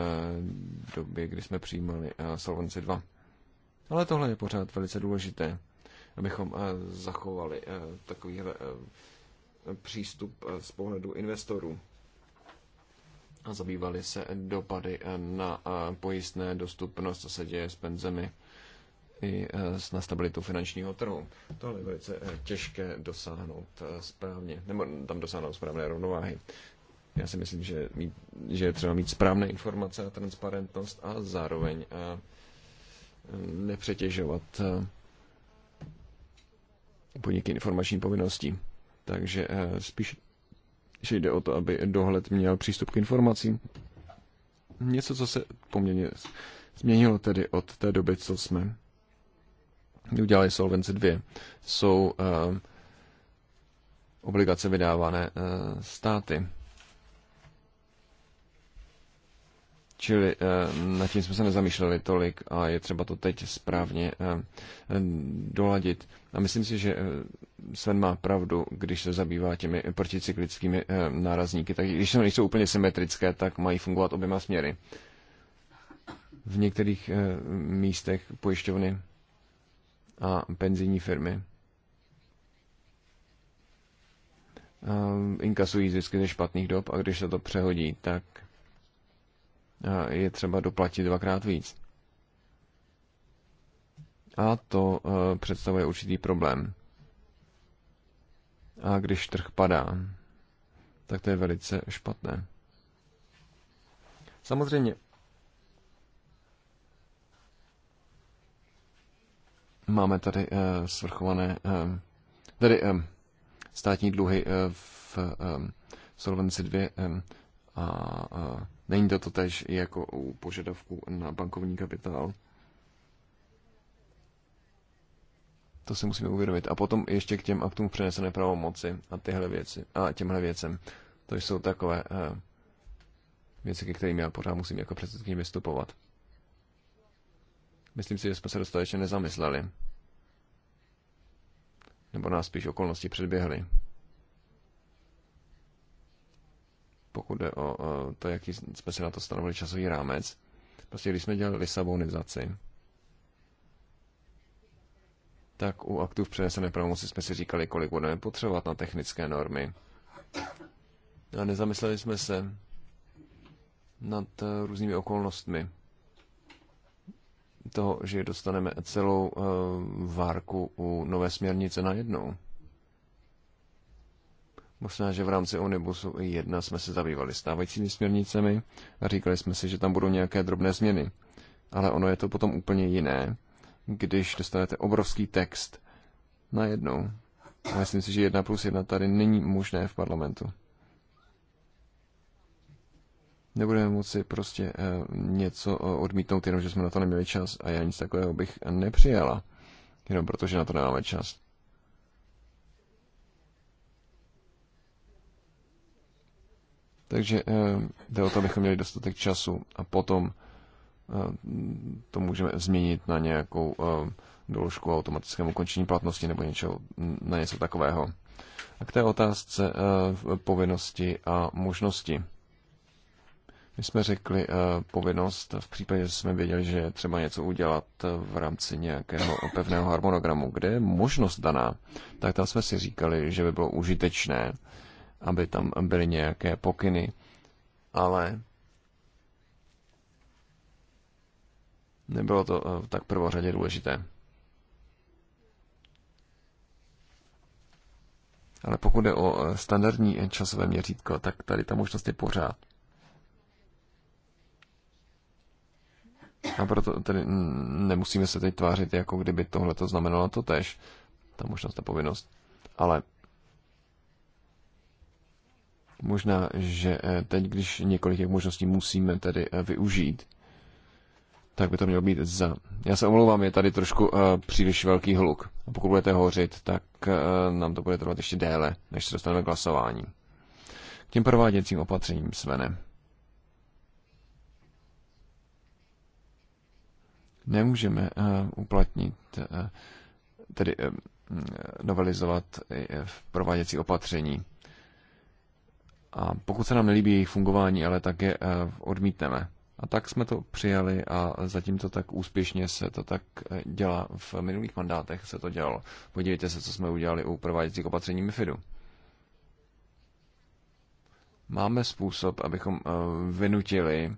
době, kdy jsme přijímali eh, Solvency 2. Ale tohle je pořád velice důležité, abychom eh, zachovali eh, takový eh, přístup eh, z pohledu investorů a zabývali se dopady na eh, pojistné dostupnost, co se děje s penzemi i eh, na stabilitu finančního trhu. To je velice eh, těžké dosáhnout správně, nebo tam dosáhnout správné rovnováhy. Já si myslím, že, mít, že je třeba mít správné informace a transparentnost a zároveň nepřetěžovat podniky informační povinností. Takže spíš že jde o to, aby dohled měl přístup k informacím. Něco, co se poměrně změnilo tedy od té doby, co jsme udělali Solvency 2, jsou uh, obligace vydávané uh, státy. Čili eh, nad tím jsme se nezamýšleli tolik a je třeba to teď správně eh, eh, doladit. A myslím si, že Sven má pravdu, když se zabývá těmi proticyklickými nárazníky. Tak když to nejsou úplně symetrické, tak mají fungovat oběma směry. V některých místech pojišťovny a penzijní firmy inkasují zisky ze špatných dob a když se to přehodí, tak je třeba doplatit dvakrát víc. A to eh, představuje určitý problém. A když trh padá, tak to je velice špatné. Samozřejmě, máme tady eh, svrchované, eh, tady státní dluhy v Solvency 2 a Není to totež jako u požadavku na bankovní kapitál. To si musíme uvědomit. A potom ještě k těm aktům přenesené pravomoci a tyhle věci, a těmhle věcem. To jsou takové uh, věci, ke kterým já pořád musím jako předsedkyně vystupovat. Myslím si, že jsme se dostatečně nezamysleli. Nebo nás spíš okolnosti předběhly. pokud jde o to, jaký jsme si na to stanovili časový rámec. Prostě když jsme dělali Lisabonizaci, tak u aktů v přenesené pravomoci jsme si říkali, kolik budeme potřebovat na technické normy. A nezamysleli jsme se nad různými okolnostmi toho, že dostaneme celou uh, várku u nové směrnice najednou. Možná, že v rámci Omnibusu 1 jsme se zabývali stávajícími směrnicemi a říkali jsme si, že tam budou nějaké drobné změny. Ale ono je to potom úplně jiné, když dostanete obrovský text najednou. A myslím si, že 1 plus 1 tady není možné v parlamentu. Nebudeme moci prostě eh, něco eh, odmítnout, jenom že jsme na to neměli čas a já nic takového bych nepřijala, jenom protože na to nemáme čas. Takže eh, jde o to, abychom měli dostatek času a potom eh, to můžeme změnit na nějakou eh, doložku automatickému končení platnosti nebo něčeho, na něco takového. A k té otázce povinnosti a možnosti. My jsme řekli povinnost v případě, že jsme věděli, že je třeba něco udělat v rámci nějakého pevného harmonogramu, kde je možnost daná, tak tam jsme si říkali, že by bylo užitečné aby tam byly nějaké pokyny, ale nebylo to eh, tak prvořadě důležité. Ale pokud je o eh, standardní eh, časové měřítko, tak tady ta možnost je pořád. A proto tedy nemusíme se teď tvářit, jako kdyby tohle to znamenalo to tež. Ta možnost, ta povinnost. Ale Možná, že eh, teď, když několik těch možností musíme tedy eh, využít, tak by to mělo být za. Já se omlouvám, je tady trošku uh, příliš velký hluk. A pokud budete hořit, tak uh, nám to bude trvat ještě déle, než se dostaneme k hlasování. K těm prováděcím opatřením, Svene. Nemůžeme uh, uplatnit, uh, tedy uh, novelizovat uh, prováděcí opatření a pokud se nám nelíbí jejich fungování, ale tak je eh, odmítneme. A tak jsme to přijali a zatím to tak úspěšně se to tak eh, dělá. V minulých mandátech se to dělalo. Podívejte se, co jsme udělali u prováděcích opatření MIFIDu. Máme způsob, abychom eh, vynutili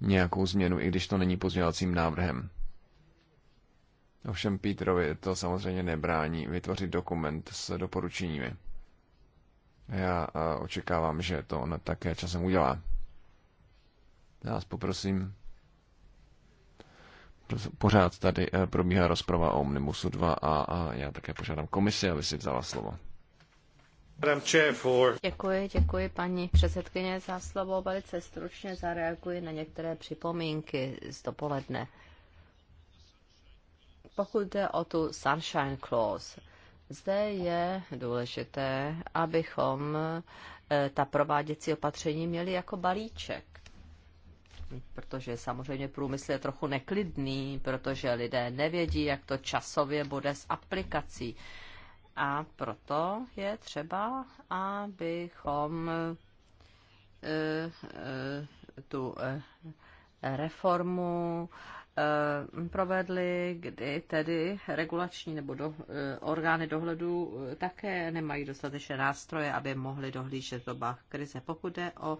nějakou změnu, i když to není pozměňovacím návrhem. Ovšem Petrovi to samozřejmě nebrání vytvořit dokument s doporučeními. Já eh, očekávám, že to on také časem udělá. Já vás poprosím. Pořád tady eh, probíhá rozprava o Omnibusu 2 a, a já také požádám komisi, aby si vzala slovo. Děkuji, děkuji paní předsedkyně za slovo. Velice stručně zareaguji na některé připomínky z dopoledne. Pokud jde o tu Sunshine Clause, zde je důležité, abychom eh, ta prováděcí opatření měli jako balíček. Protože samozřejmě průmysl je trochu neklidný, protože lidé nevědí, jak to časově bude s aplikací. A proto je třeba, abychom eh, eh, tu reformu Eh, provedli, kdy tedy regulační nebo do, eh, orgány dohledu eh, také nemají dostatečné nástroje, aby mohly dohlížet v dobách krize, pokud jde o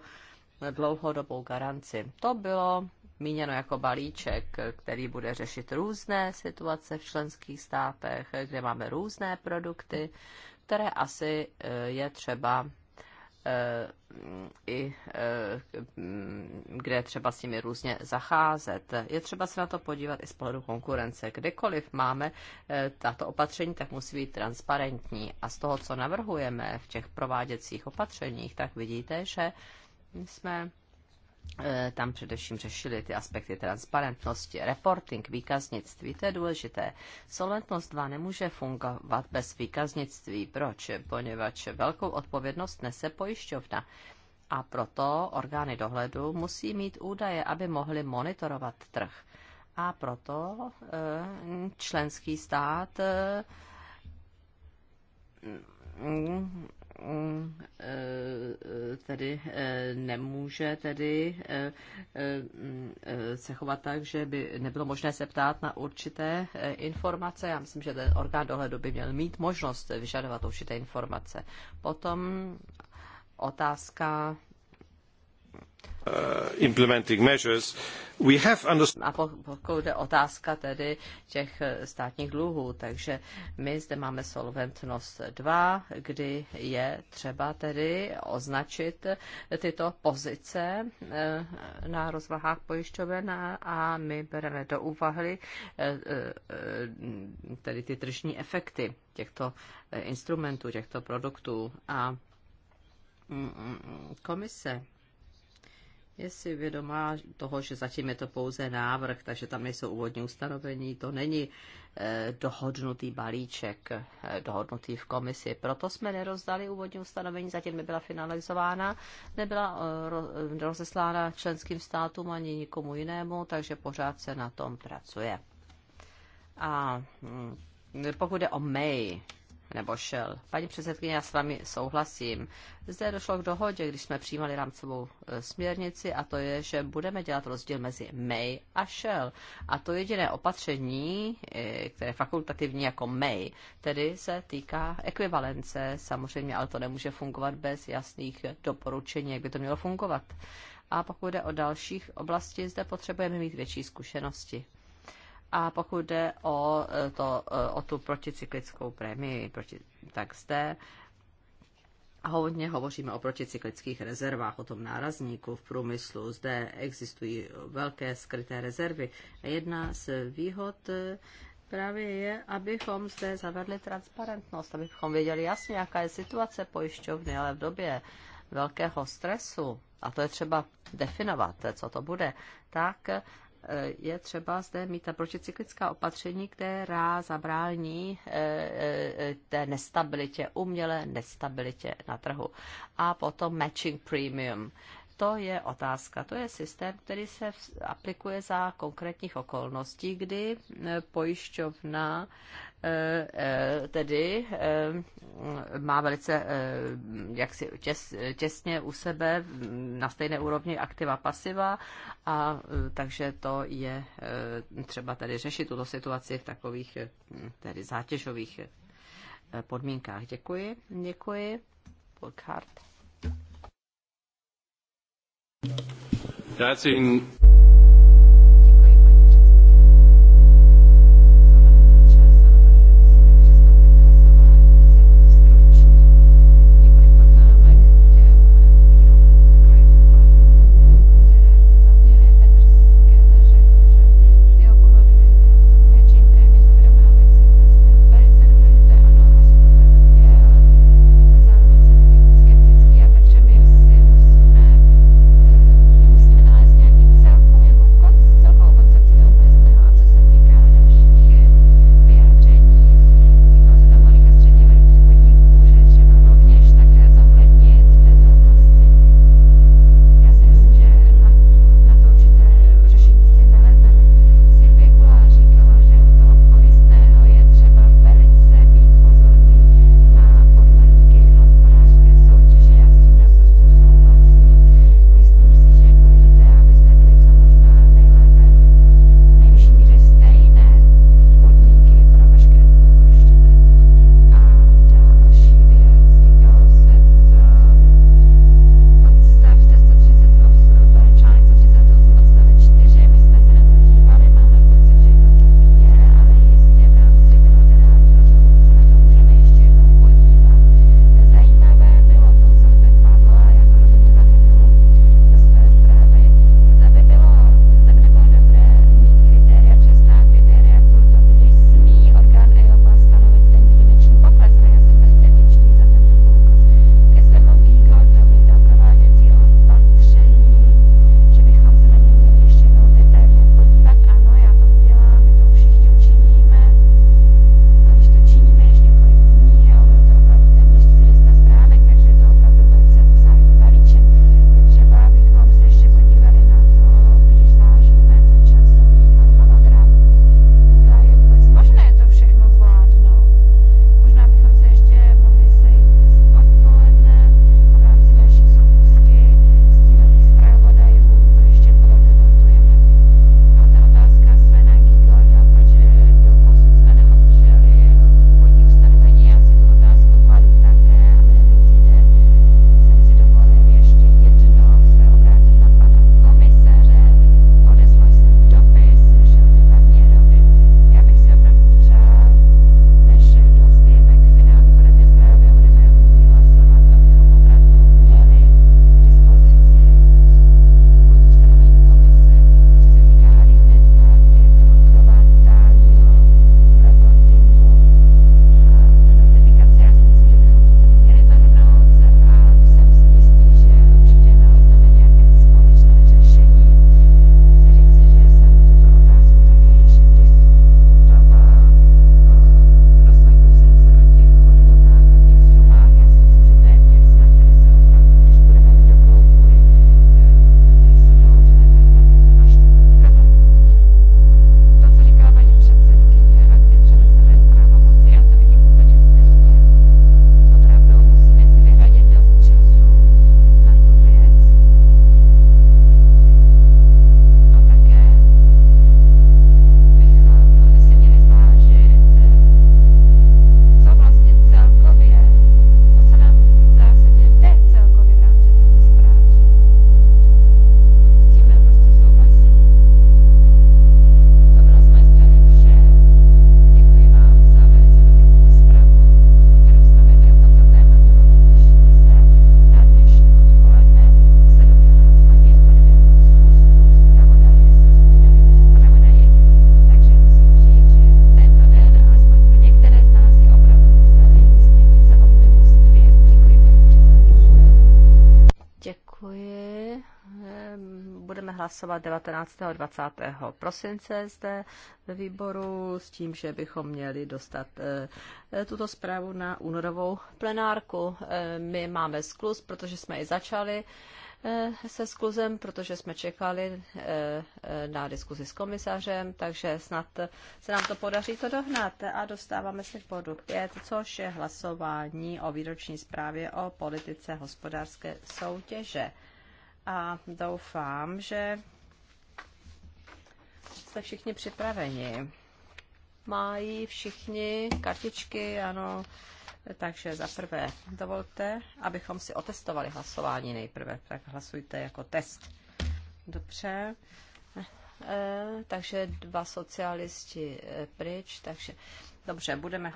dlouhodobou garanci. To bylo míněno jako balíček, který bude řešit různé situace v členských státech, kde máme různé produkty, které asi je třeba i e, kde třeba s nimi různě zacházet. Je třeba se na to podívat i z pohledu konkurence. Kdekoliv máme e, tato opatření, tak musí být transparentní. A z toho, co navrhujeme v těch prováděcích opatřeních, tak vidíte, že jsme Eh, tam především řešili ty aspekty transparentnosti, reporting, výkaznictví, to je důležité. Solventnost 2 nemůže fungovat bez výkaznictví. Proč? Poněvadž velkou odpovědnost nese pojišťovna. A proto orgány dohledu musí mít údaje, aby mohly monitorovat trh. A proto eh, členský stát eh, tedy eh, nemůže tedy eh, eh, se chovat tak, že by nebylo možné se ptát na určité informace. Já myslím, že ten orgán dohledu by měl mít možnost vyžadovat určité informace. Potom otázka Uh, implementing measures. We have A pokud jde otázka tedy těch eh, státních dluhů, takže my zde máme solventnost 2, kdy je třeba tedy označit tyto pozice eh, na rozvahách pojišťoven a my bereme do úvahy eh, tedy ty tržní efekty těchto instrumentů, těchto produktů a mm, mm, mm, komise je si vědomá toho, že zatím je to pouze návrh, takže tam nejsou úvodní ustanovení, to není eh, dohodnutý balíček, eh, dohodnutý v komisi. Proto jsme nerozdali úvodní ustanovení, zatím nebyla finalizována, nebyla eh, eh rozeslána členským státům ani nikomu jinému, takže pořád se na tom pracuje. A hm, pokud je o May, nebo šel. Paní předsedkyně, já s vámi souhlasím. Zde došlo k dohodě, když jsme přijímali rámcovou e, směrnici a to je, že budeme dělat rozdíl mezi may a shall. A to jediné opatření, e, které je fakultativní jako may, tedy se týká ekvivalence. Samozřejmě, ale to nemůže fungovat bez jasných doporučení, jak by to mělo fungovat. A pokud jde o dalších oblasti, zde potřebujeme mít větší zkušenosti. A pokud jde o, e, to, e, o tu proticyklickou prémii, proti, tak zde hodně hovoříme o proticyklických rezervách, o tom nárazníku v průmyslu. Zde existují velké skryté rezervy. Jedna z výhod e, právě je, abychom zde zavedli transparentnost, abychom věděli jasně, jaká je situace pojišťovny, ale v době velkého stresu, a to je třeba definovat, co to bude, tak je třeba zde mít ta proticyklická opatření, která zabrání eh, eh, té nestabilitě, umělé nestabilitě na trhu. A potom matching premium. To je otázka. To je systém, který se aplikuje za konkrétních okolností, kdy eh, pojišťovna Eh, eh, tedy eh, má velice jaksi si těsně u sebe mm, na stejné úrovni aktiva pasiva a takže to je třeba tady řešit tuto situaci v takových tedy zátěžových podmínkách. Děkuji, děkuji. Burkhardt. Herzlichen hlasovat 19. a 20. prosince zde ve výboru s tím, že bychom měli dostat eh, tuto zprávu na únorovou plenárku. Eh, my máme sklus, protože jsme i začali eh, se skluzem, protože jsme čekali na diskuzi s komisařem, takže snad se nám to podaří to dohnat. A dostáváme se k bodu 5, což je hlasování o výroční zprávě o politice hospodářské soutěže a doufám, že jste všichni připraveni. Mají všichni kartičky, ano. Takže za prvé dovolte, abychom si otestovali hlasování nejprve. Tak hlasujte jako test. Dobře. E, takže dva socialisti e, pryč, takže dobře, budeme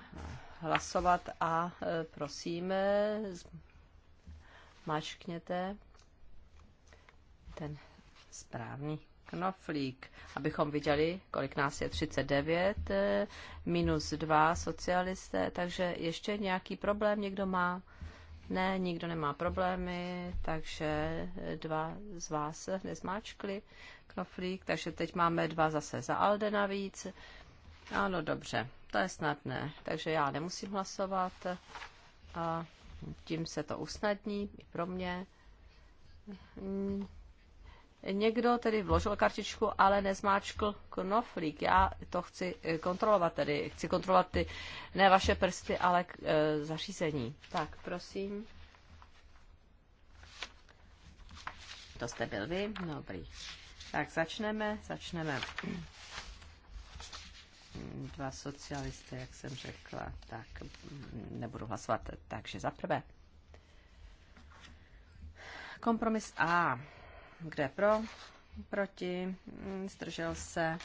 hlasovat a e, prosím, e, zmačkněte ten správný knoflík, abychom viděli, kolik nás je 39, eh, minus 2 socialisté, takže ještě nějaký problém někdo má? Ne, nikdo nemá problémy, takže eh, dva z vás nezmáčkli knoflík, takže teď máme dva zase za Alde navíc. Ano, dobře, to je snadné, takže já nemusím hlasovat a tím se to usnadní i pro mě. Hmm, Někdo tedy vložil kartičku, ale nezmáčkl knoflík. Já to chci eh, kontrolovat tedy. Chci kontrolovat ty, ne vaše prsty, ale k, eh, e, zařízení. Tak, prosím. To jste byl vy? Dobrý. No, tak začneme, začneme. Dva socialisty, jak jsem řekla, tak mm, nebudu hlasovat. Takže za prvé. Kompromis A. Kde pro? Proti? Mm, zdržel se?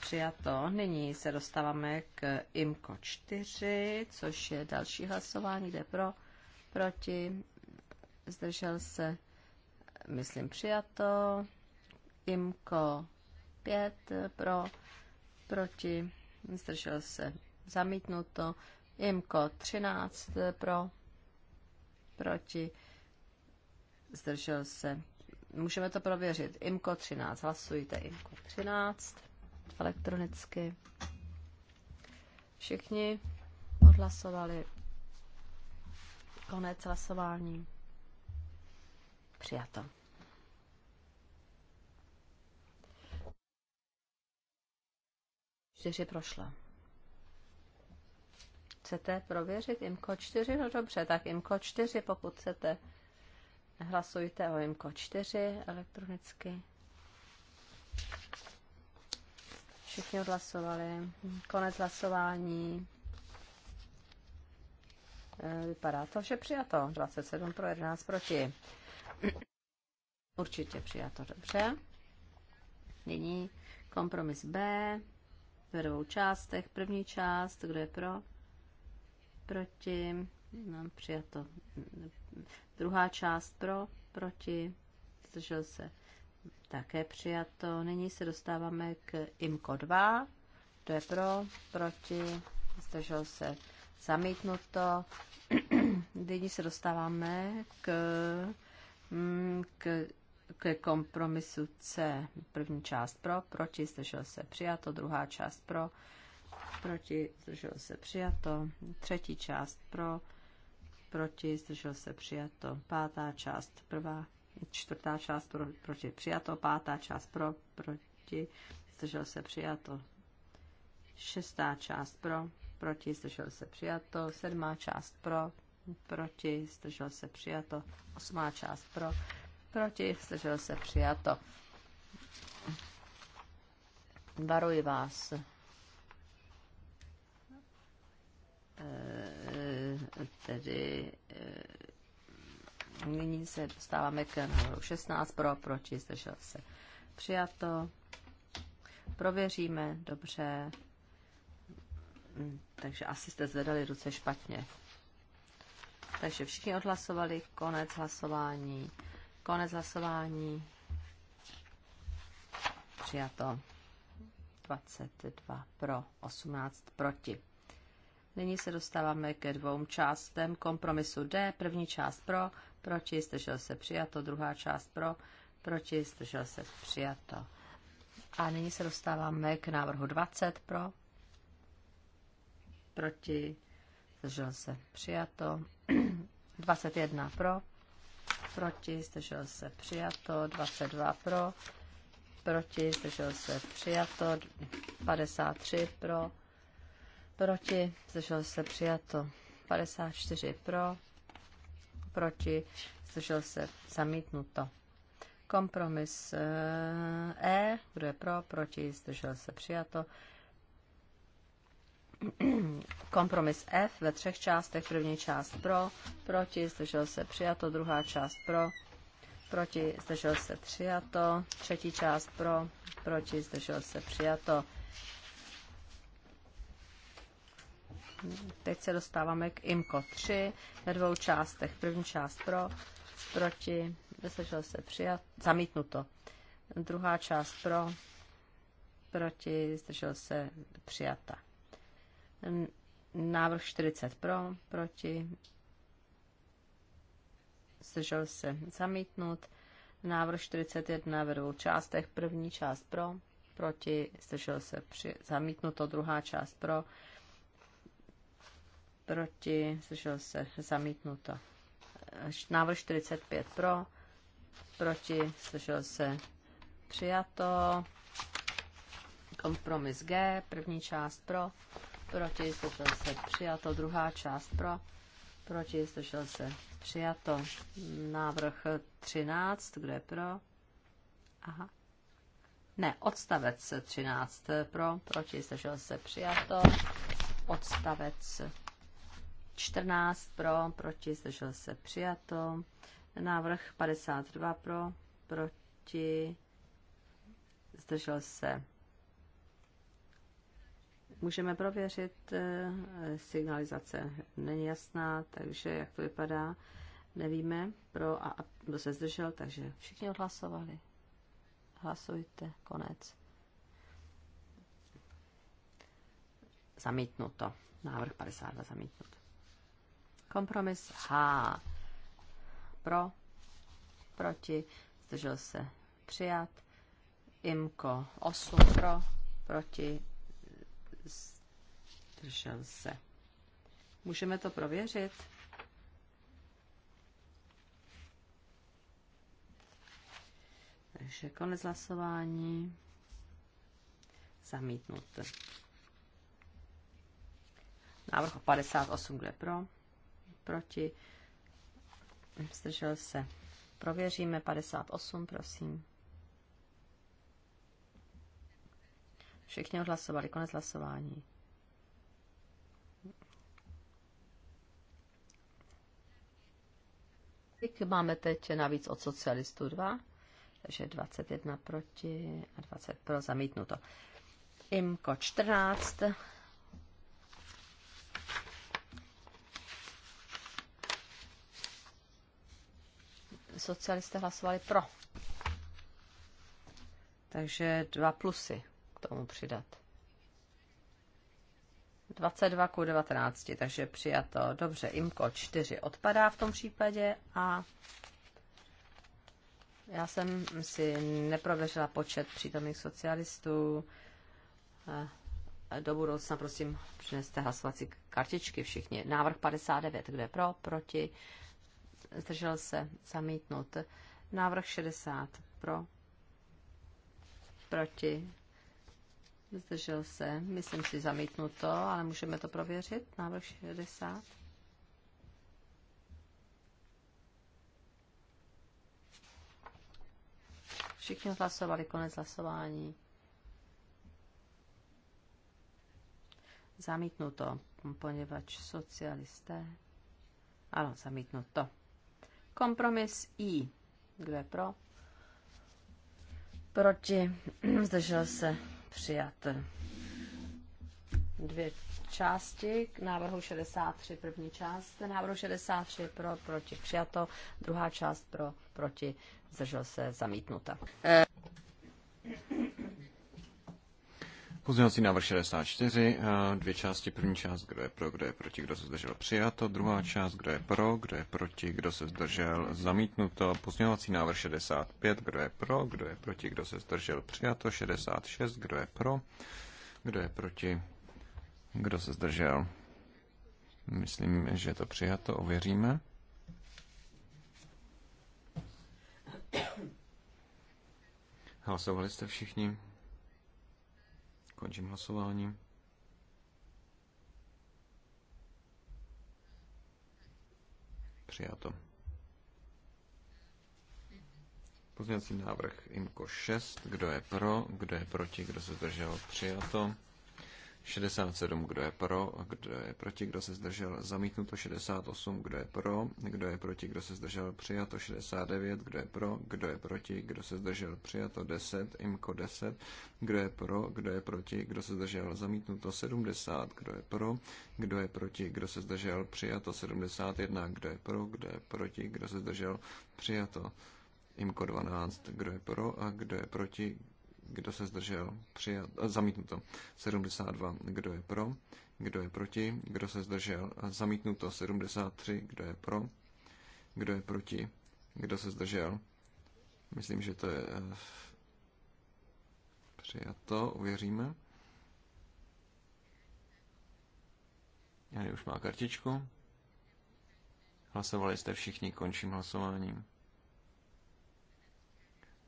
Přijato. Nyní se dostáváme k IMKO 4, což je další hlasování. Kde pro? Proti? Zdržel se? Myslím přijato. IMKO 5 pro, proti, zdržel se zamítnuto. IMKO 13 pro, proti, zdržel se můžeme to prověřit. IMKO 13, hlasujte IMKO 13 elektronicky. Všichni odhlasovali. Konec hlasování. Přijato. Čtyři prošla. Chcete prověřit IMKO 4? No dobře, tak IMKO 4, pokud chcete. Hlasujte o IMCO 4 elektronicky. Všichni odhlasovali. Konec hlasování. E, vypadá to, že přijato. 27 pro 11 proti. Určitě přijato, dobře. Nyní kompromis B ve dvou částech. První část, kdo je pro? Proti. No, přijato Druhá část pro, proti, zdržel se také přijato. Nyní se dostáváme k IMCO 2. To je pro, proti, zdržel se zamítnuto. Nyní se dostáváme k, mm, k, k kompromisu C. První část pro, proti, zdržel se přijato. Druhá část pro, proti, zdržel se přijato. Třetí část pro, proti, zdržel se přijato. Pátá část, prvá, čtvrtá část pro, proti, přijato. Pátá část pro, proti, zdržel se přijato. Šestá část pro, proti, zdržel se přijato. Sedmá část pro, proti, zdržel se přijato. Osmá část pro, proti, zdržel se přijato. Varuji vás, tedy eh, nyní se dostáváme k návrhu 16 pro, proti, zdržel se přijato. Prověříme, dobře. Hm, takže asi jste zvedali ruce špatně. Takže všichni odhlasovali, konec hlasování, konec hlasování, přijato 22 pro, 18 proti. Nyní se dostáváme ke dvou částem kompromisu D. První část pro, proti, zdržel se přijato. Druhá část pro, proti, zdržel se přijato. A nyní se dostáváme k návrhu 20 pro, proti, zdržel se přijato. 21 pro, proti, zdržel se přijato. 22 pro, proti, zdržel se přijato. 53 pro, proti, zdržel se přijato 54 pro, proti, zdržel se zamítnuto. Kompromis eh, E, kdo je pro, proti, zdržel se přijato. Kompromis F ve třech částech, první část pro, proti, zdržel se přijato, druhá část pro, proti, zdržel se přijato, třetí část pro, proti, zdržel se přijato. Teď se dostáváme k IMCO 3 ve dvou částech. První část pro, proti, zdržel se přijat, zamítnuto. Druhá část pro, proti, zdržel se přijata. Návrh 40 pro, proti, zdržel se zamítnut. Návrh 41 ve dvou částech. První část pro, proti, zdržel se při, zamítnuto. Druhá část pro, proti, slyšel se, zamítnuto. Návrh 45 pro, proti, slyšel se, přijato. Kompromis G, první část pro, proti, slyšel se, přijato. Druhá část pro, proti, slyšel se, přijato. Návrh 13, kde je pro? Aha. Ne, odstavec 13 pro, proti, slyšel se, přijato. Odstavec 14 pro, proti, zdržel se přijato. Návrh 52 pro, proti, zdržel se. Můžeme prověřit, eh, signalizace není jasná, takže jak to vypadá, nevíme. Pro a, a kdo se zdržel, takže všichni odhlasovali. Hlasujte, konec. Zamítnuto. Návrh 52 zamítnuto. Kompromis H. Pro, proti, zdržel se přijat. Imko 8 pro, proti, zdržel se. Můžeme to prověřit? Takže konec hlasování. Zamítnut. Návrh 58, kde pro? proti, zdržel se. Prověříme 58, prosím. Všichni odhlasovali, konec hlasování. Máme teď navíc od socialistů 2, takže 21 proti a 20 pro zamítnuto. IMKO 14, socialisté hlasovali pro. Takže dva plusy k tomu přidat. 22 ku 19, takže přijato. Dobře, IMKO 4 odpadá v tom případě a já jsem si neprověřila počet přítomných socialistů. Do budoucna prosím přineste hlasovací kartičky všichni. Návrh 59, kde pro, proti, zdržel se, zamítnut. Návrh 60 pro, proti, zdržel se, myslím si zamítnuto, ale můžeme to prověřit, návrh 60. Všichni hlasovali, konec hlasování. Zamítnuto, poněvadž socialisté. Ano, zamítnuto. Kompromis I. Kdo je pro? Proti? Zdržel se přijat. Dvě části k návrhu 63, první část návrhu 63 pro, proti přijato, druhá část pro, proti zdržel se zamítnuta. E Pozměňovací návrh 64, eh, dvě části. První část, kdo je pro, kdo je proti, kdo se zdržel přijato. Druhá část, kdo je pro, kdo je proti, kdo se zdržel zamítnuto. Pozměňovací návrh 65, kdo je pro, kdo je proti, kdo se zdržel přijato. 66, kdo je pro, kdo je proti, kdo se zdržel. Myslím, že je to přijato, ověříme. Hlasovali jste všichni? Končím hlasování. Přijato. Pozměňovací návrh IMKO 6. Kdo je pro, kdo je proti, kdo se zdržel? Přijato. 67, kdo je pro, kdo je proti, kdo se zdržel, zamítnuto 68, kdo je pro, kdo je proti, kdo se zdržel, přijato 69, kdo je pro, kdo je proti, kdo se zdržel, přijato 10, imko 10, kdo je pro, kdo je proti, kdo se zdržel, zamítnuto 70, kdo je pro, kdo je proti, kdo se zdržel, přijato 71, kdo je pro, kdo je proti, kdo se zdržel, přijato Imko 12, kdo je pro a kdo je proti, kdo se zdržel? Přijat, eh, zamítnuto. 72. Kdo je pro? Kdo je proti? Kdo se zdržel? Eh, zamítnuto. 73. Kdo je pro? Kdo je proti? Kdo se zdržel? Myslím, že to je eh, přijato. Uvěříme. Jany už má kartičku. Hlasovali jste všichni, končím hlasováním.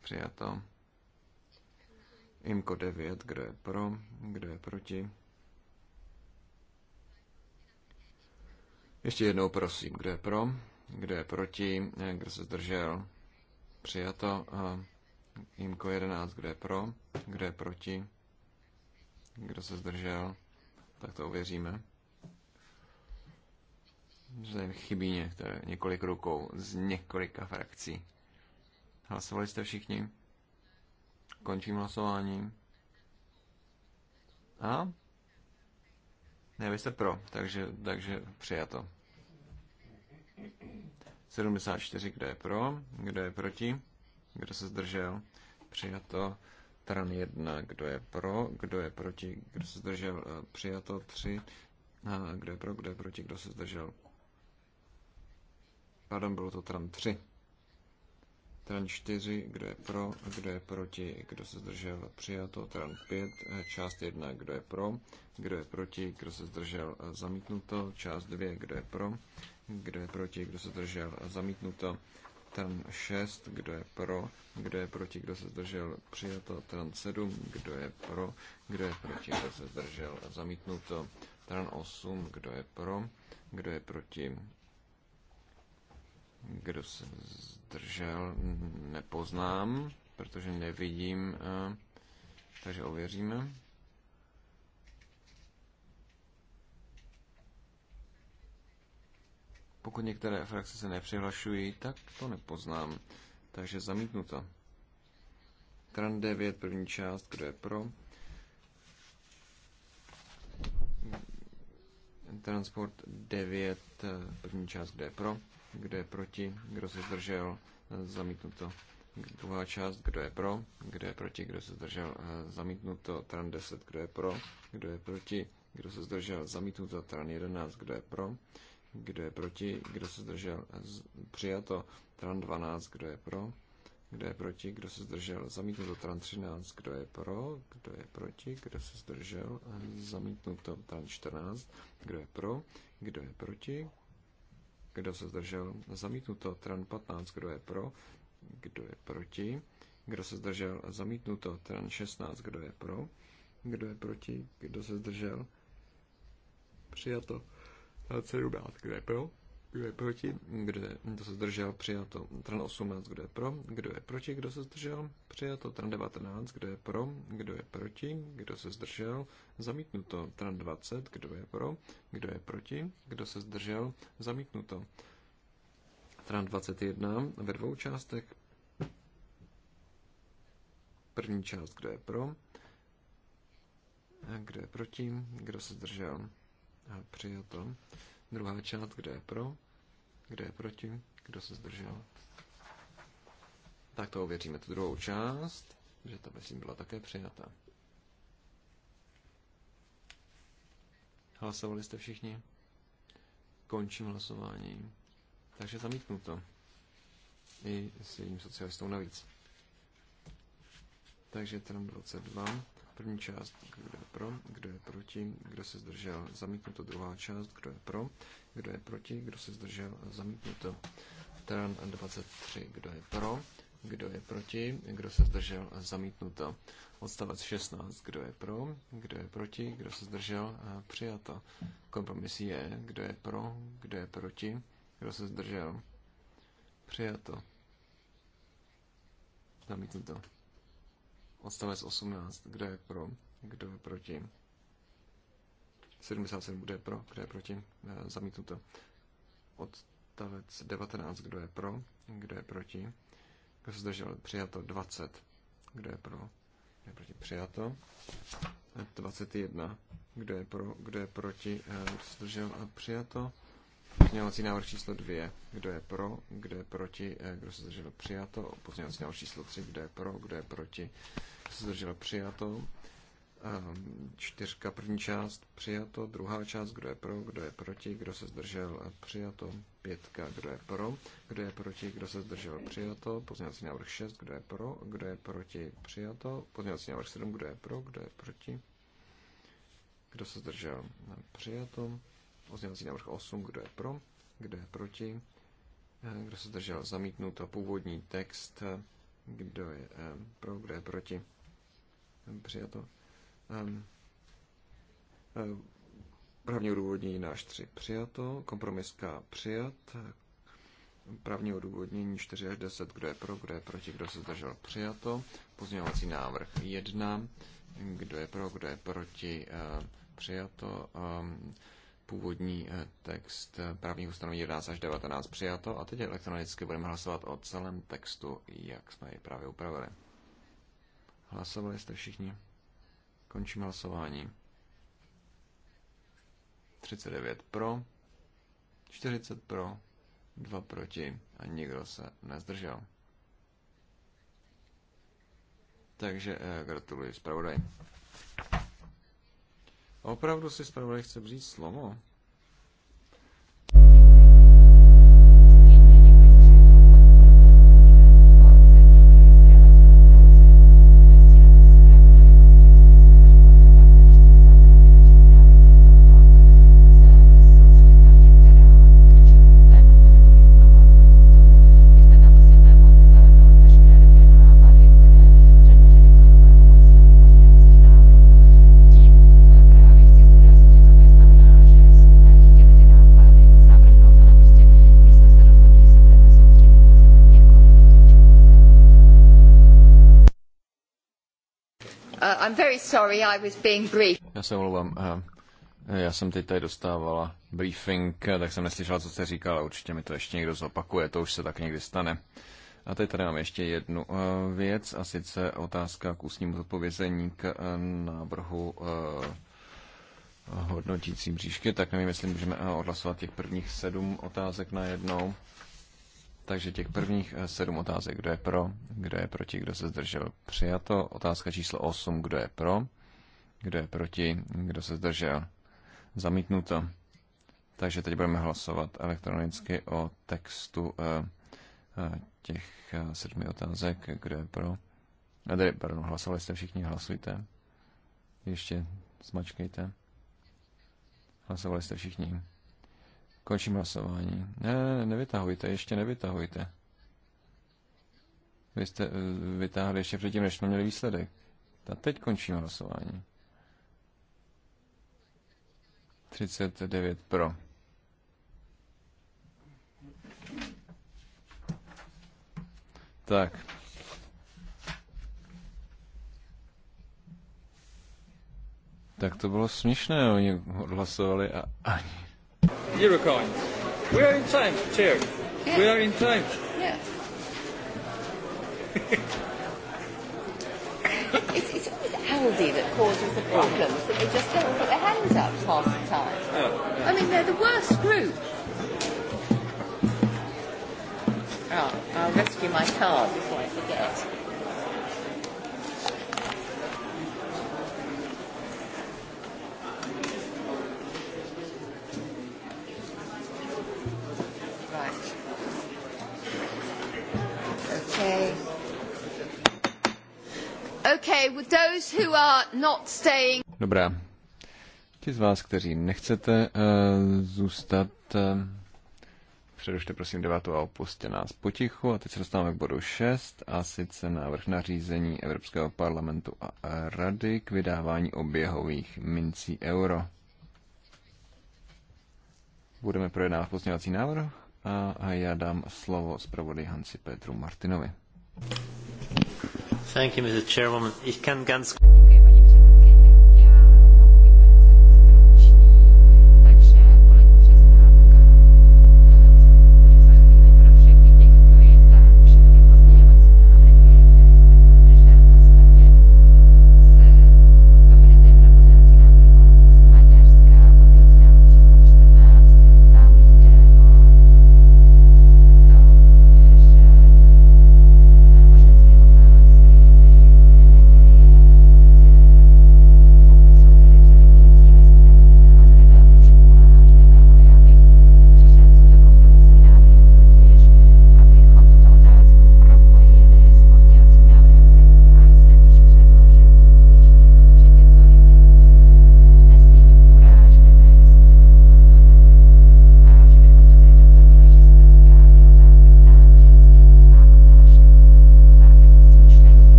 Přijato. Imko 9, kdo je pro, kdo je proti. Ještě jednou prosím, kdo je pro, kdo je proti, kdo se zdržel. Přijato. Imko 11, kdo je pro, kdo je proti, kdo se zdržel. Tak to uvěříme. Zde chybí některé, několik rukou z několika frakcí. Hlasovali jste všichni? Končím hlasování. A? Ne, vy jste pro, takže, takže přijato. 74, kdo je pro, kdo je proti, kdo se zdržel, přijato. Tran 1, kdo je pro, kdo je proti, kdo se zdržel, eh, přijato 3, eh, kdo je pro, kdo je proti, kdo se zdržel. Pardon, bylo to Tran 3. Tran 4, kdo je pro, kdo je proti, kdo se zdržel, přijato. Tran 5, část 1, kdo je pro, kdo je proti, kdo se zdržel, zamítnuto. Část 2, kdo je pro, kdo je proti, kdo se zdržel, zamítnuto. Tran 6, kdo je pro, kdo je proti, kdo se zdržel, přijato. Tran 7, kdo je pro, kdo je proti, kdo se zdržel, zamítnuto. Tran 8, kdo je pro, kdo je proti, kdo se zdržel, nepoznám, protože nevidím, eh, takže ověříme. Pokud některé frakce se nepřihlašují, tak to nepoznám. Takže zamítnuto. Tran 9, první část, kdo je pro? Transport 9, eh, první část, kdo je pro? kdo je proti, kdo se zdržel, zamítnuto. Druhá část, kdo je pro, kdo je proti, kdo se zdržel, zamítnuto. Tran 10, kdo je pro, kdo je proti, kdo se zdržel, zamítnuto. Tran 11, kdo je pro, kdo je proti, kdo se zdržel, přijato. Tran 12, kdo je pro, kdo je proti, kdo se zdržel, zamítnuto. Tran 13, kdo je pro, kdo je proti, kdo se zdržel, zamítnuto. Tran 14, kdo je pro, kdo je proti, kdo se zdržel? Zamítnuto. Tran 15. Kdo je pro? Kdo je proti? Kdo se zdržel? Zamítnuto. Tran 16. Kdo je pro? Kdo je proti? Kdo se zdržel? Přijato. Tran 17. Kdo je pro? Kdo je proti? Kdo, je, kdo se zdržel? Přijato. Tran 18. Kdo je pro? Kdo je proti? Kdo se zdržel? Přijato. Tran 19. Kdo je pro? Kdo je proti? Kdo se zdržel? Zamítnuto. Tran 20. Kdo je pro? Kdo je proti? Kdo se zdržel? Zamítnuto. Tran 21 ve dvou částech. První část, kdo je pro? Kdo je proti? Kdo se zdržel? Přijato. Druhá část, kdo je pro, kdo je proti, kdo se zdržel. Tak to ověříme tu druhou část, že ta myslím byla také přijata. Hlasovali jste všichni? Končím hlasování. Takže zamítnu to. I s jedním socialistou navíc. Takže tam v roce 2. První část, kdo je pro, kdo je proti, kdo se zdržel, zamítnuto. Druhá část, kdo je pro, kdo je proti, kdo se zdržel, zamítnuto. Tran 23, kdo je pro, kdo je proti, kdo se zdržel, zamítnuto. Odstavec 16, kdo je pro, kdo je proti, kdo se zdržel, přijato. Kompromis je, kdo je pro, kdo je proti, kdo se zdržel, přijato. Zamítnuto. Odstavec 18. Kdo je pro? Kdo je proti? 77. Kdo je pro? Kdo je proti? Zamítnuto. Odstavec 19. Kdo je pro? Kdo je proti? Kdo se zdržel? Přijato 20. Kdo je pro? Kdo je proti? Přijato. 21. Kdo je pro? Kdo je proti? Kdo se zdržel? Přijato. Pozměňovací návrh číslo 2. Kdo je pro? Kdo je proti? Kdo se zdržel? Přijato. Pozměňovací návrh číslo 3. Kdo je pro? Kdo je proti? Kdo se zdržel? Přijato. Čtyřka první část přijato, druhá část, kdo je pro, kdo je proti, kdo se zdržel, přijato, pětka, kdo je pro, kdo je proti, kdo se zdržel, přijato, pozměňovací návrh 6, kdo je pro, kdo je proti, přijato, pozměňovací návrh 7, kdo je pro, kdo je proti, kdo se zdržel, přijato, pozměnací návrh 8, kdo je pro, kdo je proti, eh, kdo se zdržel zamítnuto, původní text, eh, kdo je eh, pro, kdo je proti, přijato. Ehm, právní odůvodnění náš 3 přijato, kompromis K přijat, právní odůvodnění 4 až 10, kdo je pro, kdo je proti, kdo se zdržel přijato, pozměňovací návrh 1, kdo je pro, kdo je proti, přijato, ehm, původní eh, text eh, právních ustanovení 11 až 19 přijato a teď elektronicky budeme hlasovat o celém textu, jak jsme ji právě upravili. Hlasovali jste všichni? Končím hlasování. 39 pro, 40 pro, 2 proti a nikdo se nezdržel. Takže eh, gratuluji zpravodaj. Opravdu si zpravodaj chce vzít slovo? I'm very sorry, I was being brief. Já se omlouvám. Eh, já jsem teď tady dostávala briefing, eh, tak jsem neslyšela, co jste říkal, ale určitě mi to ještě někdo zopakuje, to už se tak někdy stane. A teď tady mám ještě jednu eh, věc, a sice otázka k ústnímu zodpovězení k návrhu hodnotící bříšky, tak nevím, jestli můžeme odhlasovat těch prvních sedm otázek na jednou. Takže těch prvních eh, sedm otázek, kdo je pro, kdo je proti, kdo se zdržel, přijato. Otázka číslo 8, kdo je pro, kdo je proti, kdo se zdržel, zamítnuto. Takže teď budeme hlasovat elektronicky o textu eh, eh, těch sedmi otázek, kdo je pro. A tady, pardon, hlasovali jste všichni, hlasujte. Ještě smačkejte. Hlasovali jste všichni. Končím hlasování. Ne, ne, ne, nevytahujte, ještě nevytahujte. Vy jste eh, vytáhli ještě předtím, než jsme měli výsledek. A teď končím hlasování. 39 pro. Tak. Tak to bylo směšné, oni odhlasovali a ani Eurocoin. We are in time, chair. Yeah. We are in time. Yeah. it's, it's always Aldi that causes the problems that they just don't put their hands up half the time. Oh, yeah. I mean, they're the worst group. Oh, I'll rescue my card before I forget. Those who are not staying... Dobrá. Ti z vás, kteří nechcete uh, zůstat, uh, přerušte prosím devátou a opustě nás potichu. A teď se dostáváme k bodu 6, a sice návrh na řízení Evropského parlamentu a rady k vydávání oběhových mincí euro. Budeme projednávat pozměňovací návrh a já dám slovo zpravodaj Hansi Petru Martinovi. Thank you, Mr. Chairwoman. Ich kann ganz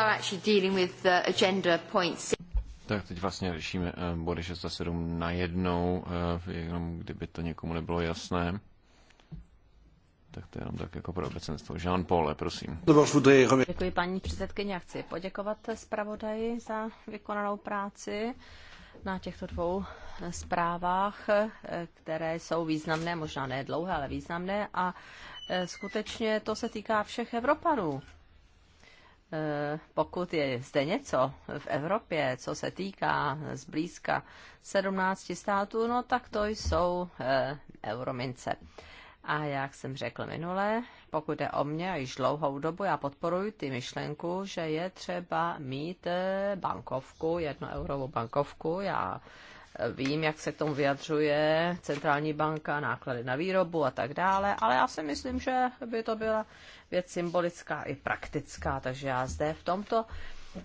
are actually dealing with uh, agenda Tak teď vlastně řešíme uh, body 6 a 7 najednou, uh, eh, jenom kdyby to někomu nebylo jasné. Tak to je jenom tak jako pro obecenstvo. Jean Paul, prosím. Děkuji paní předsedkyně, chci poděkovat zpravodaji za vykonanou práci na těchto dvou eh, zprávách, které jsou významné, možná ne dlouhé, ale významné a skutečně to se týká všech Evropanů. Eh, pokud je zde něco v Evropě, co se týká zblízka 17 států, no tak to jsou eh, euromince. A jak jsem řekl minule, pokud je o mě, již dlouhou dobu já podporuji ty myšlenku, že je třeba mít eh, bankovku, jednoeurovou eurovou bankovku. Já vím, jak se k tomu vyjadřuje centrální banka, náklady na výrobu a tak dále, ale já si myslím, že by to byla věc symbolická i praktická, takže já zde v tomto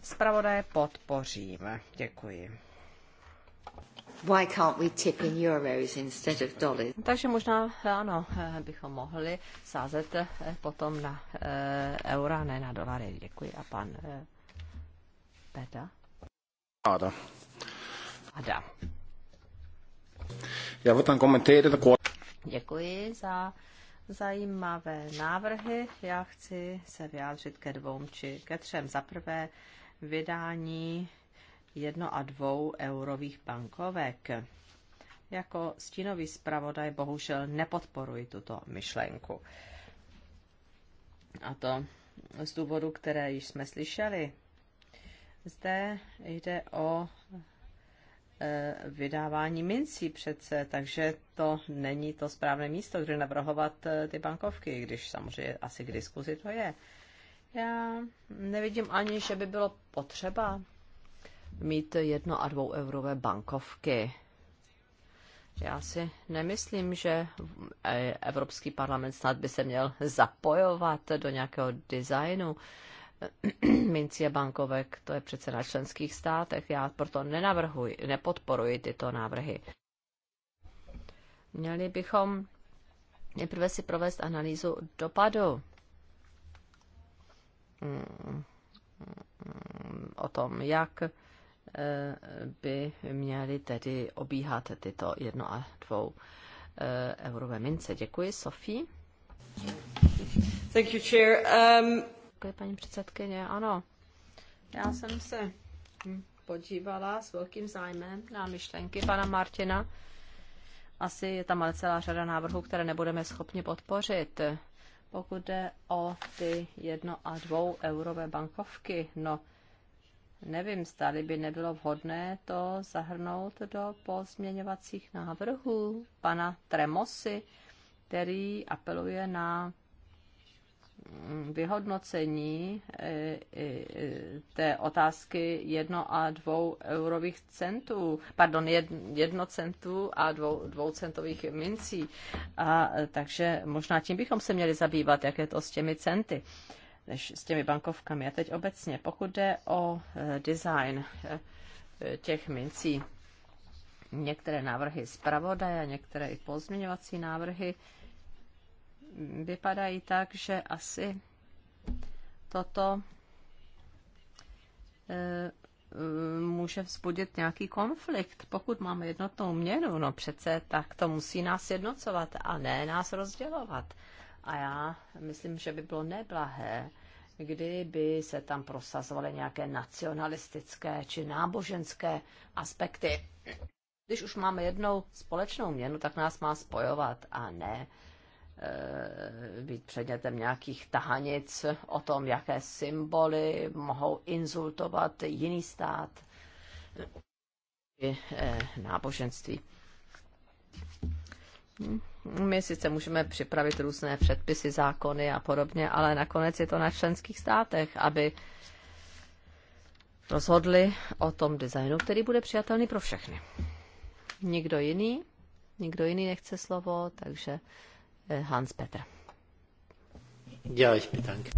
zpravodaje podpořím. Děkuji. Why can't we tip in euros instead of dollars? Takže možná ano, bychom mohli sázet eh, potom na e, eura, ne na dolary. Děkuji. A pan e, eh, Peta? vláda. Já tam komentér. Děkuji za zajímavé návrhy. Já chci se vyjádřit ke dvou či ke třem. Za prvé vydání jedno a dvou eurových bankovek. Jako stínový zpravodaj bohužel nepodporuji tuto myšlenku. A to z důvodu, které již jsme slyšeli. Zde jde o Eh, vydávání mincí přece, takže to není to správné místo, kde navrhovat eh, ty bankovky, když samozřejmě asi k diskuzi to je. Já nevidím ani, že by bylo potřeba mít jedno a dvou eurové bankovky. Já si nemyslím, že eh, Evropský parlament snad by se měl zapojovat do nějakého designu mincí a bankovek, to je přece na členských státech. Já proto nenavrhuji, nepodporuji tyto návrhy. Měli bychom nejprve si provést analýzu dopadu. Hmm. O tom, jak eh, by měly tedy obíhat tyto jedno a dvou eh, eurové mince. Děkuji, Sofie. Thank you, Chair. Um... Děkuji, paní předsedkyně. Ano, já jsem se podívala s velkým zájmem na myšlenky pana Martina. Asi je tam ale celá řada návrhů, které nebudeme schopni podpořit. Pokud jde o ty jedno a dvou eurové bankovky, no nevím, zdali by nebylo vhodné to zahrnout do pozměňovacích návrhů pana Tremosy, který apeluje na vyhodnocení e, e, té otázky jedno a dvou eurových centů, pardon, jedno centů a dvou, dvou, centových mincí. A, takže možná tím bychom se měli zabývat, jak je to s těmi centy než s těmi bankovkami. A teď obecně, pokud jde o e, design těch mincí, některé návrhy zpravodaje, některé i pozměňovací návrhy, vypadají tak, že asi toto e, e, může vzbudit nějaký konflikt. Pokud máme jednotnou měnu, no přece tak to musí nás jednocovat a ne nás rozdělovat. A já myslím, že by bylo neblahé, kdyby se tam prosazovaly nějaké nacionalistické či náboženské aspekty. Když už máme jednou společnou měnu, tak nás má spojovat a ne Eh, být předmětem nějakých tahanic o tom, jaké symboly mohou insultovat jiný stát i eh, náboženství. My sice můžeme připravit různé předpisy, zákony a podobně, ale nakonec je to na členských státech, aby rozhodli o tom designu, který bude přijatelný pro všechny. Nikdo jiný, nikdo jiný nechce slovo, takže Hans Peter. Ja, ich bedanke.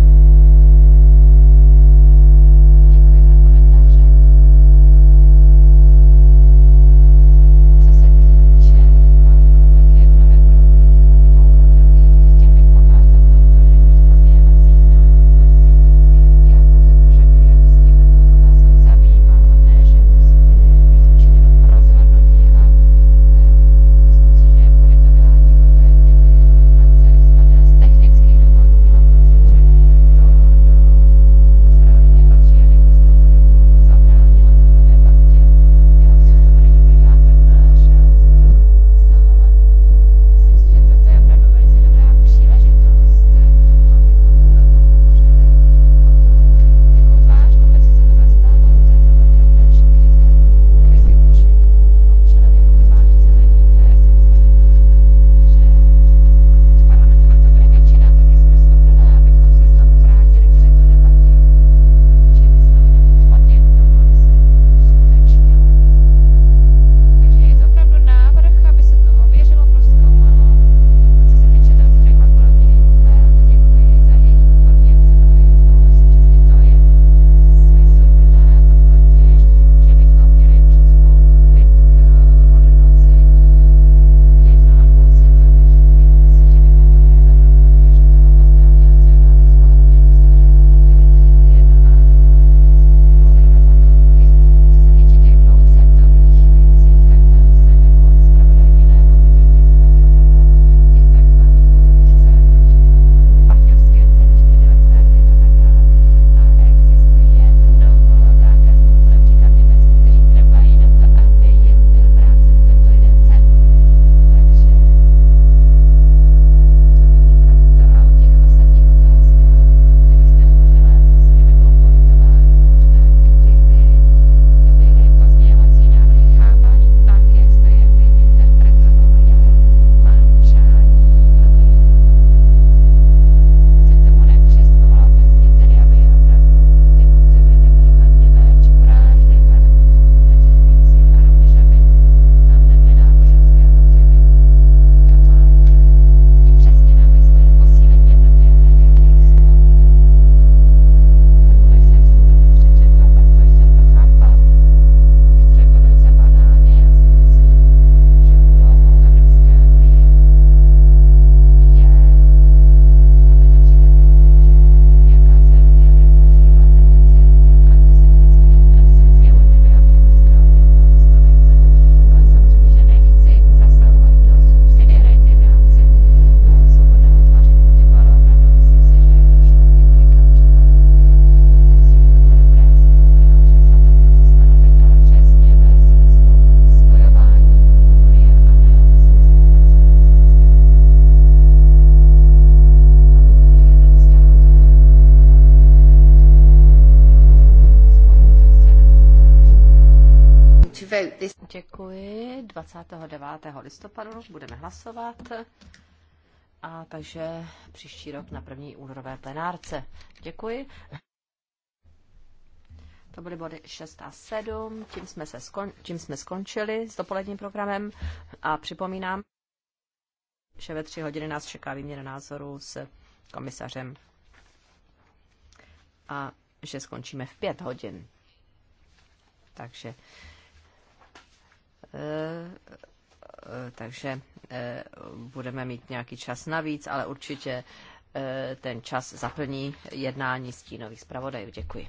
29. listopadu budeme hlasovat. A takže příští rok na první únorové plenárce. Děkuji. To byly body 6 a 7, tím jsme, se skon, tím jsme skončili s dopoledním programem a připomínám, že ve tři hodiny nás čeká výměna názoru s komisařem a že skončíme v pět hodin. Takže Eh, takže eh, budeme mít nějaký čas navíc, ale určitě eh, ten čas zaplní jednání stínových zpravodajů. Děkuji.